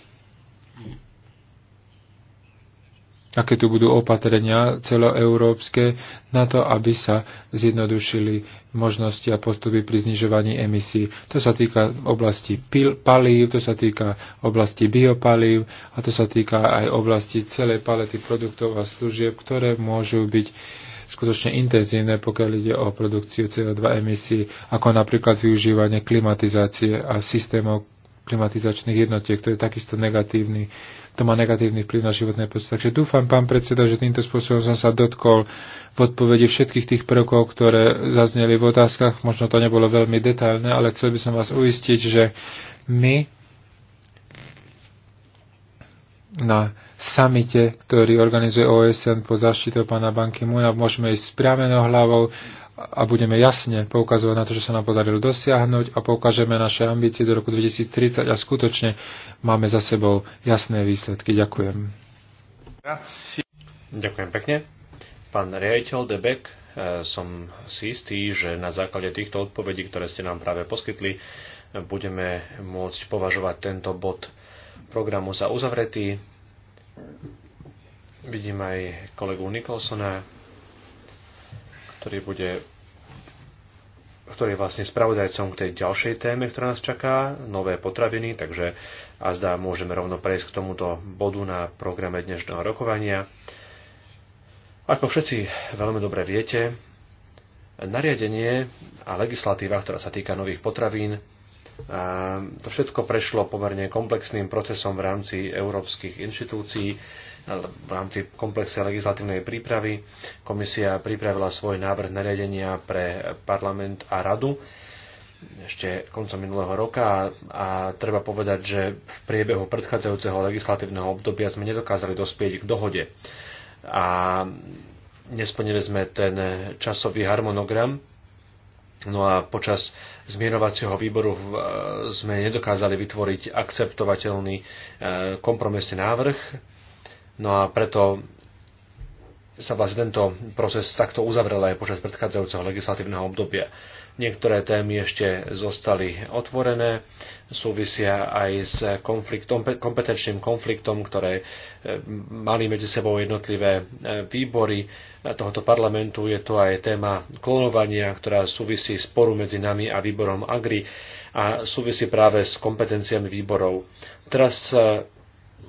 aké tu budú opatrenia celoeurópske na to, aby sa zjednodušili možnosti a postupy pri znižovaní emisí. To sa týka oblasti pil, palív, to sa týka oblasti biopalív a to sa týka aj oblasti celej palety produktov a služieb, ktoré môžu byť skutočne intenzívne, pokiaľ ide o produkciu CO2 emisí, ako napríklad využívanie klimatizácie a systémov klimatizačných jednotiek. To je takisto negatívny uh, to má negatívny vplyv na životné prostredie. Takže dúfam, pán predseda, že týmto spôsobom som sa dotkol v odpovedi všetkých tých prvkov, ktoré zazneli v otázkach. Možno to nebolo veľmi detailné, ale chcel by som vás uistiť, že my na samite, ktorý organizuje OSN po zaštitou pána Banky Múna, môžeme ísť priamenou hlavou a budeme jasne poukazovať na to, čo sa nám podarilo dosiahnuť a poukážeme naše ambície do roku 2030 a skutočne máme za sebou jasné výsledky. Ďakujem.
Ďakujem pekne. Pán riaditeľ Debek, eh, som si istý, že na základe týchto odpovedí, ktoré ste nám práve poskytli, budeme môcť považovať tento bod programu za uzavretý. Vidím aj kolegu Nikolsona, ktorý bude ktorý je vlastne spravodajcom k tej ďalšej téme, ktorá nás čaká, nové potraviny, takže a zdá, môžeme rovno prejsť k tomuto bodu na programe dnešného rokovania. Ako všetci veľmi dobre viete, nariadenie a legislatíva, ktorá sa týka nových potravín, to všetko prešlo pomerne komplexným procesom v rámci európskych inštitúcií v rámci komplexe legislatívnej prípravy. Komisia pripravila svoj návrh nariadenia pre parlament a radu ešte koncom minulého roka a, a treba povedať, že v priebehu predchádzajúceho legislatívneho obdobia sme nedokázali dospieť k dohode a nesplnili sme ten časový harmonogram, No a počas zmierovacieho výboru e, sme nedokázali vytvoriť akceptovateľný e, kompromisný návrh No a preto sa vlastne tento proces takto uzavrel aj počas predchádzajúceho legislatívneho obdobia. Niektoré témy ešte zostali otvorené, súvisia aj s konfliktom, kompetenčným konfliktom, ktoré e, mali medzi sebou jednotlivé e, výbory tohoto parlamentu. Je to aj téma klonovania, ktorá súvisí sporu medzi nami a výborom Agri a súvisí práve s kompetenciami výborov. Teraz e,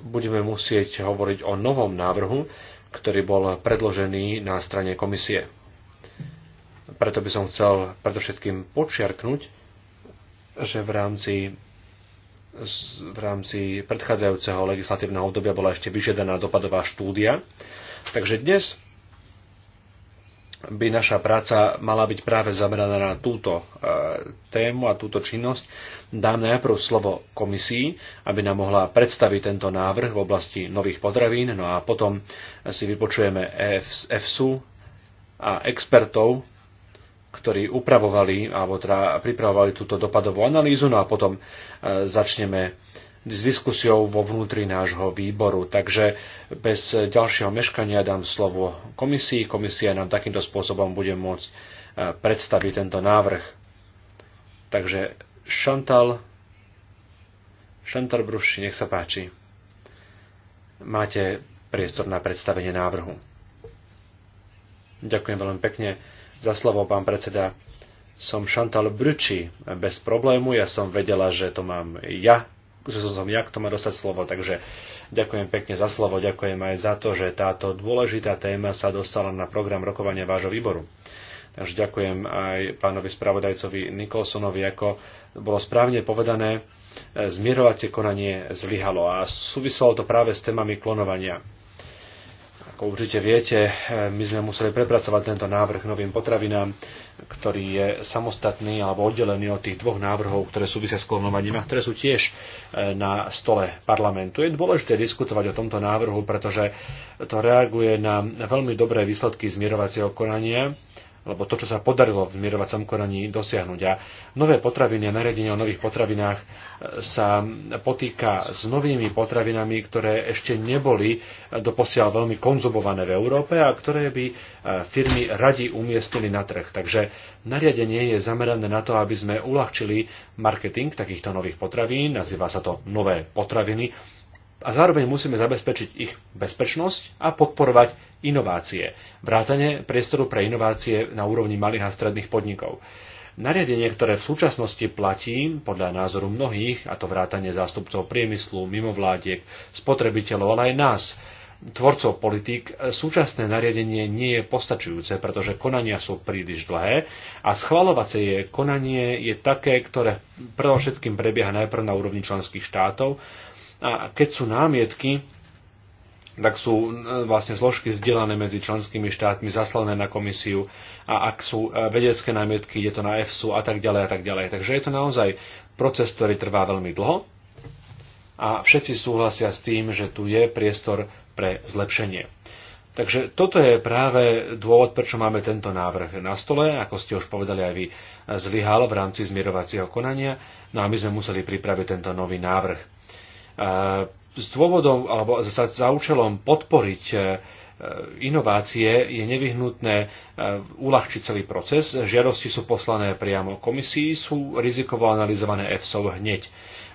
budeme musieť hovoriť o novom návrhu, ktorý bol predložený na strane komisie. Preto by som chcel predovšetkým počiarknúť, že v rámci v rámci predchádzajúceho legislatívneho obdobia bola ešte vyžiadaná dopadová štúdia. Takže dnes by naša práca mala byť práve zameraná na túto e, tému a túto činnosť. Dám najprv slovo komisii, aby nám mohla predstaviť tento návrh v oblasti nových potravín, no a potom si vypočujeme e EFSU a expertov, ktorí upravovali alebo teda pripravovali túto dopadovú analýzu, no a potom e, začneme s diskusiou vo vnútri nášho výboru. Takže bez ďalšieho meškania dám slovo komisii. Komisia nám takýmto spôsobom bude môcť e, predstaviť tento návrh. Takže Šantal, Šantal Bruši, nech sa páči. Máte priestor na predstavenie návrhu. Ďakujem veľmi pekne za slovo, pán predseda. Som Šantal Bruči. Bez problému, ja som vedela, že to mám ja že som ja, kto má dostať slovo. Takže ďakujem pekne za slovo, ďakujem aj za to, že táto dôležitá téma sa dostala na program rokovania vášho výboru. Takže ďakujem aj pánovi spravodajcovi Nikolsonovi, ako bolo správne povedané, e, zmierovacie konanie zlyhalo a súviselo to práve s témami klonovania. Ako určite viete, e, my sme museli prepracovať tento návrh novým potravinám ktorý je samostatný alebo oddelený od tých dvoch návrhov, ktoré súvisia s klonovaním a ktoré sú tiež e, na stole parlamentu. Je dôležité diskutovať o tomto návrhu, pretože to reaguje na veľmi dobré výsledky zmierovacieho konania alebo to, čo sa podarilo v mierovacom konaní dosiahnuť. A nové potraviny a nariadenie o nových potravinách e, sa potýka s novými potravinami, ktoré ešte neboli e, doposiaľ veľmi konzumované v Európe a ktoré by e, firmy radi umiestnili na trh. Takže nariadenie je zamerané na to, aby sme uľahčili marketing takýchto nových potravín, nazýva sa to nové potraviny, a zároveň musíme zabezpečiť ich bezpečnosť a podporovať inovácie, vrátanie priestoru pre inovácie na úrovni malých a stredných podnikov. Nariadenie, ktoré v súčasnosti platí, podľa názoru mnohých, a to vrátanie zástupcov priemyslu, mimovládiek, spotrebiteľov, ale aj nás, tvorcov politík, súčasné nariadenie nie je postačujúce, pretože konania sú príliš dlhé a schvalovacie konanie je také, ktoré predovšetkým prebieha najprv na úrovni členských štátov a keď sú námietky, tak sú e, vlastne zložky zdieľané medzi členskými štátmi, zaslané na komisiu a ak sú e, vedecké námietky, je to na EFSU a tak ďalej a tak ďalej. Takže je to naozaj proces, ktorý trvá veľmi dlho a všetci súhlasia s tým, že tu je priestor pre zlepšenie. Takže toto je práve dôvod, prečo máme tento návrh na stole, ako ste už povedali aj vy, e, zlyhal v rámci zmierovacieho konania, no a my sme museli pripraviť tento nový návrh. S dôvodom alebo za, za účelom podporiť e, inovácie je nevyhnutné e, uľahčiť celý proces. Žiadosti sú poslané priamo komisii, sú rizikovo analyzované EFSO hneď e,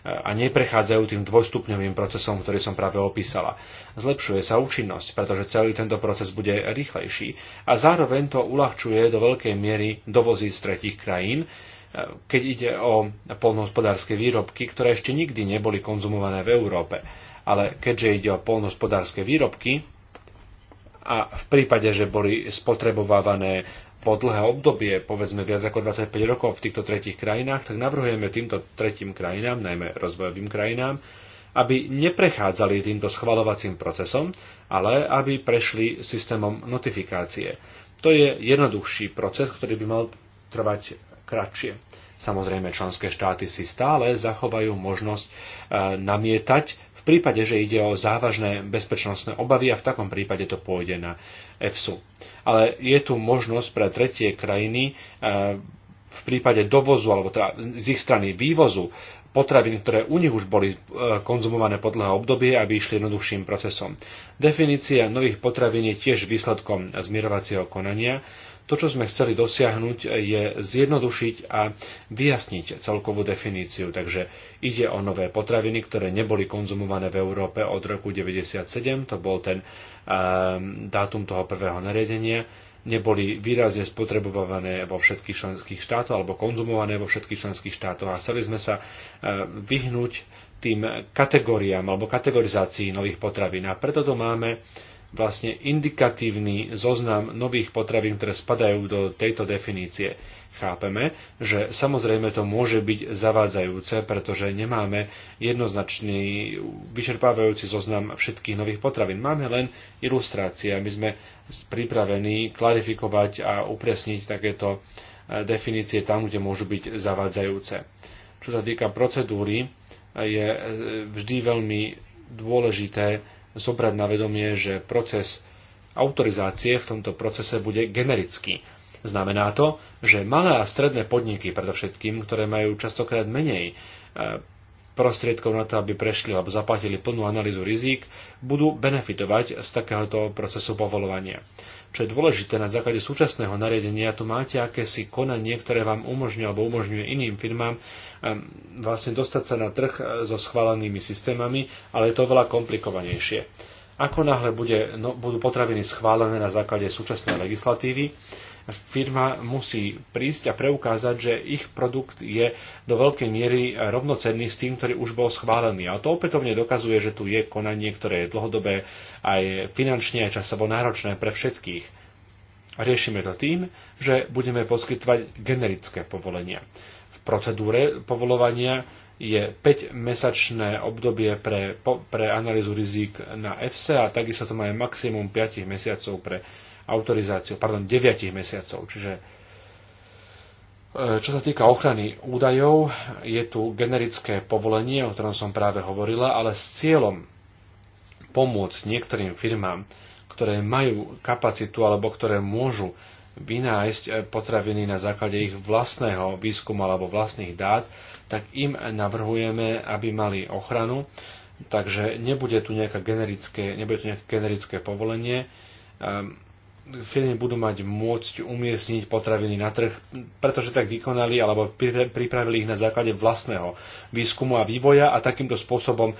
a neprechádzajú tým dvojstupňovým procesom, ktorý som práve opísala. Zlepšuje sa účinnosť, pretože celý tento proces bude rýchlejší a zároveň to uľahčuje do veľkej miery dovozy z tretich krajín, keď ide o polnohospodárske výrobky, ktoré ešte nikdy neboli konzumované v Európe. Ale keďže ide o polnohospodárske výrobky a v prípade, že boli spotrebovávané po dlhé obdobie, povedzme viac ako 25 rokov v týchto tretich krajinách, tak navrhujeme týmto tretím krajinám, najmä rozvojovým krajinám, aby neprechádzali týmto schvalovacím procesom, ale aby prešli systémom notifikácie. To je jednoduchší proces, ktorý by mal trvať kratšie. Samozrejme, členské štáty si stále zachovajú možnosť e, namietať v prípade, že ide o závažné bezpečnostné obavy a v takom prípade to pôjde na EFSU. Ale je tu možnosť pre tretie krajiny e, v prípade dovozu alebo teda z ich strany vývozu potravín, ktoré u nich už boli e, konzumované po dlhé obdobie, aby išli jednoduchším procesom. Definícia nových potravín je tiež výsledkom zmierovacieho konania to, čo sme chceli dosiahnuť, je zjednodušiť a vyjasniť celkovú definíciu. Takže ide o nové potraviny, ktoré neboli konzumované v Európe od roku 1997, to bol ten ehm, dátum toho prvého nariadenia, neboli výrazne spotrebované vo všetkých členských štátoch alebo konzumované vo všetkých členských štátoch a chceli sme sa ehm, vyhnúť tým kategóriám alebo kategorizácii nových potravín. A preto tu máme vlastne indikatívny zoznam nových potravín, ktoré spadajú do tejto definície. Chápeme, že samozrejme to môže byť zavádzajúce, pretože nemáme jednoznačný vyčerpávajúci zoznam všetkých nových potravín. Máme len ilustrácie a my sme pripravení klarifikovať a upresniť takéto eh, definície tam, kde môžu byť zavádzajúce. Čo sa týka procedúry, je eh, vždy veľmi dôležité zobrať na vedomie, že proces autorizácie v tomto procese bude generický. Znamená to, že malé a stredné podniky, predovšetkým, ktoré majú častokrát menej eh, prostriedkov na to, aby prešli alebo zaplatili plnú analýzu rizík, budú benefitovať z takéhoto procesu povolovania. Čo je dôležité, na základe súčasného nariadenia tu máte akési konanie, ktoré vám umožňuje alebo umožňuje iným firmám vlastne dostať sa na trh eh, so schválenými systémami, ale je to veľa komplikovanejšie. Ako náhle bude, no, budú potraviny schválené na základe súčasnej legislatívy, firma musí prísť a preukázať, že ich produkt je do veľkej miery rovnocenný s tým, ktorý už bol schválený. A to opätovne dokazuje, že tu je konanie, ktoré je dlhodobé aj finančne, aj časovo náročné pre všetkých. A riešime to tým, že budeme poskytovať generické povolenia. V procedúre povolovania je 5-mesačné obdobie pre, pre analýzu rizik na EFSA a takisto to má maximum 5 mesiacov pre autorizáciu, pardon, 9 mesiacov. Čiže e, čo sa týka ochrany údajov, je tu generické povolenie, o ktorom som práve hovorila, ale s cieľom pomôcť niektorým firmám, ktoré majú kapacitu alebo ktoré môžu vynájsť e, potraviny na základe ich vlastného výskumu alebo vlastných dát, tak im navrhujeme, aby mali ochranu. Takže nebude tu, nejaké generické, nebude tu nejaké generické povolenie. Um, firmy budú mať môcť umiestniť potraviny na trh, pretože tak vykonali alebo pripravili ich na základe vlastného výskumu a vývoja a takýmto spôsobom e,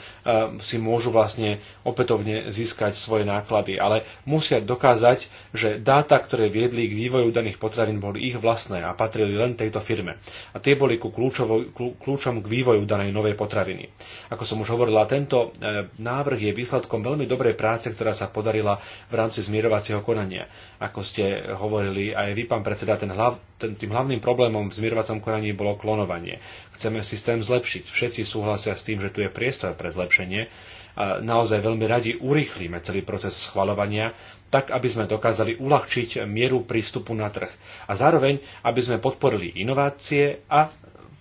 si môžu vlastne opätovne získať svoje náklady. Ale musia dokázať, že dáta, ktoré viedli k vývoju daných potravín, boli ich vlastné a patrili len tejto firme. A tie boli ku kľúčom k vývoju danej novej potraviny. Ako som už hovorila, tento e, návrh je výsledkom veľmi dobrej práce, ktorá sa podarila v rámci zmierovacieho konania. Ako ste hovorili aj vy, pán predseda, ten hlav, ten, tým hlavným problémom v zmierovacom konaní bolo klonovanie. Chceme systém zlepšiť. Všetci súhlasia s tým, že tu je priestor pre zlepšenie. A naozaj veľmi radi urýchlíme celý proces schvalovania, tak aby sme dokázali uľahčiť mieru prístupu na trh. A zároveň, aby sme podporili inovácie a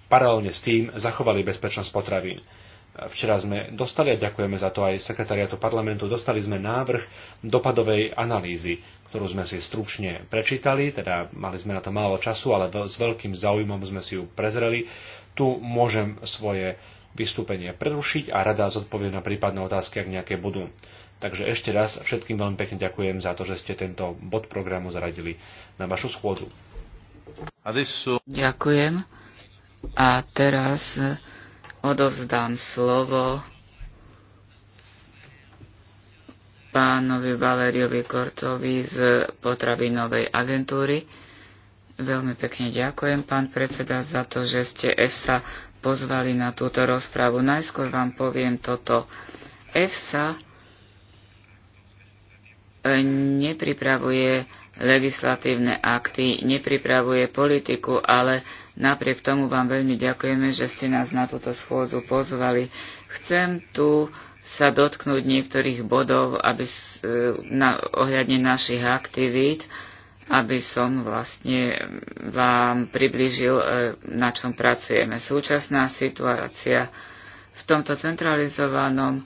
paralelne s tým zachovali bezpečnosť potravín. Včera sme dostali, a ďakujeme za to aj sekretariatu parlamentu, dostali sme návrh dopadovej analýzy ktorú sme si stručne prečítali, teda mali sme na to málo času, ale s veľkým záujmom sme si ju prezreli. Tu môžem svoje vystúpenie prerušiť a rada zodpoviem na prípadné otázky, ak nejaké budú. Takže ešte raz všetkým veľmi pekne ďakujem za to, že ste tento bod programu zaradili na vašu schôdzu. Ďakujem.
A teraz odovzdám slovo pánovi Valeriovi Kortovi z potravinovej agentúry. Veľmi pekne ďakujem, pán predseda, za to, že ste EFSA pozvali na túto rozprávu. Najskôr vám poviem toto. EFSA e, nepripravuje legislatívne akty, nepripravuje politiku, ale napriek tomu vám veľmi ďakujeme, že ste nás na túto schôzu pozvali. Chcem tu sa dotknúť niektorých bodov aby, e, na, ohľadne našich aktivít, aby som vlastne vám priblížil, e, na čom pracujeme. Súčasná situácia v tomto centralizovanom e,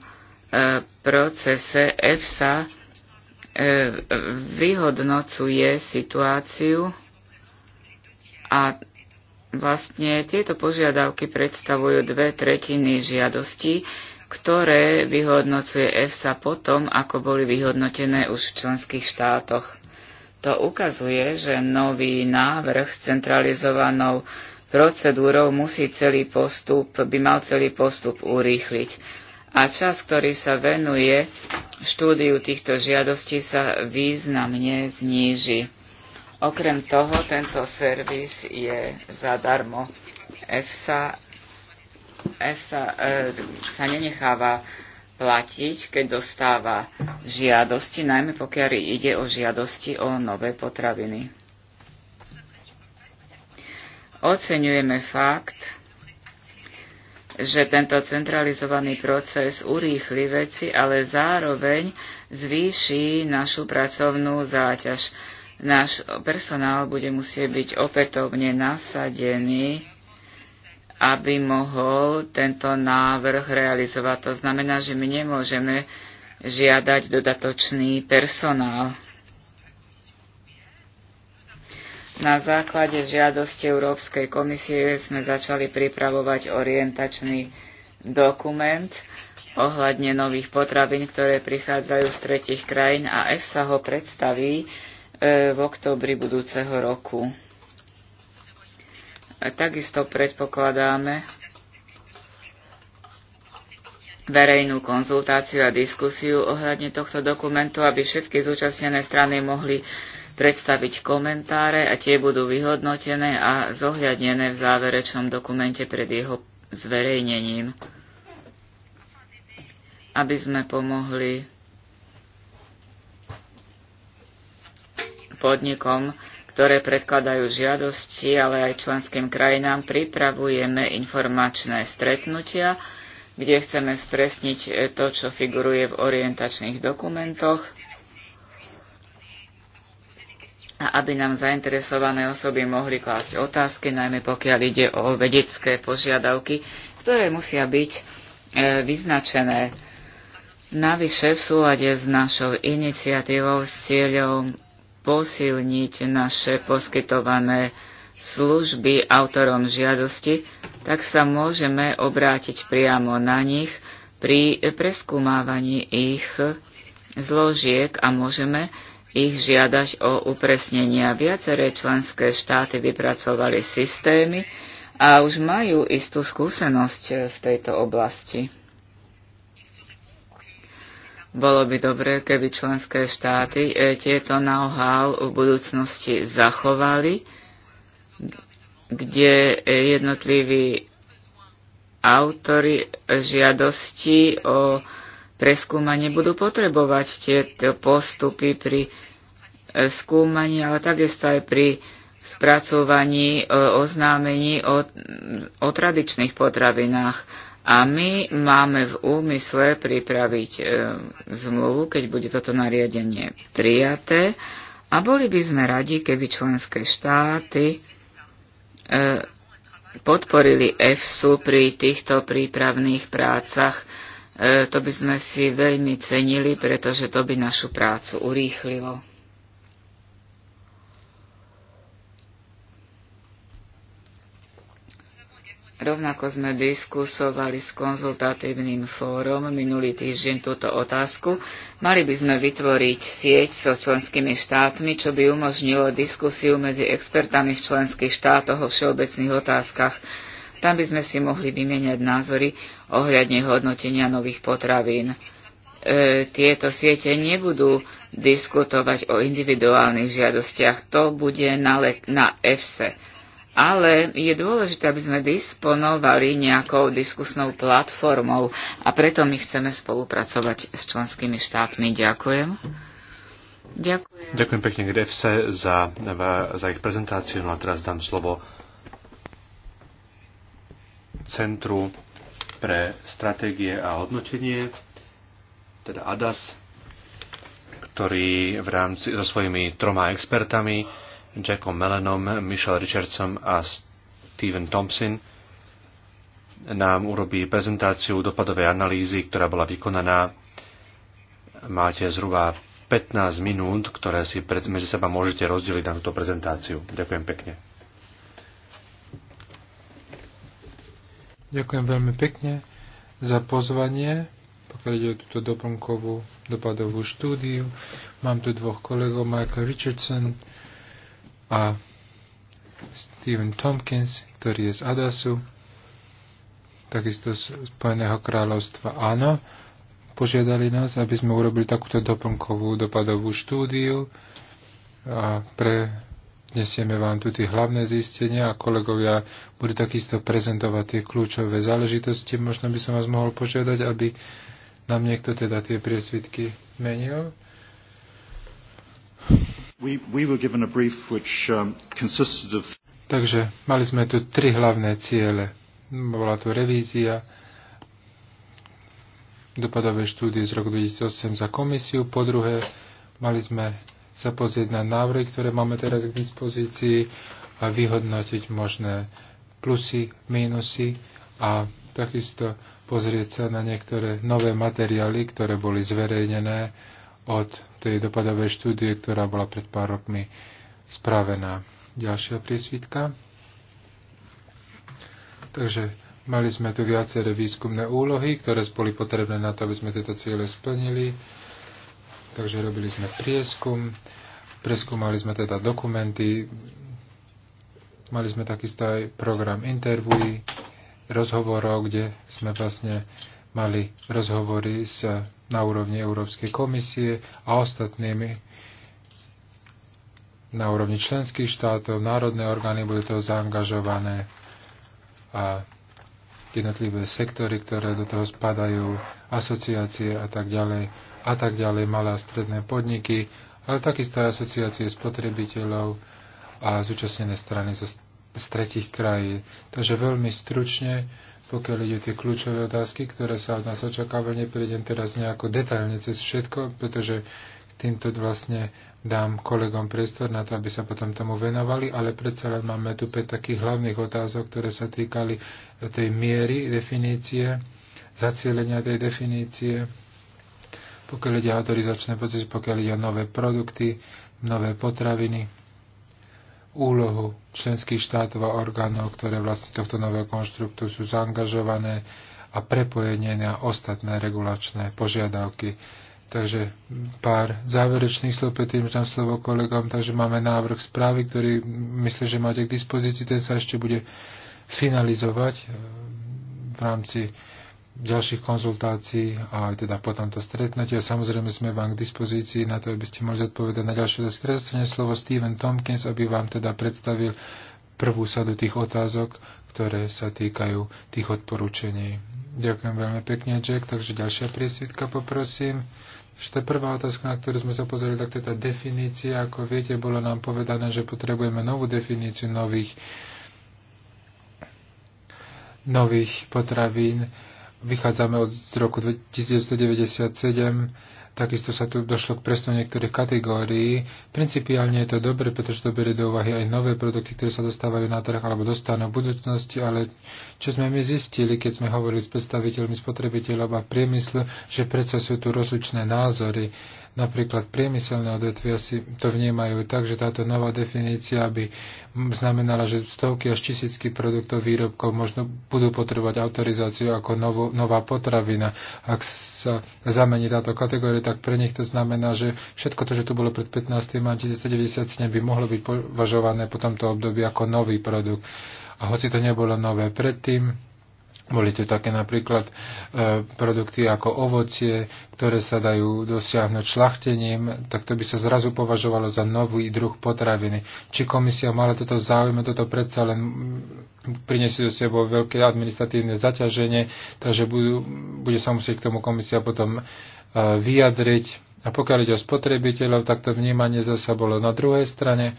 procese EFSA vyhodnocuje situáciu a vlastne tieto požiadavky predstavujú dve tretiny žiadostí, ktoré vyhodnocuje EFSA potom, ako boli vyhodnotené už v členských štátoch. To ukazuje, že nový návrh s centralizovanou procedúrou musí celý postup, by mal celý postup urýchliť. A čas, ktorý sa venuje štúdiu týchto žiadostí, sa významne zníži. Okrem toho, tento servis je zadarmo. EFSA EFSA e, sa nenecháva platiť, keď dostáva žiadosti, najmä pokiaľ ide o žiadosti o nové potraviny. Oceňujeme fakt, že tento centralizovaný proces urýchli veci, ale zároveň zvýši našu pracovnú záťaž. Náš personál bude musieť byť opätovne nasadený aby mohol tento návrh realizovať. To znamená, že my nemôžeme žiadať dodatočný personál. Na základe žiadosti Európskej komisie sme začali pripravovať orientačný dokument ohľadne nových potravín, ktoré prichádzajú z tretich krajín a EFSA ho predstaví e, v oktobri budúceho roku. A takisto predpokladáme verejnú konzultáciu a diskusiu ohľadne tohto dokumentu, aby všetky zúčastnené strany mohli predstaviť komentáre a tie budú vyhodnotené a zohľadnené v záverečnom dokumente pred jeho zverejnením, aby sme pomohli podnikom ktoré predkladajú žiadosti, ale aj členským krajinám pripravujeme informačné stretnutia, kde chceme spresniť e, to, čo figuruje v orientačných dokumentoch a aby nám zainteresované osoby mohli klásť otázky, najmä pokiaľ ide o vedecké požiadavky, ktoré musia byť e, vyznačené. Navyše v súlade s našou iniciatívou s cieľom posilniť naše poskytované služby autorom žiadosti, tak sa môžeme obrátiť priamo na nich pri preskúmávaní ich zložiek a môžeme ich žiadať o upresnenia. Viaceré členské štáty vypracovali systémy a už majú istú skúsenosť v tejto oblasti. Bolo by dobré, keby členské štáty e, tieto know-how v budúcnosti zachovali, kde e, jednotliví autory žiadosti o preskúmanie budú potrebovať tieto postupy pri e, skúmaní, ale takisto aj pri spracovaní oznámení o, o tradičných potravinách a my máme v úmysle pripraviť e, zmluvu, keď bude toto nariadenie prijaté. A boli by sme radi, keby členské štáty e, podporili EFSU pri týchto prípravných prácach. E, to by sme si veľmi cenili, pretože to by našu prácu urýchlilo. Rovnako sme diskusovali s konzultatívnym fórom minulý týždeň túto otázku. Mali by sme vytvoriť sieť so členskými štátmi, čo by umožnilo diskusiu medzi expertami v členských štátoch o všeobecných otázkach. Tam by sme si mohli vymieňať názory ohľadne hodnotenia nových potravín. E, tieto siete nebudú diskutovať o individuálnych žiadostiach. To bude na, le- na EFSE ale je dôležité, aby sme disponovali nejakou diskusnou platformou a preto my chceme spolupracovať s členskými štátmi. Ďakujem. Ďakujem.
Ďakujem pekne Grefse za, za ich prezentáciu. No a teraz dám slovo Centru pre stratégie a hodnotenie, teda ADAS, ktorý v rámci so svojimi troma expertami Jackom Melanom, Michelle Richardsom a Steven Thompson nám urobí prezentáciu dopadovej analýzy, ktorá bola vykonaná. Máte zhruba 15 minút, ktoré si pred, medzi seba môžete rozdeliť na túto prezentáciu. Ďakujem pekne.
Ďakujem veľmi pekne za pozvanie, pokiaľ ide o túto doplnkovú dopadovú štúdiu. Mám tu dvoch kolegov, Michael Richardson a Stephen Tompkins, ktorý je z Adasu, takisto z Spojeného kráľovstva áno, požiadali nás, aby sme urobili takúto doplnkovú dopadovú štúdiu a prenesieme vám tu tie hlavné zistenia a kolegovia budú takisto prezentovať tie kľúčové záležitosti. Možno by som vás mohol požiadať, aby nám niekto teda tie priesvitky menil.
Um,
Takže mali sme tu tri hlavné ciele. Bola tu revízia, dopadové štúdie z roku 2008 za komisiu, po druhé mali sme sa pozrieť na návrhy, ktoré máme teraz k dispozícii a vyhodnotiť možné plusy, mínusy a takisto pozrieť sa na niektoré nové materiály, ktoré boli zverejnené od tej dopadovej štúdie, ktorá bola pred pár rokmi spravená. Ďalšia priesvitka. Takže mali sme tu viaceré výskumné úlohy, ktoré boli potrebné na to, aby sme tieto ciele splnili. Takže robili sme prieskum, preskúmali sme teda dokumenty, mali sme takisto aj program intervuí, rozhovorov, kde sme vlastne mali rozhovory s na úrovni Európskej komisie a ostatnými na úrovni členských štátov, národné orgány budú toho zaangažované a jednotlivé sektory, ktoré do toho spadajú, asociácie a tak ďalej, a tak ďalej, malé a stredné podniky, ale takisto aj asociácie spotrebiteľov a zúčastnené strany zo, z tretich krajín. Takže veľmi stručne pokiaľ ide tie kľúčové otázky, ktoré sa od nás očakávajú. Neprídem teraz nejako detailne cez všetko, pretože týmto vlastne dám kolegom priestor na to, aby sa potom tomu venovali, ale predsa len máme tu 5 takých hlavných otázok, ktoré sa týkali tej miery definície, zacielenia tej definície, pokiaľ ide autorizačné procesy, pokiaľ ide nové produkty, nové potraviny úlohu členských štátov a orgánov, ktoré vlastne tohto nového konštruktu sú zaangažované a prepojenie na ostatné regulačné požiadavky. Takže pár záverečných slov, predtým dám slovo kolegom, takže máme návrh správy, ktorý myslím, že máte k dispozícii, ten sa ešte bude finalizovať ehm, v rámci ďalších konzultácií a aj teda po tomto stretnutí. A samozrejme sme vám k dispozícii na to, aby ste mohli odpovedať na ďalšie otázky. slovo Steven Tompkins, aby vám teda predstavil prvú sadu tých otázok, ktoré sa týkajú tých odporúčení. Ďakujem veľmi pekne, Jack. Takže ďalšia priesvitka poprosím. Ešte prvá otázka, na ktorú sme sa pozreli, tak to je tá definícia. Ako viete, bolo nám povedané, že potrebujeme novú definíciu nových nových potravín vychádzame od roku 1997, takisto sa tu došlo k presnu niektorých kategórií. Principiálne je to dobre, pretože to berie do úvahy aj nové produkty, ktoré sa dostávajú na trh alebo dostanú v budúcnosti, ale čo sme my zistili, keď sme hovorili s predstaviteľmi spotrebiteľov a priemyslu, že predsa sú tu rozličné názory Napríklad priemyselné odvetvia si to vnímajú tak, že táto nová definícia by znamenala, že stovky až tisícky produktov, výrobkov možno budú potrebovať autorizáciu ako novo, nová potravina. Ak sa zamení táto kategória, tak pre nich to znamená, že všetko to, čo tu bolo pred 15. a 1997 by mohlo byť považované po tomto období ako nový produkt. A hoci to nebolo nové predtým, boli to také napríklad e, produkty ako ovocie, ktoré sa dajú dosiahnuť šlachtením, tak to by sa zrazu považovalo za nový druh potraviny. Či komisia mala toto záujme, toto predsa len mm, priniesie so sebou veľké administratívne zaťaženie, takže budú, bude sa musieť k tomu komisia potom e, vyjadriť. A pokiaľ ide o spotrebiteľov, tak to vnímanie zase bolo na druhej strane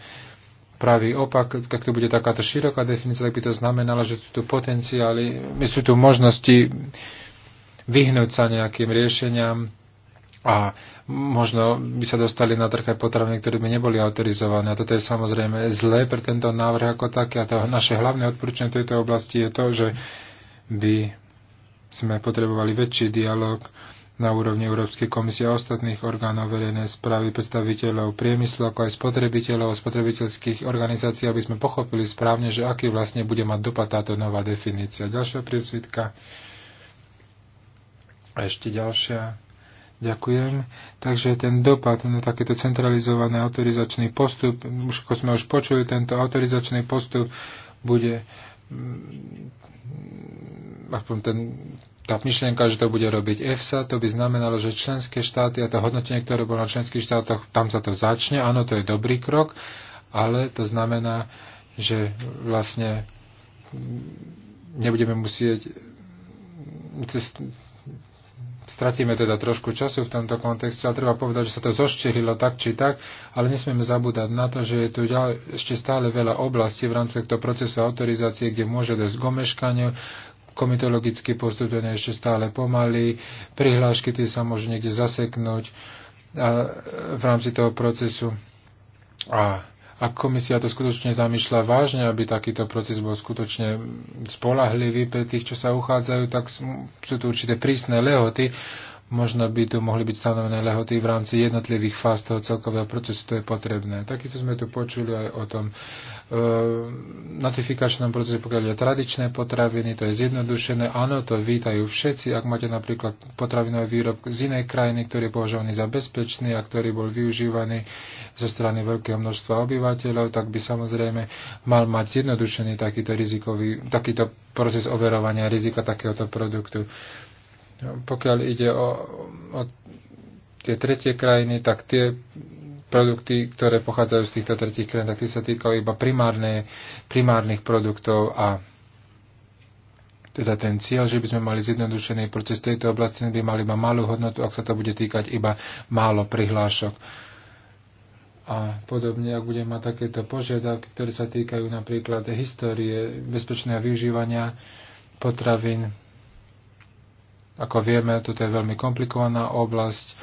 pravý opak, keď to bude takáto široká definícia, tak by to znamenalo, že sú tu potenciály, sú tu možnosti vyhnúť sa nejakým riešeniam a možno by sa dostali na trh aj potraviny, ktoré by neboli autorizované. A toto je samozrejme zlé pre tento návrh ako taký. A to naše hlavné odporúčanie tejto oblasti je to, že by sme potrebovali väčší dialog na úrovni Európskej komisie a ostatných orgánov verejnej správy, predstaviteľov priemyslu, ako aj spotrebiteľov, spotrebiteľských organizácií, aby sme pochopili správne, že aký vlastne bude mať dopad táto nová definícia. Ďalšia priesvitka. A ešte ďalšia. Ďakujem. Takže ten dopad na takýto centralizovaný autorizačný postup, už ako sme už počuli, tento autorizačný postup bude mm, aspoň ten tá myšlienka, že to bude robiť EFSA, to by znamenalo, že členské štáty a to hodnotenie, ktoré bolo na členských štátoch, tam sa to začne. Áno, to je dobrý krok, ale to znamená, že vlastne nebudeme musieť cez, stratíme teda trošku času v tomto kontexte, ale treba povedať, že sa to zoštililo tak či tak, ale nesmieme zabúdať na to, že je tu ďalej, ešte stále veľa oblastí v rámci tohto procesu autorizácie, kde môže dosť k omeškaniu, komitologický postup je ešte stále pomaly, prihlášky tie sa môžu niekde zaseknúť a, v rámci toho procesu. A ak komisia to skutočne zamýšľa vážne, aby takýto proces bol skutočne spolahlivý pre tých, čo sa uchádzajú, tak sú tu určité prísne lehoty možno by tu mohli byť stanovené lehoty v rámci jednotlivých fáz toho celkového procesu, to je potrebné. Takisto sme tu počuli aj o tom e, notifikačnom procese, pokiaľ je tradičné potraviny, to je zjednodušené, áno, to vítajú všetci, ak máte napríklad potravinový výrob z inej krajiny, ktorý je považovaný za bezpečný a ktorý bol využívaný zo strany veľkého množstva obyvateľov, tak by samozrejme mal mať zjednodušený takýto, rizikový, takýto proces overovania rizika takéhoto produktu. Pokiaľ ide o, o tie tretie krajiny, tak tie produkty, ktoré pochádzajú z týchto tretich krajín, tak tie sa týkajú iba primárne, primárnych produktov a teda ten cieľ, že by sme mali zjednodušený proces tejto oblasti, by mal iba malú hodnotu, ak sa to bude týkať iba málo prihlášok. A podobne, ak budeme mať takéto požiadavky, ktoré sa týkajú napríklad histórie bezpečného využívania potravín, ako vieme, toto je veľmi komplikovaná oblasť. E,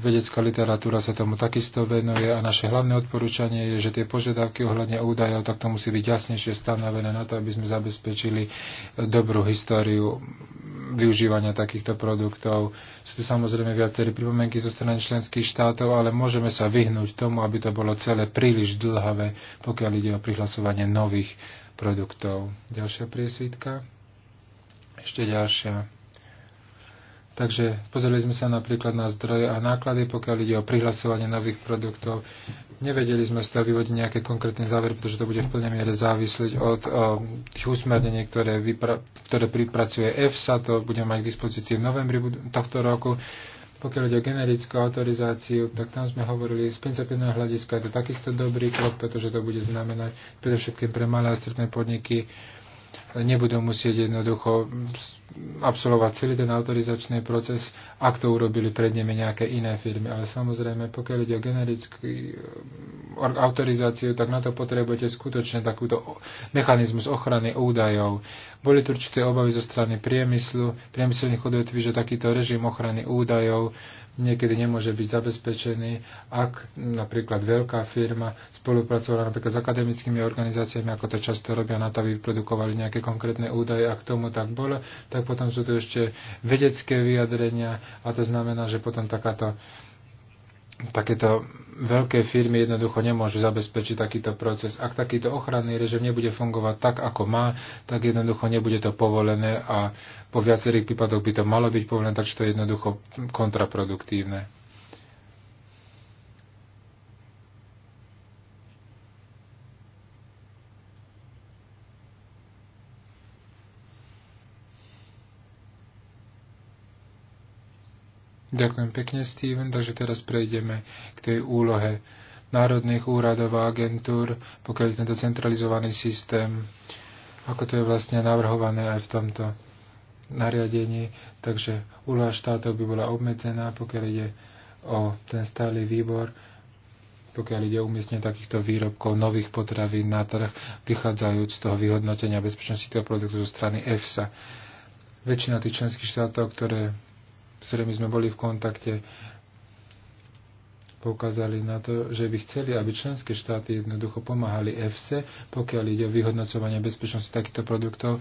Vedecká literatúra sa tomu takisto venuje a naše hlavné odporúčanie je, že tie požiadavky ohľadne údajov, tak to musí byť jasnejšie stanovené na to, aby sme zabezpečili dobrú históriu využívania takýchto produktov. Sú tu samozrejme viaceré pripomienky zo strany členských štátov, ale môžeme sa vyhnúť tomu, aby to bolo celé príliš dlhavé, pokiaľ ide o prihlasovanie nových produktov. Ďalšia priesvitka. Ešte ďalšia. Takže pozreli sme sa napríklad na zdroje a náklady, pokiaľ ide o prihlasovanie nových produktov. Nevedeli sme z toho vyvodiť nejaké konkrétne závery, pretože to bude v plnej miere závisliť od o, tých usmernení, ktoré, vypra- ktoré pripracuje EFSA, to bude mať k dispozícii v novembri tohto roku. Pokiaľ ide o generickú autorizáciu, tak tam sme hovorili z principiálneho hľadiska, je to takisto dobrý krok, pretože to bude znamenať predovšetkým pre malé a stredné podniky nebudú musieť jednoducho absolvovať celý ten autorizačný proces, ak to urobili pred nimi nejaké iné firmy. Ale samozrejme, pokiaľ ide o generickú eh, autorizáciu, tak na to potrebujete skutočne takúto mechanizmus ochrany údajov. Boli tu určité obavy zo strany priemyslu, priemyselných odvetví, že takýto režim ochrany údajov niekedy nemôže byť zabezpečený, ak napríklad veľká firma spolupracovala napríklad s akademickými organizáciami, ako to často robia na to, aby produkovali nejaké konkrétne údaje. Ak tomu tak bolo, tak potom sú tu ešte vedecké vyjadrenia a to znamená, že potom takáto takéto veľké firmy jednoducho nemôžu zabezpečiť takýto proces. Ak takýto ochranný režim nebude fungovať tak, ako má, tak jednoducho nebude to povolené a po viacerých prípadoch by to malo byť povolené, takže to je jednoducho kontraproduktívne. Ďakujem pekne, Steven. Takže teraz prejdeme k tej úlohe národných úradov a agentúr, pokiaľ je tento centralizovaný systém, ako to je vlastne navrhované aj v tomto nariadení. Takže úloha štátov by bola obmedzená, pokiaľ ide o ten stály výbor, pokiaľ ide o umiestnenie takýchto výrobkov, nových potravín na trh, vychádzajúc z toho vyhodnotenia bezpečnosti toho produktu zo strany EFSA. Väčšina tých členských štátov, ktoré s ktorými sme boli v kontakte, poukázali na to, že by chceli, aby členské štáty jednoducho pomáhali EFSE, pokiaľ ide o vyhodnocovanie bezpečnosti takýchto produktov,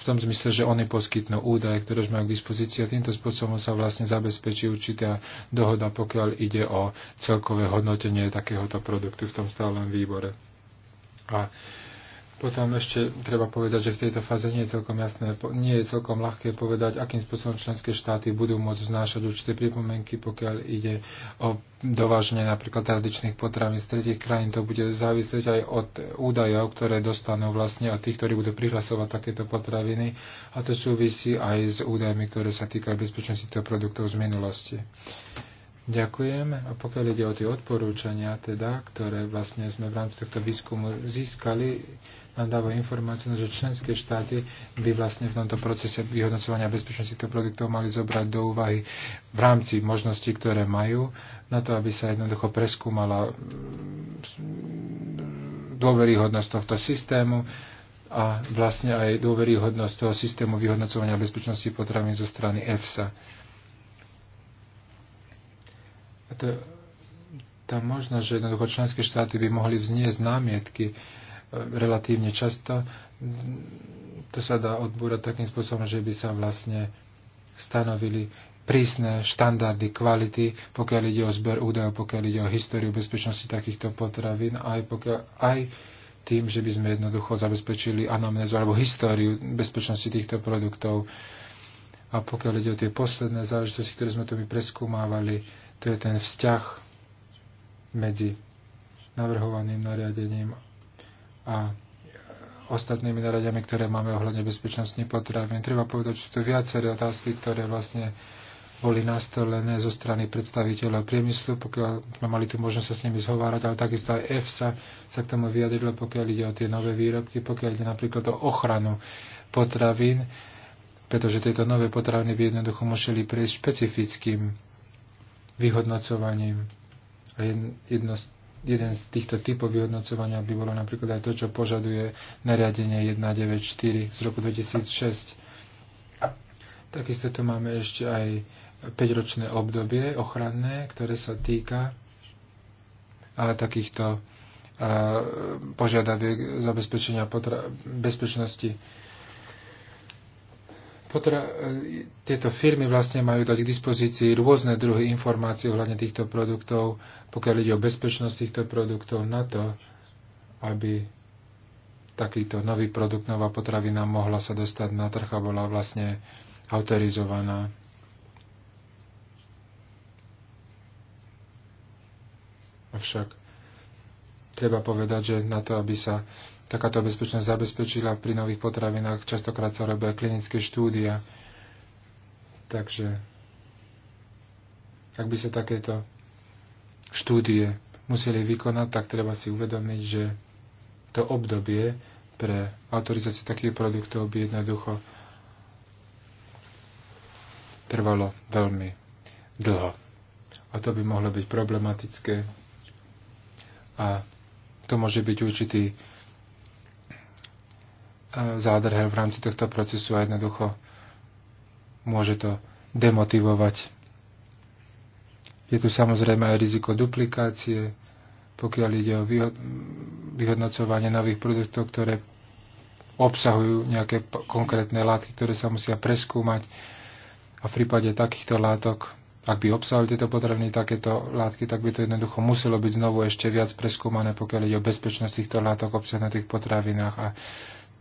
v tom zmysle, že oni poskytnú údaje, ktoré už majú k dispozícii a týmto spôsobom sa vlastne zabezpečí určitá dohoda, pokiaľ ide o celkové hodnotenie takéhoto produktu v tom stálom výbore. A potom ešte treba povedať, že v tejto fáze nie je celkom jasné, nie je celkom ľahké povedať, akým spôsobom členské štáty budú môcť znášať určité pripomienky, pokiaľ ide o dovážne napríklad tradičných potravín z tretich krajín. To bude závisieť aj od údajov, ktoré dostanú vlastne od tých, ktorí budú prihlasovať takéto potraviny. A to súvisí aj s údajmi, ktoré sa týkajú bezpečnosti týchto produktov z minulosti. Ďakujem. A pokiaľ ide o tie odporúčania, teda, ktoré vlastne sme v rámci tohto výskumu získali, nám dáva informáciu, že členské štáty by vlastne v tomto procese vyhodnocovania bezpečnosti týchto produktov mali zobrať do úvahy v rámci možností, ktoré majú, na to, aby sa jednoducho preskúmala mm, dôveryhodnosť tohto systému a vlastne aj dôveryhodnosť toho systému vyhodnocovania bezpečnosti potravín zo strany EFSA to, tá možnosť, že jednoducho členské štáty by mohli vzniesť námietky e, relatívne často, to sa dá odbúrať takým spôsobom, že by sa vlastne stanovili prísne štandardy kvality, pokiaľ ide o zber údajov, pokiaľ ide o históriu bezpečnosti takýchto potravín, aj, pokiaľ, aj tým, že by sme jednoducho zabezpečili anamnézu alebo históriu bezpečnosti týchto produktov. A pokiaľ ide o tie posledné záležitosti, ktoré sme tu my preskúmávali, to je ten vzťah medzi navrhovaným nariadením a ostatnými nariadeniami, ktoré máme ohľadne bezpečnostných potravín. Treba povedať, že sú tu viaceré otázky, ktoré vlastne boli nastolené zo strany predstaviteľov priemyslu, pokiaľ sme mali tu možnosť sa s nimi zhovárať, ale takisto aj EFSA sa k tomu vyjadrilo, pokiaľ ide o tie nové výrobky, pokiaľ ide napríklad o ochranu potravín, pretože tieto nové potraviny by jednoducho museli prejsť špecifickým vyhodnocovaním. A jedno z jeden z týchto typov vyhodnocovania by bolo napríklad aj to, čo požaduje nariadenie 194 z roku 2006. Takisto tu máme ešte aj 5-ročné obdobie ochranné, ktoré sa týka a takýchto a, požiadaviek zabezpečenia potra- bezpečnosti Potra- e, tieto firmy vlastne majú dať k dispozícii rôzne druhy informácií ohľadne týchto produktov, pokiaľ ide o bezpečnosť týchto produktov, na to, aby takýto nový produkt, nová potravina mohla sa dostať na trh a bola vlastne autorizovaná. Avšak treba povedať, že na to, aby sa takáto bezpečnosť zabezpečila pri nových potravinách. Častokrát sa robia klinické štúdia. Takže ak by sa takéto štúdie museli vykonať, tak treba si uvedomiť, že to obdobie pre autorizáciu takých produktov by jednoducho trvalo veľmi dlho. A to by mohlo byť problematické. A to môže byť určitý E, zádrhel v rámci tohto procesu a jednoducho môže to demotivovať. Je tu samozrejme aj riziko duplikácie, pokiaľ ide o vyhodnocovanie nových produktov, ktoré obsahujú nejaké konkrétne látky, ktoré sa musia preskúmať. A v prípade takýchto látok, ak by obsahovali tieto potraviny, takéto látky, tak by to jednoducho muselo byť znovu ešte viac preskúmané, pokiaľ ide o bezpečnosť týchto látok obsahnutých v potravinách. A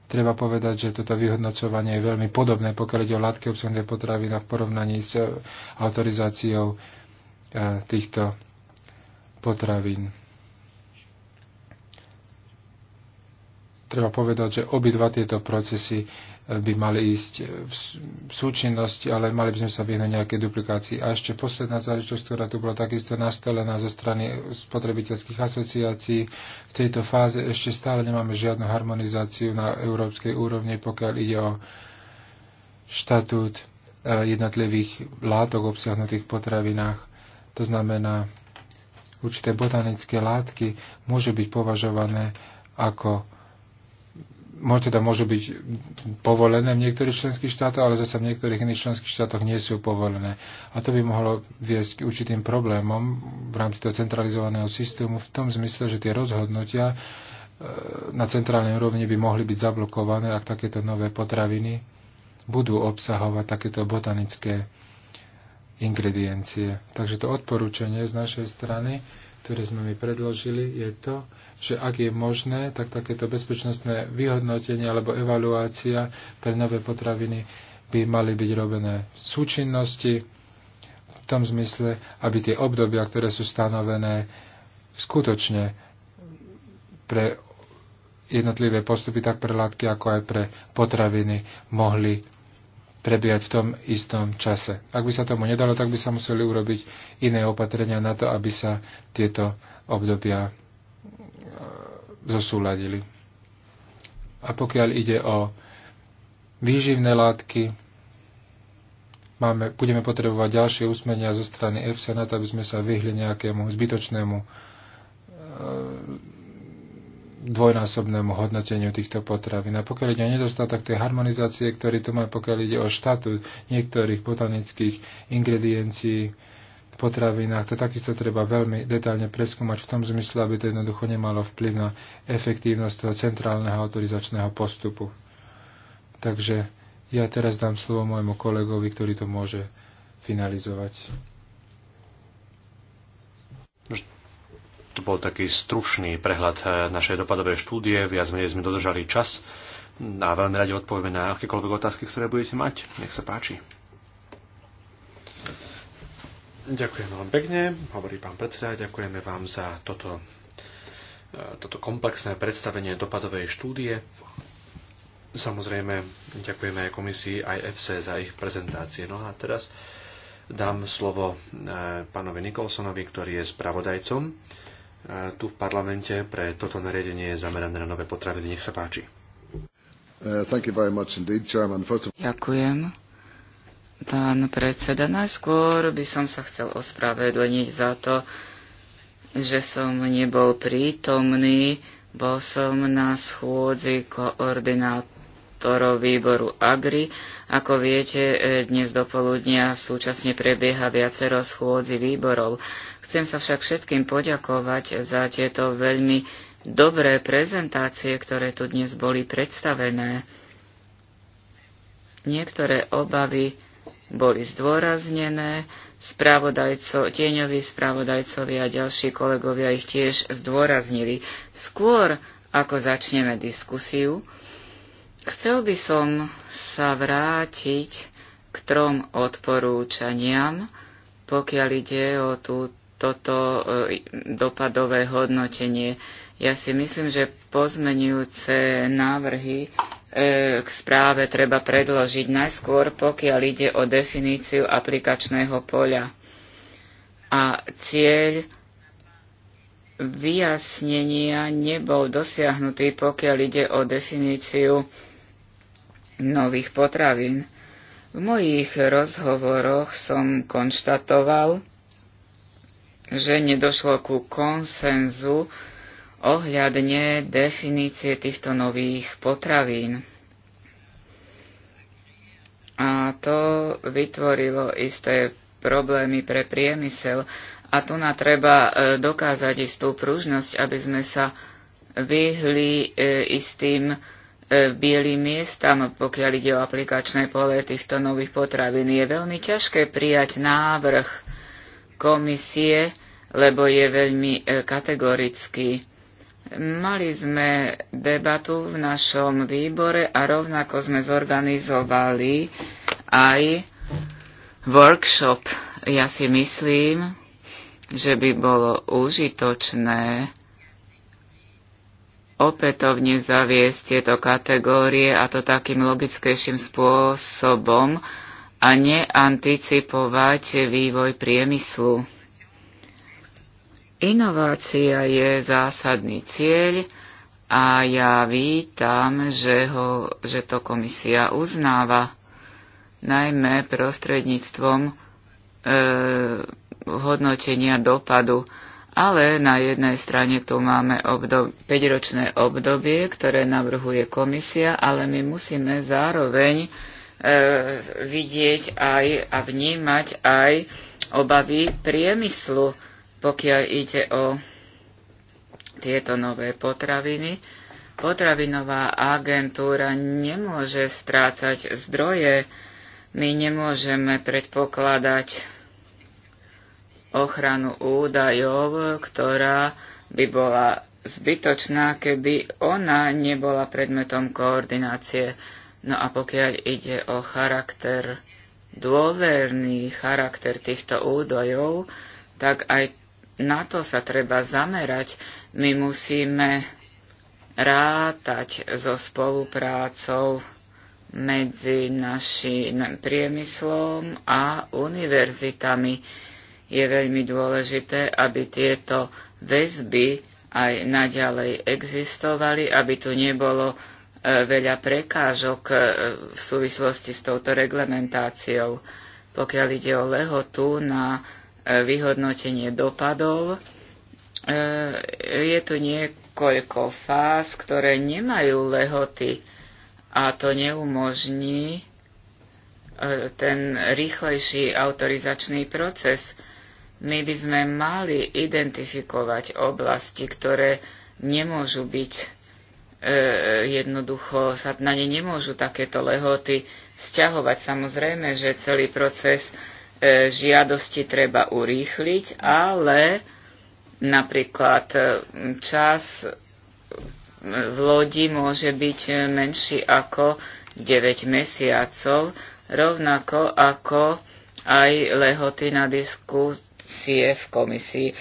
Treba povedať, že toto vyhodnocovanie je veľmi podobné, pokiaľ ide o látky obsahnuté potravina v porovnaní s e, autorizáciou e, týchto potravín. Treba povedať, že obidva tieto procesy by mali ísť v súčinnosti, ale mali by sme sa vyhnúť nejaké duplikácii. A ešte posledná záležitosť, ktorá tu bola takisto nastelená zo strany spotrebiteľských asociácií. V tejto fáze ešte stále nemáme žiadnu harmonizáciu na európskej úrovni, pokiaľ ide o štatút e, jednotlivých látok obsiahnutých v potravinách. To znamená, určité botanické látky môžu byť považované ako teda môžu byť povolené v niektorých členských štátoch, ale zase v niektorých iných členských štátoch nie sú povolené. A to by mohlo viesť k určitým problémom v rámci toho centralizovaného systému v tom zmysle, že tie rozhodnutia e, na centrálnej úrovni by mohli byť zablokované, ak takéto nové potraviny budú obsahovať takéto botanické ingrediencie. Takže to odporúčanie z našej strany ktoré sme mi predložili, je to, že ak je možné, tak takéto bezpečnostné vyhodnotenie alebo evaluácia pre nové potraviny by mali byť robené v súčinnosti, v tom zmysle, aby tie obdobia, ktoré sú stanovené, skutočne pre jednotlivé postupy, tak pre látky, ako aj pre potraviny, mohli prebiehať v tom istom čase. Ak by sa tomu nedalo, tak by sa museli urobiť iné opatrenia na to, aby sa tieto obdobia e, zosúladili. A pokiaľ ide o výživné látky, máme, budeme potrebovať ďalšie usmenia zo strany EFSA na to, aby sme sa vyhli nejakému zbytočnému e, dvojnásobnému hodnoteniu týchto potravín. A pokiaľ ide o nedostatok tej harmonizácie, ktorý tu má, pokiaľ ide o štatút niektorých botanických ingrediencií v potravinách, to takisto treba veľmi detálne preskúmať v tom zmysle, aby to jednoducho nemalo vplyv na efektívnosť toho centrálneho autorizačného postupu. Takže ja teraz dám slovo môjmu kolegovi, ktorý to môže finalizovať.
To bol taký stručný prehľad eh, našej dopadovej štúdie. Viac menej sme dodržali čas a veľmi radi odpovieme na akékoľvek otázky, ktoré budete mať. Nech sa páči. Ďakujem veľmi pekne, hovorí pán predseda, ďakujeme vám za toto, eh, toto komplexné predstavenie dopadovej štúdie. Samozrejme, ďakujeme aj komisii, aj FC za ich prezentácie. No a teraz dám slovo eh, pánovi Nikolsonovi, ktorý je spravodajcom E, tu v parlamente pre toto nariadenie zamerané na nové potraviny. Nech sa páči. E,
Ďakujem. Pán predseda, najskôr by som sa chcel ospravedlniť za to, že som nebol prítomný. Bol som na schôdzi koordinátorov výboru AGRI. Ako viete, e, dnes poludnia súčasne prebieha viacero schôdzi výborov. Chcem sa však všetkým poďakovať za tieto veľmi dobré prezentácie, ktoré tu dnes boli predstavené. Niektoré obavy boli zdôraznené, spravodajco, tieňoví spravodajcovi a ďalší kolegovia ich tiež zdôraznili. Skôr, ako začneme diskusiu, chcel by som sa vrátiť k trom odporúčaniam, pokiaľ ide o tú toto e, dopadové hodnotenie. Ja si myslím, že pozmenujúce návrhy e, k správe treba predložiť najskôr, pokiaľ ide o definíciu aplikačného poľa. A cieľ vyjasnenia nebol dosiahnutý, pokiaľ ide o definíciu nových potravín. V mojich rozhovoroch som konštatoval, že nedošlo ku konsenzu ohľadne definície týchto nových potravín. A to vytvorilo isté problémy pre priemysel. A tu na treba e, dokázať istú pružnosť, aby sme sa vyhli e, istým e, bielým miestam, pokiaľ ide o aplikačné pole týchto nových potravín. Je veľmi ťažké prijať návrh, komisie, lebo je veľmi e, kategorický. Mali sme debatu v našom výbore a rovnako sme zorganizovali aj workshop. Ja si myslím, že by bolo užitočné opätovne zaviesť tieto kategórie a to takým logickejším spôsobom, a neanticipovať vývoj priemyslu. Inovácia je zásadný cieľ a ja vítam, že, ho, že to komisia uznáva, najmä prostredníctvom e, hodnotenia dopadu. Ale na jednej strane tu máme 5-ročné obdobie, ktoré navrhuje komisia, ale my musíme zároveň E, vidieť aj a vnímať aj obavy priemyslu, pokiaľ ide o tieto nové potraviny. Potravinová agentúra nemôže strácať zdroje. My nemôžeme predpokladať ochranu údajov, ktorá by bola zbytočná, keby ona nebola predmetom koordinácie. No a pokiaľ ide o charakter, dôverný charakter týchto údajov, tak aj na to sa treba zamerať. My musíme rátať so spoluprácou medzi našim priemyslom a univerzitami. Je veľmi dôležité, aby tieto väzby aj naďalej existovali, aby tu nebolo E, veľa prekážok e, v súvislosti s touto reglementáciou. Pokiaľ ide o lehotu na e, vyhodnotenie dopadov, je tu niekoľko fáz, ktoré nemajú lehoty a to neumožní ten rýchlejší autorizačný proces. My by sme mali identifikovať oblasti, ktoré nemôžu byť E, jednoducho sa na ne nemôžu takéto lehoty sťahovať. Samozrejme, že celý proces e, žiadosti treba urýchliť, ale napríklad e, čas v lodi môže byť menší ako 9 mesiacov, rovnako ako aj lehoty na diskus, sie v komisii. E,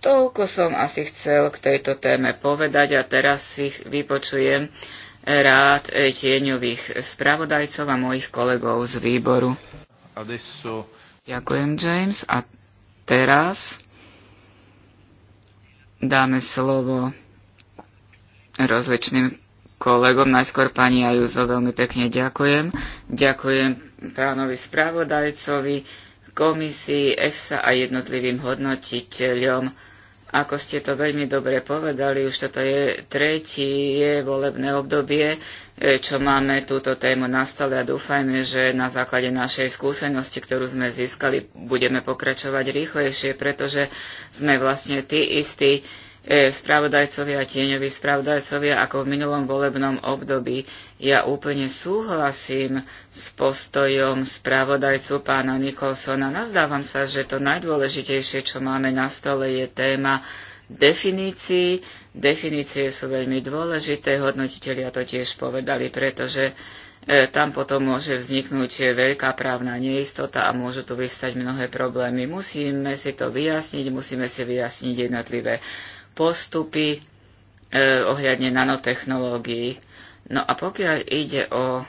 toľko som asi chcel k tejto téme povedať a teraz si vypočujem rád e, tieňových spravodajcov a mojich kolegov z výboru. Adesso... Ďakujem, James. A teraz dáme slovo rozličným kolegom. Najskôr pani Ajuzo veľmi pekne ďakujem. Ďakujem pánovi spravodajcovi komisii EFSA a jednotlivým hodnotiteľom. Ako ste to veľmi dobre povedali, už toto je tretie volebné obdobie, e, čo máme túto tému na stole a dúfajme, že na základe našej skúsenosti, ktorú sme získali, budeme pokračovať rýchlejšie, pretože sme vlastne tí istí, E, spravodajcovia, tieňoví spravodajcovia ako v minulom volebnom období. Ja úplne súhlasím s postojom spravodajcu pána Nikolsona. Nazdávam sa, že to najdôležitejšie, čo máme na stole, je téma definícií. Definície sú veľmi dôležité, hodnotitelia to tiež povedali, pretože e, tam potom môže vzniknúť veľká právna neistota a môžu tu vystať mnohé problémy. Musíme si to vyjasniť, musíme si vyjasniť jednotlivé postupy e, ohľadne nanotechnológií. No a pokiaľ ide o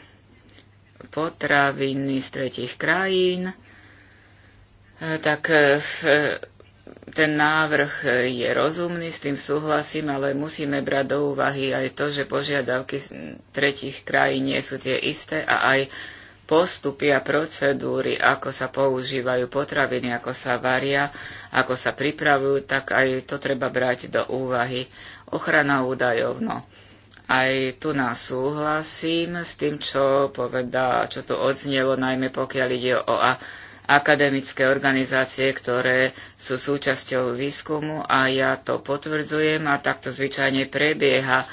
potraviny z tretich krajín, e, tak e, e, ten návrh je rozumný, s tým súhlasím, ale musíme brať do úvahy aj to, že požiadavky tretich krajín nie sú tie isté a aj postupy a procedúry, ako sa používajú potraviny, ako sa varia, ako sa pripravujú, tak aj to treba brať do úvahy. Ochrana údajov, no. Aj tu nás súhlasím s tým, čo poveda, čo tu odznelo, najmä pokiaľ ide o a, akademické organizácie, ktoré sú súčasťou výskumu a ja to potvrdzujem a takto zvyčajne prebieha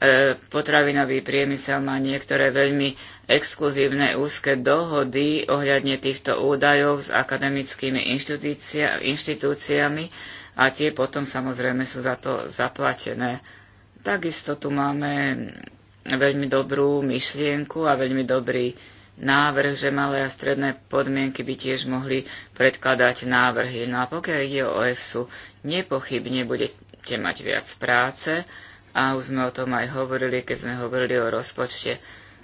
E, potravinový priemysel má niektoré veľmi exkluzívne úzke dohody ohľadne týchto údajov s akademickými inštitúciami a tie potom samozrejme sú za to zaplatené. Takisto tu máme veľmi dobrú myšlienku a veľmi dobrý návrh, že malé a stredné podmienky by tiež mohli predkladať návrhy. No a pokiaľ ide o EFSU, nepochybne budete mať viac práce, a už sme o tom aj hovorili, keď sme hovorili o rozpočte.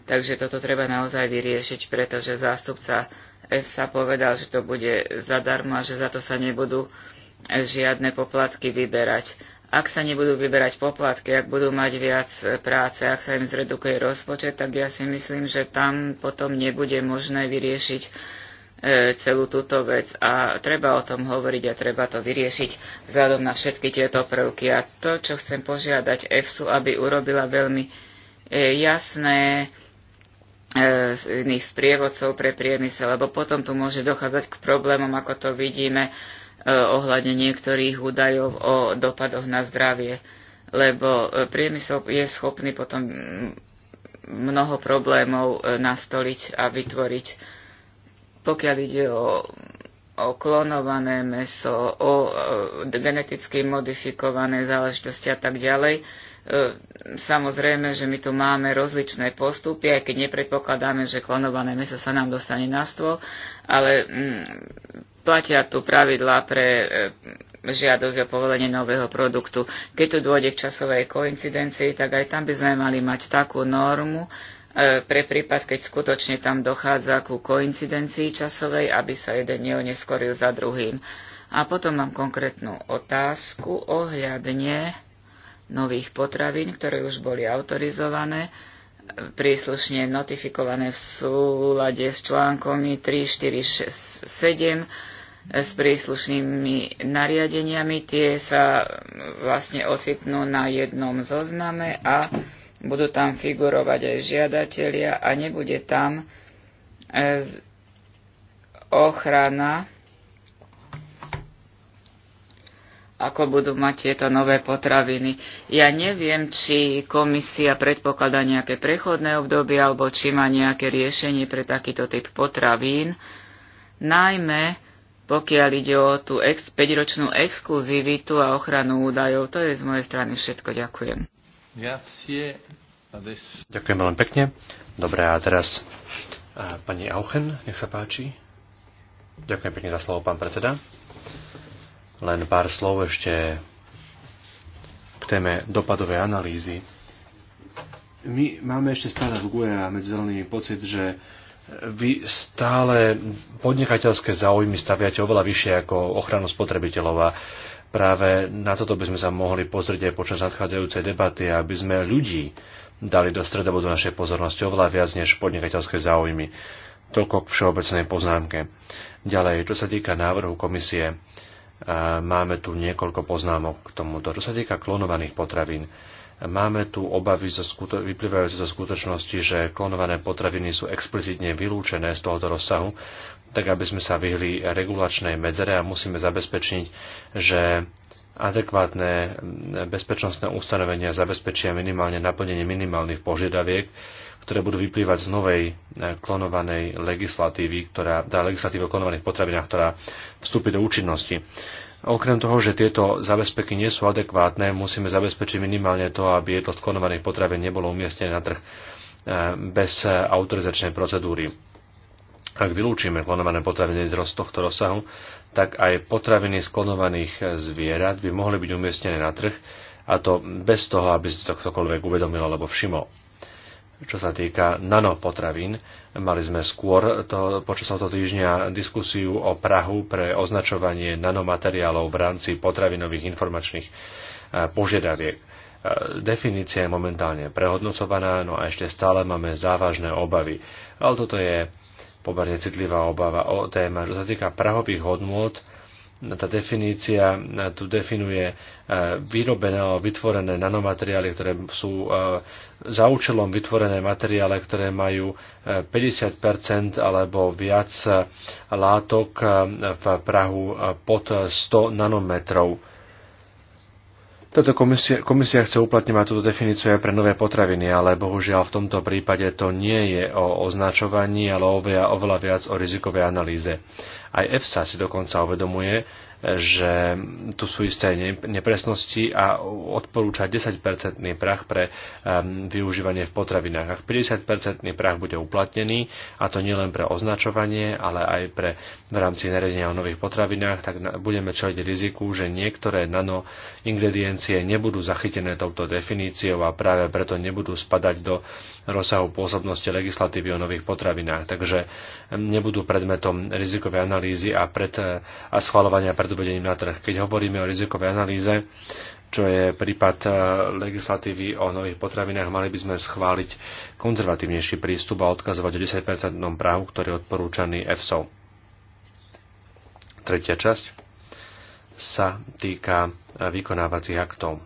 Takže toto treba naozaj vyriešiť, pretože zástupca sa povedal, že to bude zadarmo a že za to sa nebudú žiadne poplatky vyberať. Ak sa nebudú vyberať poplatky, ak budú mať viac práce, ak sa im zredukuje rozpočet, tak ja si myslím, že tam potom nebude možné vyriešiť E, celú túto vec a treba o tom hovoriť a treba to vyriešiť vzhľadom na všetky tieto prvky. A to, čo chcem požiadať EFSU, aby urobila veľmi e, jasné e, iných sprievodcov pre priemysel, lebo potom tu môže dochádzať k problémom, ako to vidíme ohľadne niektorých údajov o dopadoch na zdravie, lebo priemysel je schopný potom mnoho problémov nastoliť a vytvoriť pokiaľ ide o, o klonované meso, o, o e, geneticky modifikované záležitosti a tak ďalej, e, samozrejme, že my tu máme rozličné postupy, aj keď nepredpokladáme, že klonované meso sa nám dostane na stôl, ale m, mm, platia tu pravidlá pre e, žiadosť o povolenie nového produktu. Keď tu dôjde k časovej koincidencii, tak aj tam by sme mali mať takú normu, E, pre prípad, keď skutočne tam dochádza ku koincidencii časovej, aby sa jeden neoneskoril za druhým. A potom mám konkrétnu otázku ohľadne nových potravín, ktoré už boli autorizované, príslušne notifikované v súlade s článkomi 3, 4, 6, 7 s príslušnými nariadeniami. Tie sa vlastne ocitnú na jednom zozname a budú tam figurovať aj žiadatelia a nebude tam e, ochrana, ako budú mať tieto nové potraviny. Ja neviem, či komisia predpokladá nejaké prechodné obdobie alebo či má nejaké riešenie pre takýto typ potravín, najmä pokiaľ ide o tú 5-ročnú exkluzivitu a ochranu údajov. To je z mojej strany všetko.
Ďakujem. Ďakujem veľmi pekne. Dobre, a teraz a pani Auchen, nech sa páči. Ďakujem pekne za slovo, pán predseda. Len pár slov ešte k téme dopadovej analýzy. My máme ešte stále v GUE a medzi zelenými pocit, že vy stále podnikateľské záujmy staviate oveľa vyššie ako ochranu spotrebiteľov a Práve na toto by sme sa mohli pozrieť aj počas nadchádzajúcej debaty, aby sme ľudí dali do stredobodu našej pozornosti oveľa viac než podnikateľské záujmy. Toľko k všeobecnej poznámke. Ďalej, čo sa týka návrhu komisie, máme tu niekoľko poznámok k tomuto. Čo sa týka klonovaných potravín, máme tu obavy skuto- vyplývajúce zo skutočnosti, že klonované potraviny sú explicitne vylúčené z tohoto rozsahu, tak aby sme sa vyhli regulačnej medzere a musíme zabezpečiť, že adekvátne bezpečnostné ustanovenia zabezpečia minimálne naplnenie minimálnych požiadaviek, ktoré budú vyplývať z novej e, klonovanej legislatívy, ktorá, dá teda legislatíva o klonovaných potravinách, ktorá vstúpi do účinnosti. Okrem toho, že tieto zabezpeky nie sú adekvátne, musíme zabezpečiť minimálne to, aby jedlo z klonovaných potravín nebolo umiestnené na trh e, bez autorizačnej procedúry. Ak vylúčime klonované potraviny z tohto rozsahu, tak aj potraviny z klonovaných zvierat by mohli byť umiestnené na trh, a to bez toho, aby si to ktokoľvek uvedomil alebo všimol. Čo sa týka nanopotravín, mali sme skôr to, počas tohto týždňa diskusiu o Prahu pre označovanie nanomateriálov v rámci potravinových informačných e, požiadaviek. E, definícia je momentálne prehodnocovaná, no a ešte stále máme závažné obavy. Ale toto je pomerne citlivá obava o téma. Čo sa týka prahových hodnôt, tá definícia tu definuje e, vyrobené alebo vytvorené nanomateriály, ktoré sú e, za účelom vytvorené materiály, ktoré majú 50 e, alebo viac látok v Prahu pod 100 nanometrov táto komisia, komisia chce uplatňovať túto definíciu aj pre nové potraviny, ale bohužiaľ v tomto prípade to nie je o označovaní, ale oveľa, oveľa viac o rizikovej analýze. Aj EFSA si dokonca uvedomuje, že tu sú isté nepresnosti a odporúča 10-percentný prach pre um, využívanie v potravinách. Ak 50-percentný prach bude uplatnený, a to nielen pre označovanie, ale aj pre v rámci nariadenia o nových potravinách, tak budeme čeliť riziku, že niektoré nano ingrediencie nebudú zachytené touto definíciou a práve preto nebudú spadať do rozsahu pôsobnosti legislatívy o nových potravinách. Takže nebudú predmetom rizikovej analýzy a, pred, e, a schvalovania pred uvedením na trh. Keď hovoríme o rizikovej analýze, čo je prípad e, legislatívy o nových potravinách, mali by sme schváliť konzervatívnejší prístup a odkazovať o 10-percentnom právu, ktorý je odporúčaný EFSO. Tretia časť sa týka e, vykonávacích aktov.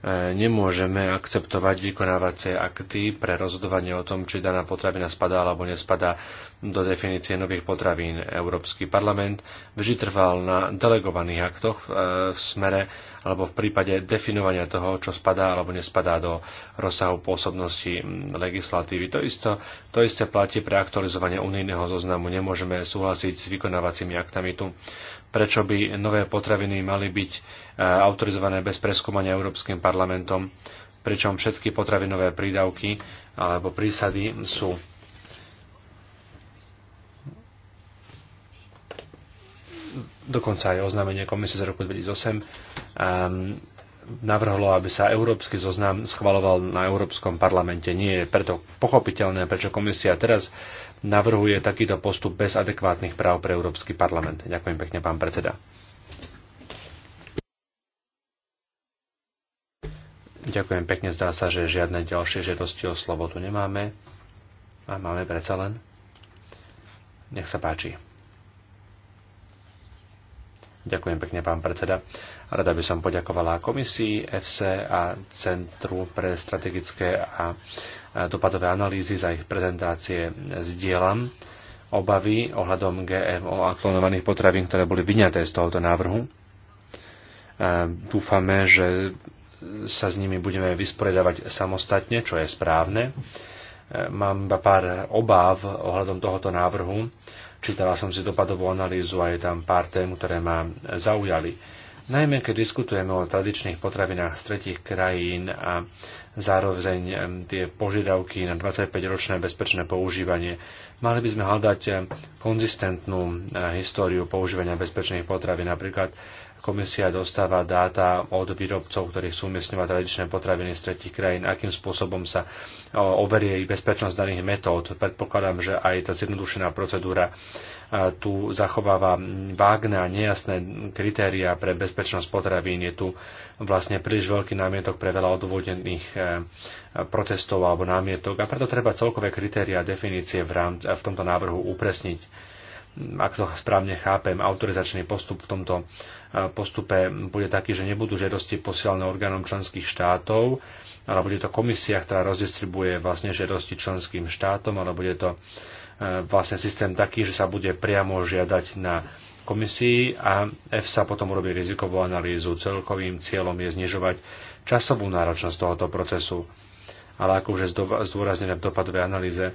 E, nemôžeme akceptovať vykonávacie akty pre rozhodovanie o tom, či daná potravina spadá alebo nespadá do definície nových potravín. Európsky parlament vždy trval na delegovaných aktoch e, v smere alebo v prípade definovania toho, čo spadá alebo nespadá do rozsahu pôsobnosti legislatívy. To, isto, to isté platí pre aktualizovanie unijného zoznamu. Nemôžeme súhlasiť s vykonávacími aktami tu prečo by nové potraviny mali byť e, autorizované bez preskúmania Európskym parlamentom, pričom všetky potravinové prídavky alebo prísady sú dokonca aj oznámenie komisie z roku 2008 ehm, navrhlo, aby sa európsky zoznam schvaloval na Európskom parlamente. Nie je preto pochopiteľné, prečo komisia teraz navrhuje takýto postup bez adekvátnych práv pre Európsky parlament. Ďakujem pekne, pán predseda. Ďakujem pekne, zdá sa, že žiadne ďalšie žiadosti o slovo tu nemáme. A máme predsa len. Nech sa páči. Ďakujem pekne, pán predseda. Rada by som poďakovala komisii, FC a Centru pre strategické a dopadové analýzy, za ich prezentácie zdieľam obavy ohľadom GMO a klonovaných potravín, ktoré boli vyňaté z tohoto návrhu. Dúfame, že sa s nimi budeme vysporiadavať samostatne, čo je správne. Mám iba pár obáv ohľadom tohoto návrhu. Čítala som si dopadovú analýzu a je tam pár tém, ktoré ma zaujali Najmä keď diskutujeme o tradičných potravinách z tretich krajín a zároveň tie požiadavky na 25-ročné bezpečné používanie, mali by sme hľadať konzistentnú eh, históriu používania bezpečných potravín. Napríklad Komisia dostáva dáta od výrobcov, ktorí sú umiestňovať tradičné potraviny z tretich krajín, akým spôsobom sa overie ich bezpečnosť daných metód. Predpokladám, že aj tá zjednodušená procedúra tu zachováva vágne a nejasné kritéria pre bezpečnosť potravín. Je tu vlastne príliš veľký námietok pre veľa odvodených e, protestov alebo námietok a preto treba celkové kritéria a definície v, rám, v tomto návrhu upresniť ak to správne chápem, autorizačný postup v tomto e, postupe bude taký, že nebudú žiadosti posielané orgánom členských štátov, ale bude to komisia, ktorá rozdistribuje vlastne žiadosti členským štátom, ale bude to e, vlastne systém taký, že sa bude priamo žiadať na komisii a EFSA potom urobí rizikovú analýzu. Celkovým cieľom je znižovať časovú náročnosť tohoto procesu. Ale ako už je zdôraznené v dopadovej analýze, e,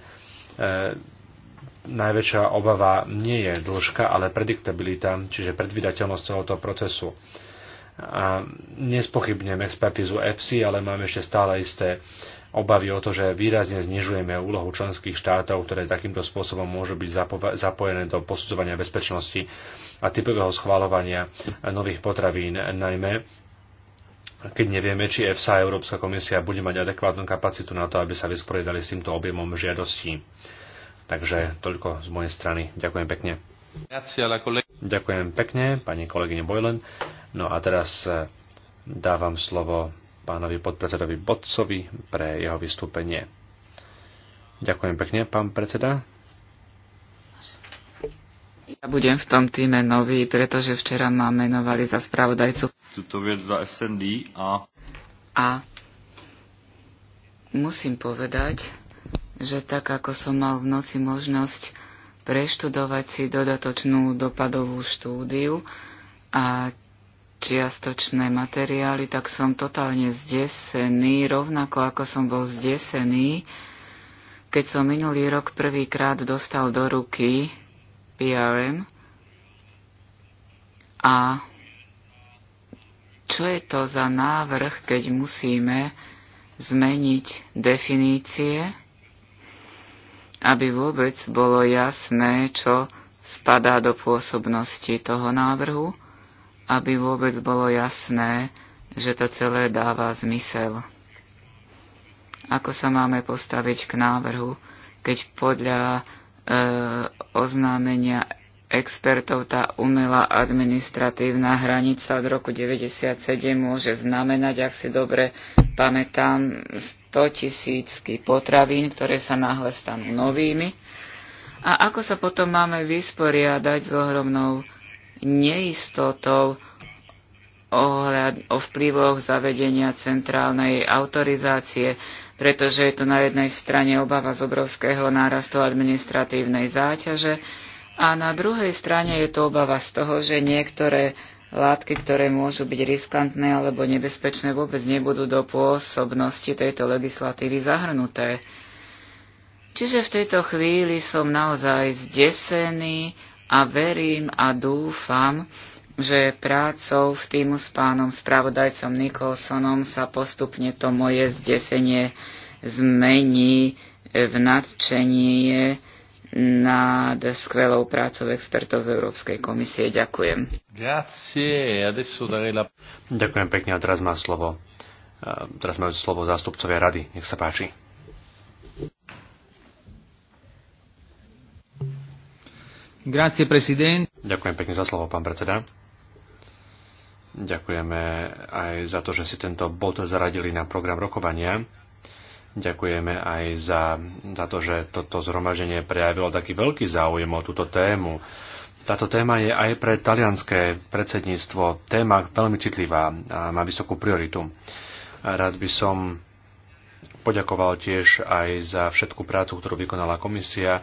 najväčšia obava nie je dĺžka, ale prediktabilita, čiže predvydateľnosť celého procesu. A nespochybnem expertizu EFSI, ale máme ešte stále isté obavy o to, že výrazne znižujeme úlohu členských štátov, ktoré takýmto spôsobom môžu byť zapojené do posudzovania bezpečnosti a typového schváľovania nových potravín, najmä keď nevieme, či EFSA a Európska komisia bude mať adekvátnu kapacitu na to, aby sa vysporiadali s týmto objemom žiadostí. Takže toľko z mojej strany. Ďakujem pekne. Ďakujem pekne, pani kolegyne Bojlen. No a teraz eh, dávam slovo pánovi podpredsedovi Bodcovi pre jeho vystúpenie. Ďakujem pekne, pán predseda. Ja
budem v tom týme nový, pretože včera ma menovali za spravodajcu.
Tuto vec za
SND a... A musím povedať, že tak ako som mal v noci možnosť preštudovať si dodatočnú dopadovú štúdiu a čiastočné materiály, tak som totálne zdesený, rovnako ako som bol zdesený, keď som minulý rok prvýkrát dostal do ruky PRM a čo je to za návrh, keď musíme zmeniť definície aby vôbec bolo jasné, čo spadá do pôsobnosti toho návrhu, aby vôbec bolo jasné, že to celé dáva zmysel. Ako sa máme postaviť k návrhu, keď podľa e, oznámenia expertov tá umelá administratívna hranica od roku 97 môže znamenať, ak si dobre pamätám, 100 tisícky potravín, ktoré sa náhle stanú novými. A ako sa potom máme vysporiadať s ohromnou neistotou o vplyvoch zavedenia centrálnej autorizácie, pretože je to na jednej strane obava z obrovského nárastu administratívnej záťaže, a na druhej strane je to obava z toho, že niektoré látky, ktoré môžu byť riskantné alebo nebezpečné, vôbec nebudú do pôsobnosti tejto legislatívy zahrnuté. Čiže v tejto chvíli som naozaj zdesený a verím a dúfam, že prácou v týmu s pánom spravodajcom Nikolsonom sa postupne to moje zdesenie zmení v nadčenie nad skvelou prácou expertov z Európskej komisie. Ďakujem.
Ďakujem pekne a teraz má slovo. Teraz majú slovo zástupcovia rady. Nech sa páči.
Grazie, president.
Ďakujem pekne za slovo, pán predseda. Ďakujeme aj za to, že si tento bod zaradili na program rokovania Ďakujeme aj za, za to, že toto zhromaženie prejavilo taký veľký záujem o túto tému. Táto téma je aj pre talianské predsedníctvo téma veľmi citlivá a má vysokú prioritu. Rád by som poďakoval tiež aj za všetku prácu, ktorú vykonala komisia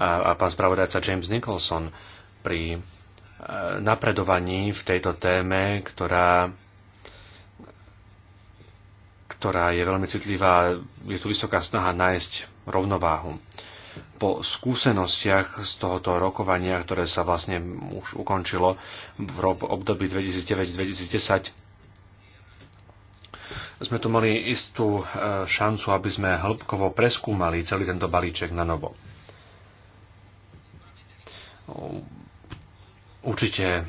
a, a pán spravodajca James Nicholson pri e, napredovaní v tejto téme, ktorá ktorá je veľmi citlivá. Je tu vysoká snaha nájsť rovnováhu. Po skúsenostiach z tohoto rokovania, ktoré sa vlastne už ukončilo v období 2009-2010, sme tu mali istú e, šancu, aby sme hĺbkovo preskúmali celý tento balíček na novo. Určite e,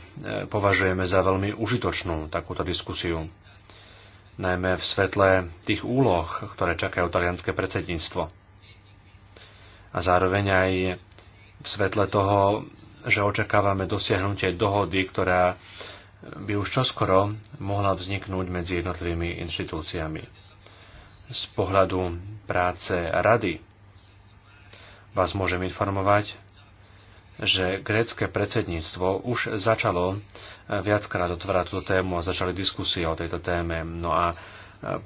považujeme za veľmi užitočnú takúto diskusiu najmä v svetle tých úloh, ktoré čakajú talianské predsedníctvo. A zároveň aj v svetle toho, že očakávame dosiahnutie dohody, ktorá by už čoskoro mohla vzniknúť medzi jednotlivými inštitúciami. Z pohľadu práce rady vás môžem informovať, že grécke predsedníctvo už začalo e, viackrát otvárať túto tému a začali diskusie o tejto téme. No a e,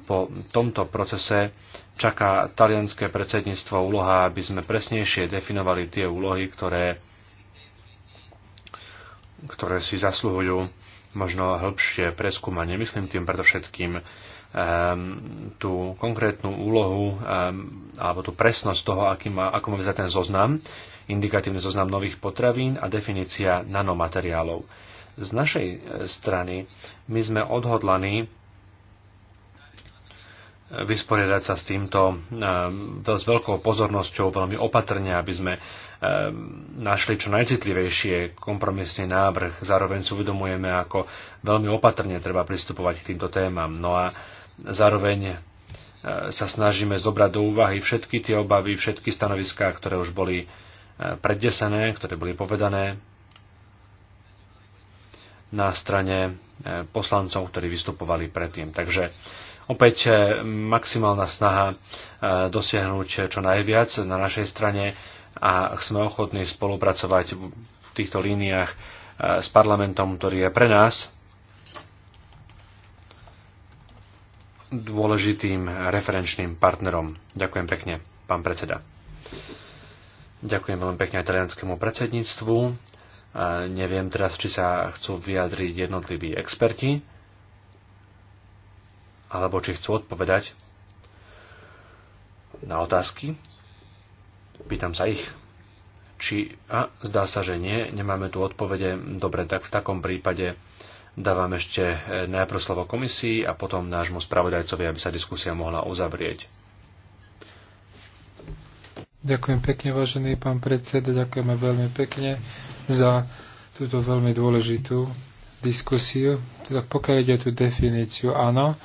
po tomto procese čaká talianské predsedníctvo úloha, aby sme presnejšie definovali tie úlohy, ktoré, ktoré si zasluhujú možno hĺbšie preskúmanie. Myslím tým predovšetkým um, tú konkrétnu úlohu um, alebo tú presnosť toho, aký má, ako má vyzerať ten zoznam indikatívny zoznam nových potravín a definícia nanomateriálov. Z našej e, strany my sme odhodlaní e, vysporiadať sa s týmto e, s veľkou pozornosťou, veľmi opatrne, aby sme našli čo najcitlivejšie kompromisný návrh. Zároveň si uvedomujeme, ako veľmi opatrne treba pristupovať k týmto témam. No a zároveň sa snažíme zobrať do úvahy všetky tie obavy, všetky stanoviská, ktoré už boli prednesené, ktoré boli povedané na strane e, poslancov, ktorí vystupovali predtým. Takže opäť e, maximálna snaha e, dosiahnuť čo najviac na našej strane a sme ochotní spolupracovať v týchto líniách s parlamentom, ktorý je pre nás dôležitým referenčným partnerom. Ďakujem pekne, pán predseda. Ďakujem veľmi pekne italianskému predsedníctvu. Neviem teraz, či sa chcú vyjadriť jednotliví experti, alebo či chcú odpovedať na otázky. Pýtam sa ich. Či... A, zdá sa, že nie. Nemáme tu odpovede. Dobre, tak v takom prípade dávam ešte najprv slovo komisii a potom nášmu spravodajcovi, aby sa diskusia mohla uzavrieť.
Ďakujem pekne, vážený pán predseda, ďakujeme veľmi pekne za túto veľmi dôležitú diskusiu. Teda pokiaľ ide o tú definíciu, áno,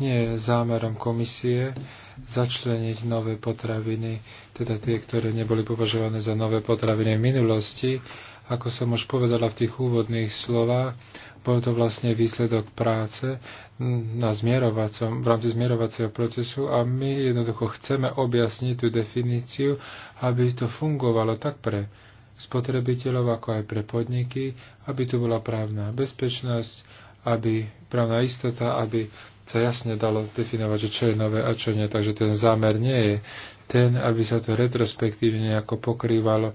nie je zámerom komisie začleniť nové potraviny, teda tie, ktoré neboli považované za nové potraviny v minulosti, ako som už povedala v tých úvodných slovách, bol to vlastne výsledok práce na zmierovacom, v rámci zmierovacieho procesu a my jednoducho chceme objasniť tú definíciu, aby to fungovalo tak pre spotrebiteľov, ako aj pre podniky, aby tu bola právna bezpečnosť, aby právna istota, aby sa jasne dalo definovať, že čo je nové a čo nie. Takže ten zámer nie je ten, aby sa to retrospektívne ako pokrývalo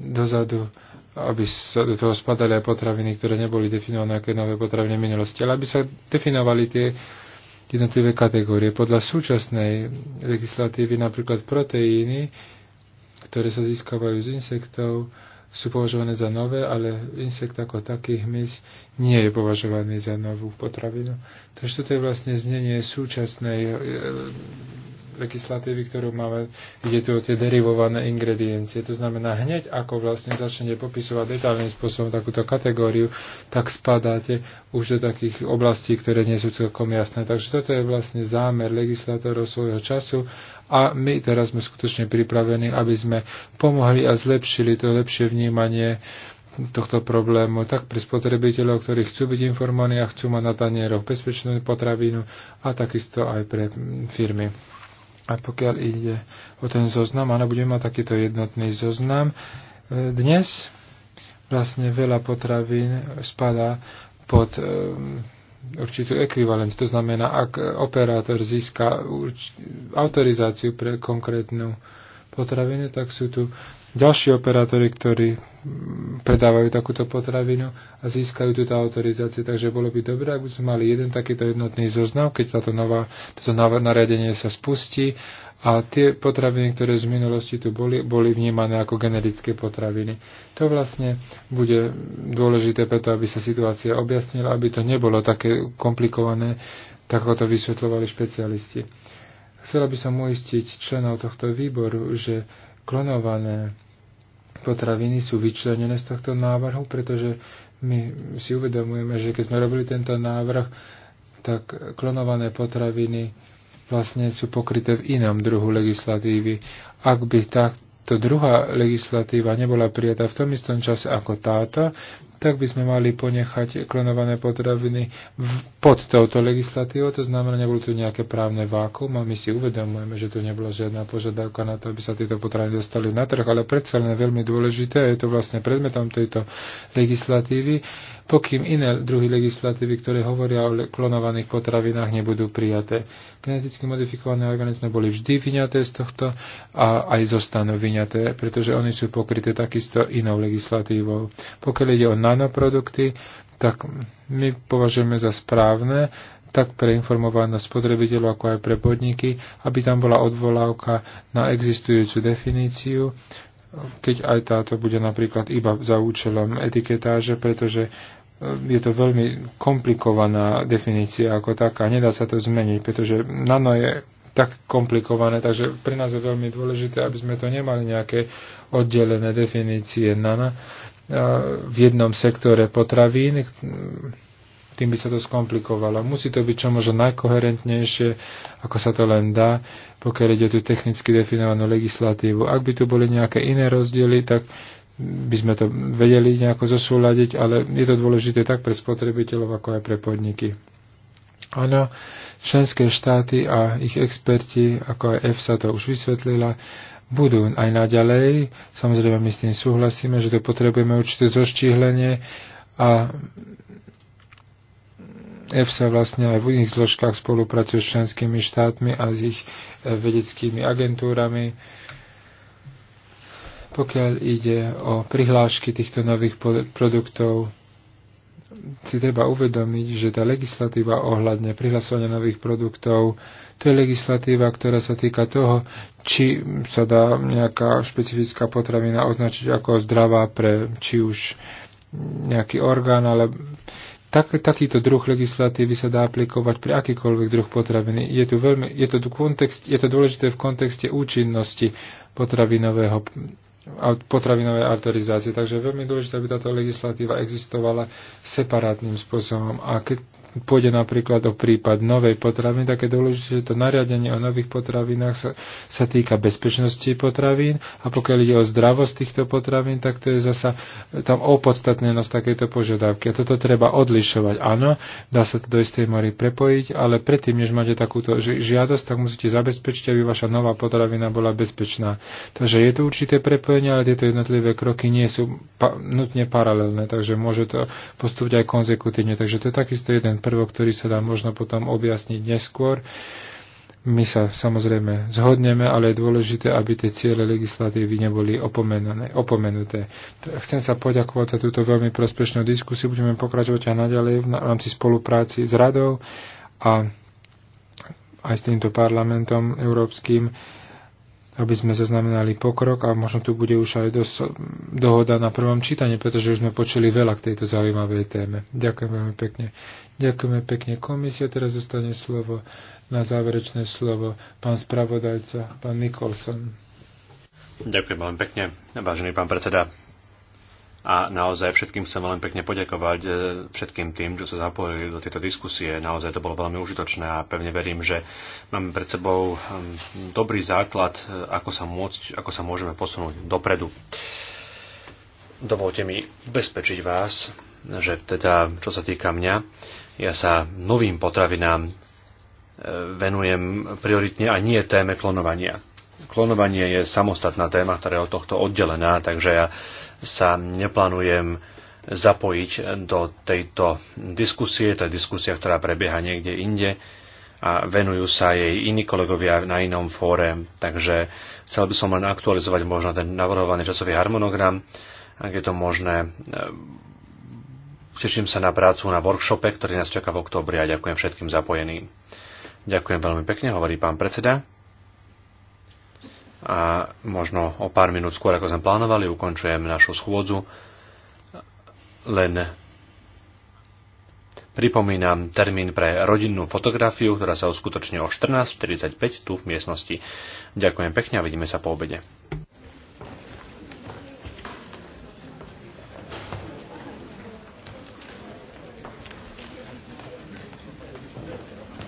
dozadu aby sa do toho spadali aj potraviny, ktoré neboli definované ako nové potraviny minulosti, ale aby sa definovali tie jednotlivé kategórie. Podľa súčasnej legislatívy napríklad proteíny, ktoré sa získavajú z insektov, sú považované za nové, ale insekt ako taký hmyz nie je považovaný za novú potravinu. Takže toto je vlastne znenie súčasnej legislatívy, ktorú máme, ide tu o tie derivované ingrediencie. To znamená, hneď ako vlastne začnete popisovať detálnym spôsobom takúto kategóriu, tak spadáte už do takých oblastí, ktoré nie sú celkom jasné. Takže toto je vlastne zámer legislatorov svojho času a my teraz sme skutočne pripravení, aby sme pomohli a zlepšili to lepšie vnímanie tohto problému, tak pre spotrebiteľov, ktorí chcú byť informovaní a chcú mať na tanieroch bezpečnú potravinu a takisto aj pre firmy. A pokiaľ ide o ten zoznam, áno, budeme mať takýto jednotný zoznam. E, dnes vlastne veľa potravín spadá pod e, určitú ekvivalenciu. To znamená, ak operátor získa autorizáciu pre konkrétnu potravinu, tak sú tu ďalší operátori, ktorí predávajú takúto potravinu a získajú túto autorizáciu. Takže bolo by dobré, aby sme mali jeden takýto jednotný zoznam, keď táto nová, toto nariadenie sa spustí a tie potraviny, ktoré z minulosti tu boli, boli vnímané ako generické potraviny. To vlastne bude dôležité preto, aby sa situácia objasnila, aby to nebolo také komplikované, tak ako to vysvetľovali špecialisti. Chcela by som uistiť členov tohto výboru, že klonované potraviny sú vyčlenené z tohto návrhu, pretože my si uvedomujeme, že keď sme robili tento návrh, tak klonované potraviny vlastne sú pokryté v inom druhu legislatívy. Ak by takto druhá legislatíva nebola prijatá v tom istom čase ako táto, tak by sme mali ponechať klonované potraviny v, pod touto legislatívou. To znamená, nebolo tu nejaké právne vákuum a my si uvedomujeme, že tu nebola žiadna požiadavka na to, aby sa tieto potraviny dostali na trh, ale predsa len veľmi dôležité, je to vlastne predmetom tejto legislatívy, pokým iné druhy legislatívy, ktoré hovoria o klonovaných potravinách, nebudú prijaté. Geneticky modifikované organizmy boli vždy vyňaté z tohto a aj zostanú vyňaté, pretože oni sú pokryté takisto inou legislatívou. Pokiaľ ide o nanoprodukty, tak my považujeme za správne tak pre informovanosť spotrebiteľov, ako aj pre podniky, aby tam bola odvolávka na existujúcu definíciu, keď aj táto bude napríklad iba za účelom etiketáže, pretože e, je to veľmi komplikovaná definícia ako taká. Nedá sa to zmeniť, pretože nano je tak komplikované, takže pre nás je veľmi dôležité, aby sme to nemali nejaké oddelené definície nana, v jednom sektore potravín, tým by sa to skomplikovalo. Musí to byť čo možno najkoherentnejšie, ako sa to len dá, pokiaľ ide o tú technicky definovanú legislatívu. Ak by tu boli nejaké iné rozdiely, tak by sme to vedeli nejako zosúľadiť, ale je to dôležité tak pre spotrebiteľov, ako aj pre podniky. Áno, členské štáty a ich experti, ako aj EFSA to už vysvetlila, budú aj naďalej. Samozrejme, my s tým súhlasíme, že to potrebujeme určité zoštíhlenie a EFSA vlastne aj v iných zložkách spolupracuje s členskými štátmi a s ich e, vedeckými agentúrami. Pokiaľ ide o prihlášky týchto nových produktov, si treba uvedomiť, že tá legislatíva ohľadne prihlasovania nových produktov to je legislatíva, ktorá sa týka toho, či sa dá nejaká špecifická potravina označiť ako zdravá pre či už nejaký orgán, ale tak, takýto druh legislatívy sa dá aplikovať pri akýkoľvek druh potraviny. Je, tu veľmi, je, to, kontext, je to dôležité v kontexte účinnosti potravinového potravinovej autorizácie. Takže je veľmi dôležité, aby táto legislatíva existovala separátnym spôsobom. A keď pôjde napríklad o prípad novej potraviny, tak je dôležité, že to nariadenie o nových potravinách sa, sa týka bezpečnosti potravín a pokiaľ ide o zdravosť týchto potravín, tak to je zasa tam opodstatnenosť takéto požiadavky. A toto treba odlišovať. Áno, dá sa to do istej mori prepojiť, ale predtým, než máte takúto žiadosť, tak musíte zabezpečiť, aby vaša nová potravina bola bezpečná. Takže je to určité prepojenie, ale tieto jednotlivé kroky nie sú pa- nutne paralelné, takže môže to postúpiť aj konzekutívne. Takže to je takisto jeden prvok, ktorý sa dá možno potom objasniť neskôr. My sa samozrejme zhodneme, ale je dôležité, aby tie ciele legislatívy neboli opomenuté. Chcem sa poďakovať za túto veľmi prospešnú diskusiu. Budeme pokračovať aj naďalej v rámci spolupráci s radou a aj s týmto parlamentom európskym aby sme zaznamenali pokrok a možno tu bude už aj dosť dohoda na prvom čítaní, pretože už sme počuli veľa k tejto zaujímavej téme. Ďakujem veľmi pekne. Ďakujeme pekne komisia. Teraz zostane slovo na záverečné slovo pán spravodajca, pán Nikolson.
Ďakujem veľmi pekne, vážený pán predseda. A naozaj všetkým chcem len pekne poďakovať e, všetkým tým, čo sa zapojili do tejto diskusie. Naozaj to bolo veľmi užitočné a pevne verím, že máme pred sebou e, dobrý základ, e, ako sa, môcť, ako sa môžeme posunúť dopredu. Dovolte mi bezpečiť vás, že teda, čo sa týka mňa, ja sa novým potravinám venujem prioritne a nie téme klonovania. Klonovanie je samostatná téma, ktorá je od tohto oddelená, takže ja sa neplánujem zapojiť do tejto diskusie. To je diskusia, ktorá prebieha niekde inde a venujú sa jej iní kolegovia na inom fóre. Takže chcel by som len aktualizovať možno ten navrhovaný časový harmonogram, ak je to možné. E, teším sa na prácu na workshope, ktorý nás čaká v októbri a ďakujem všetkým zapojeným. Ďakujem veľmi pekne, hovorí pán predseda a možno o pár minút skôr, ako sme plánovali, ukončujem našu schôdzu. Len pripomínam termín pre rodinnú fotografiu, ktorá sa uskutoční o 14.45 tu v miestnosti. Ďakujem pekne a vidíme sa po obede.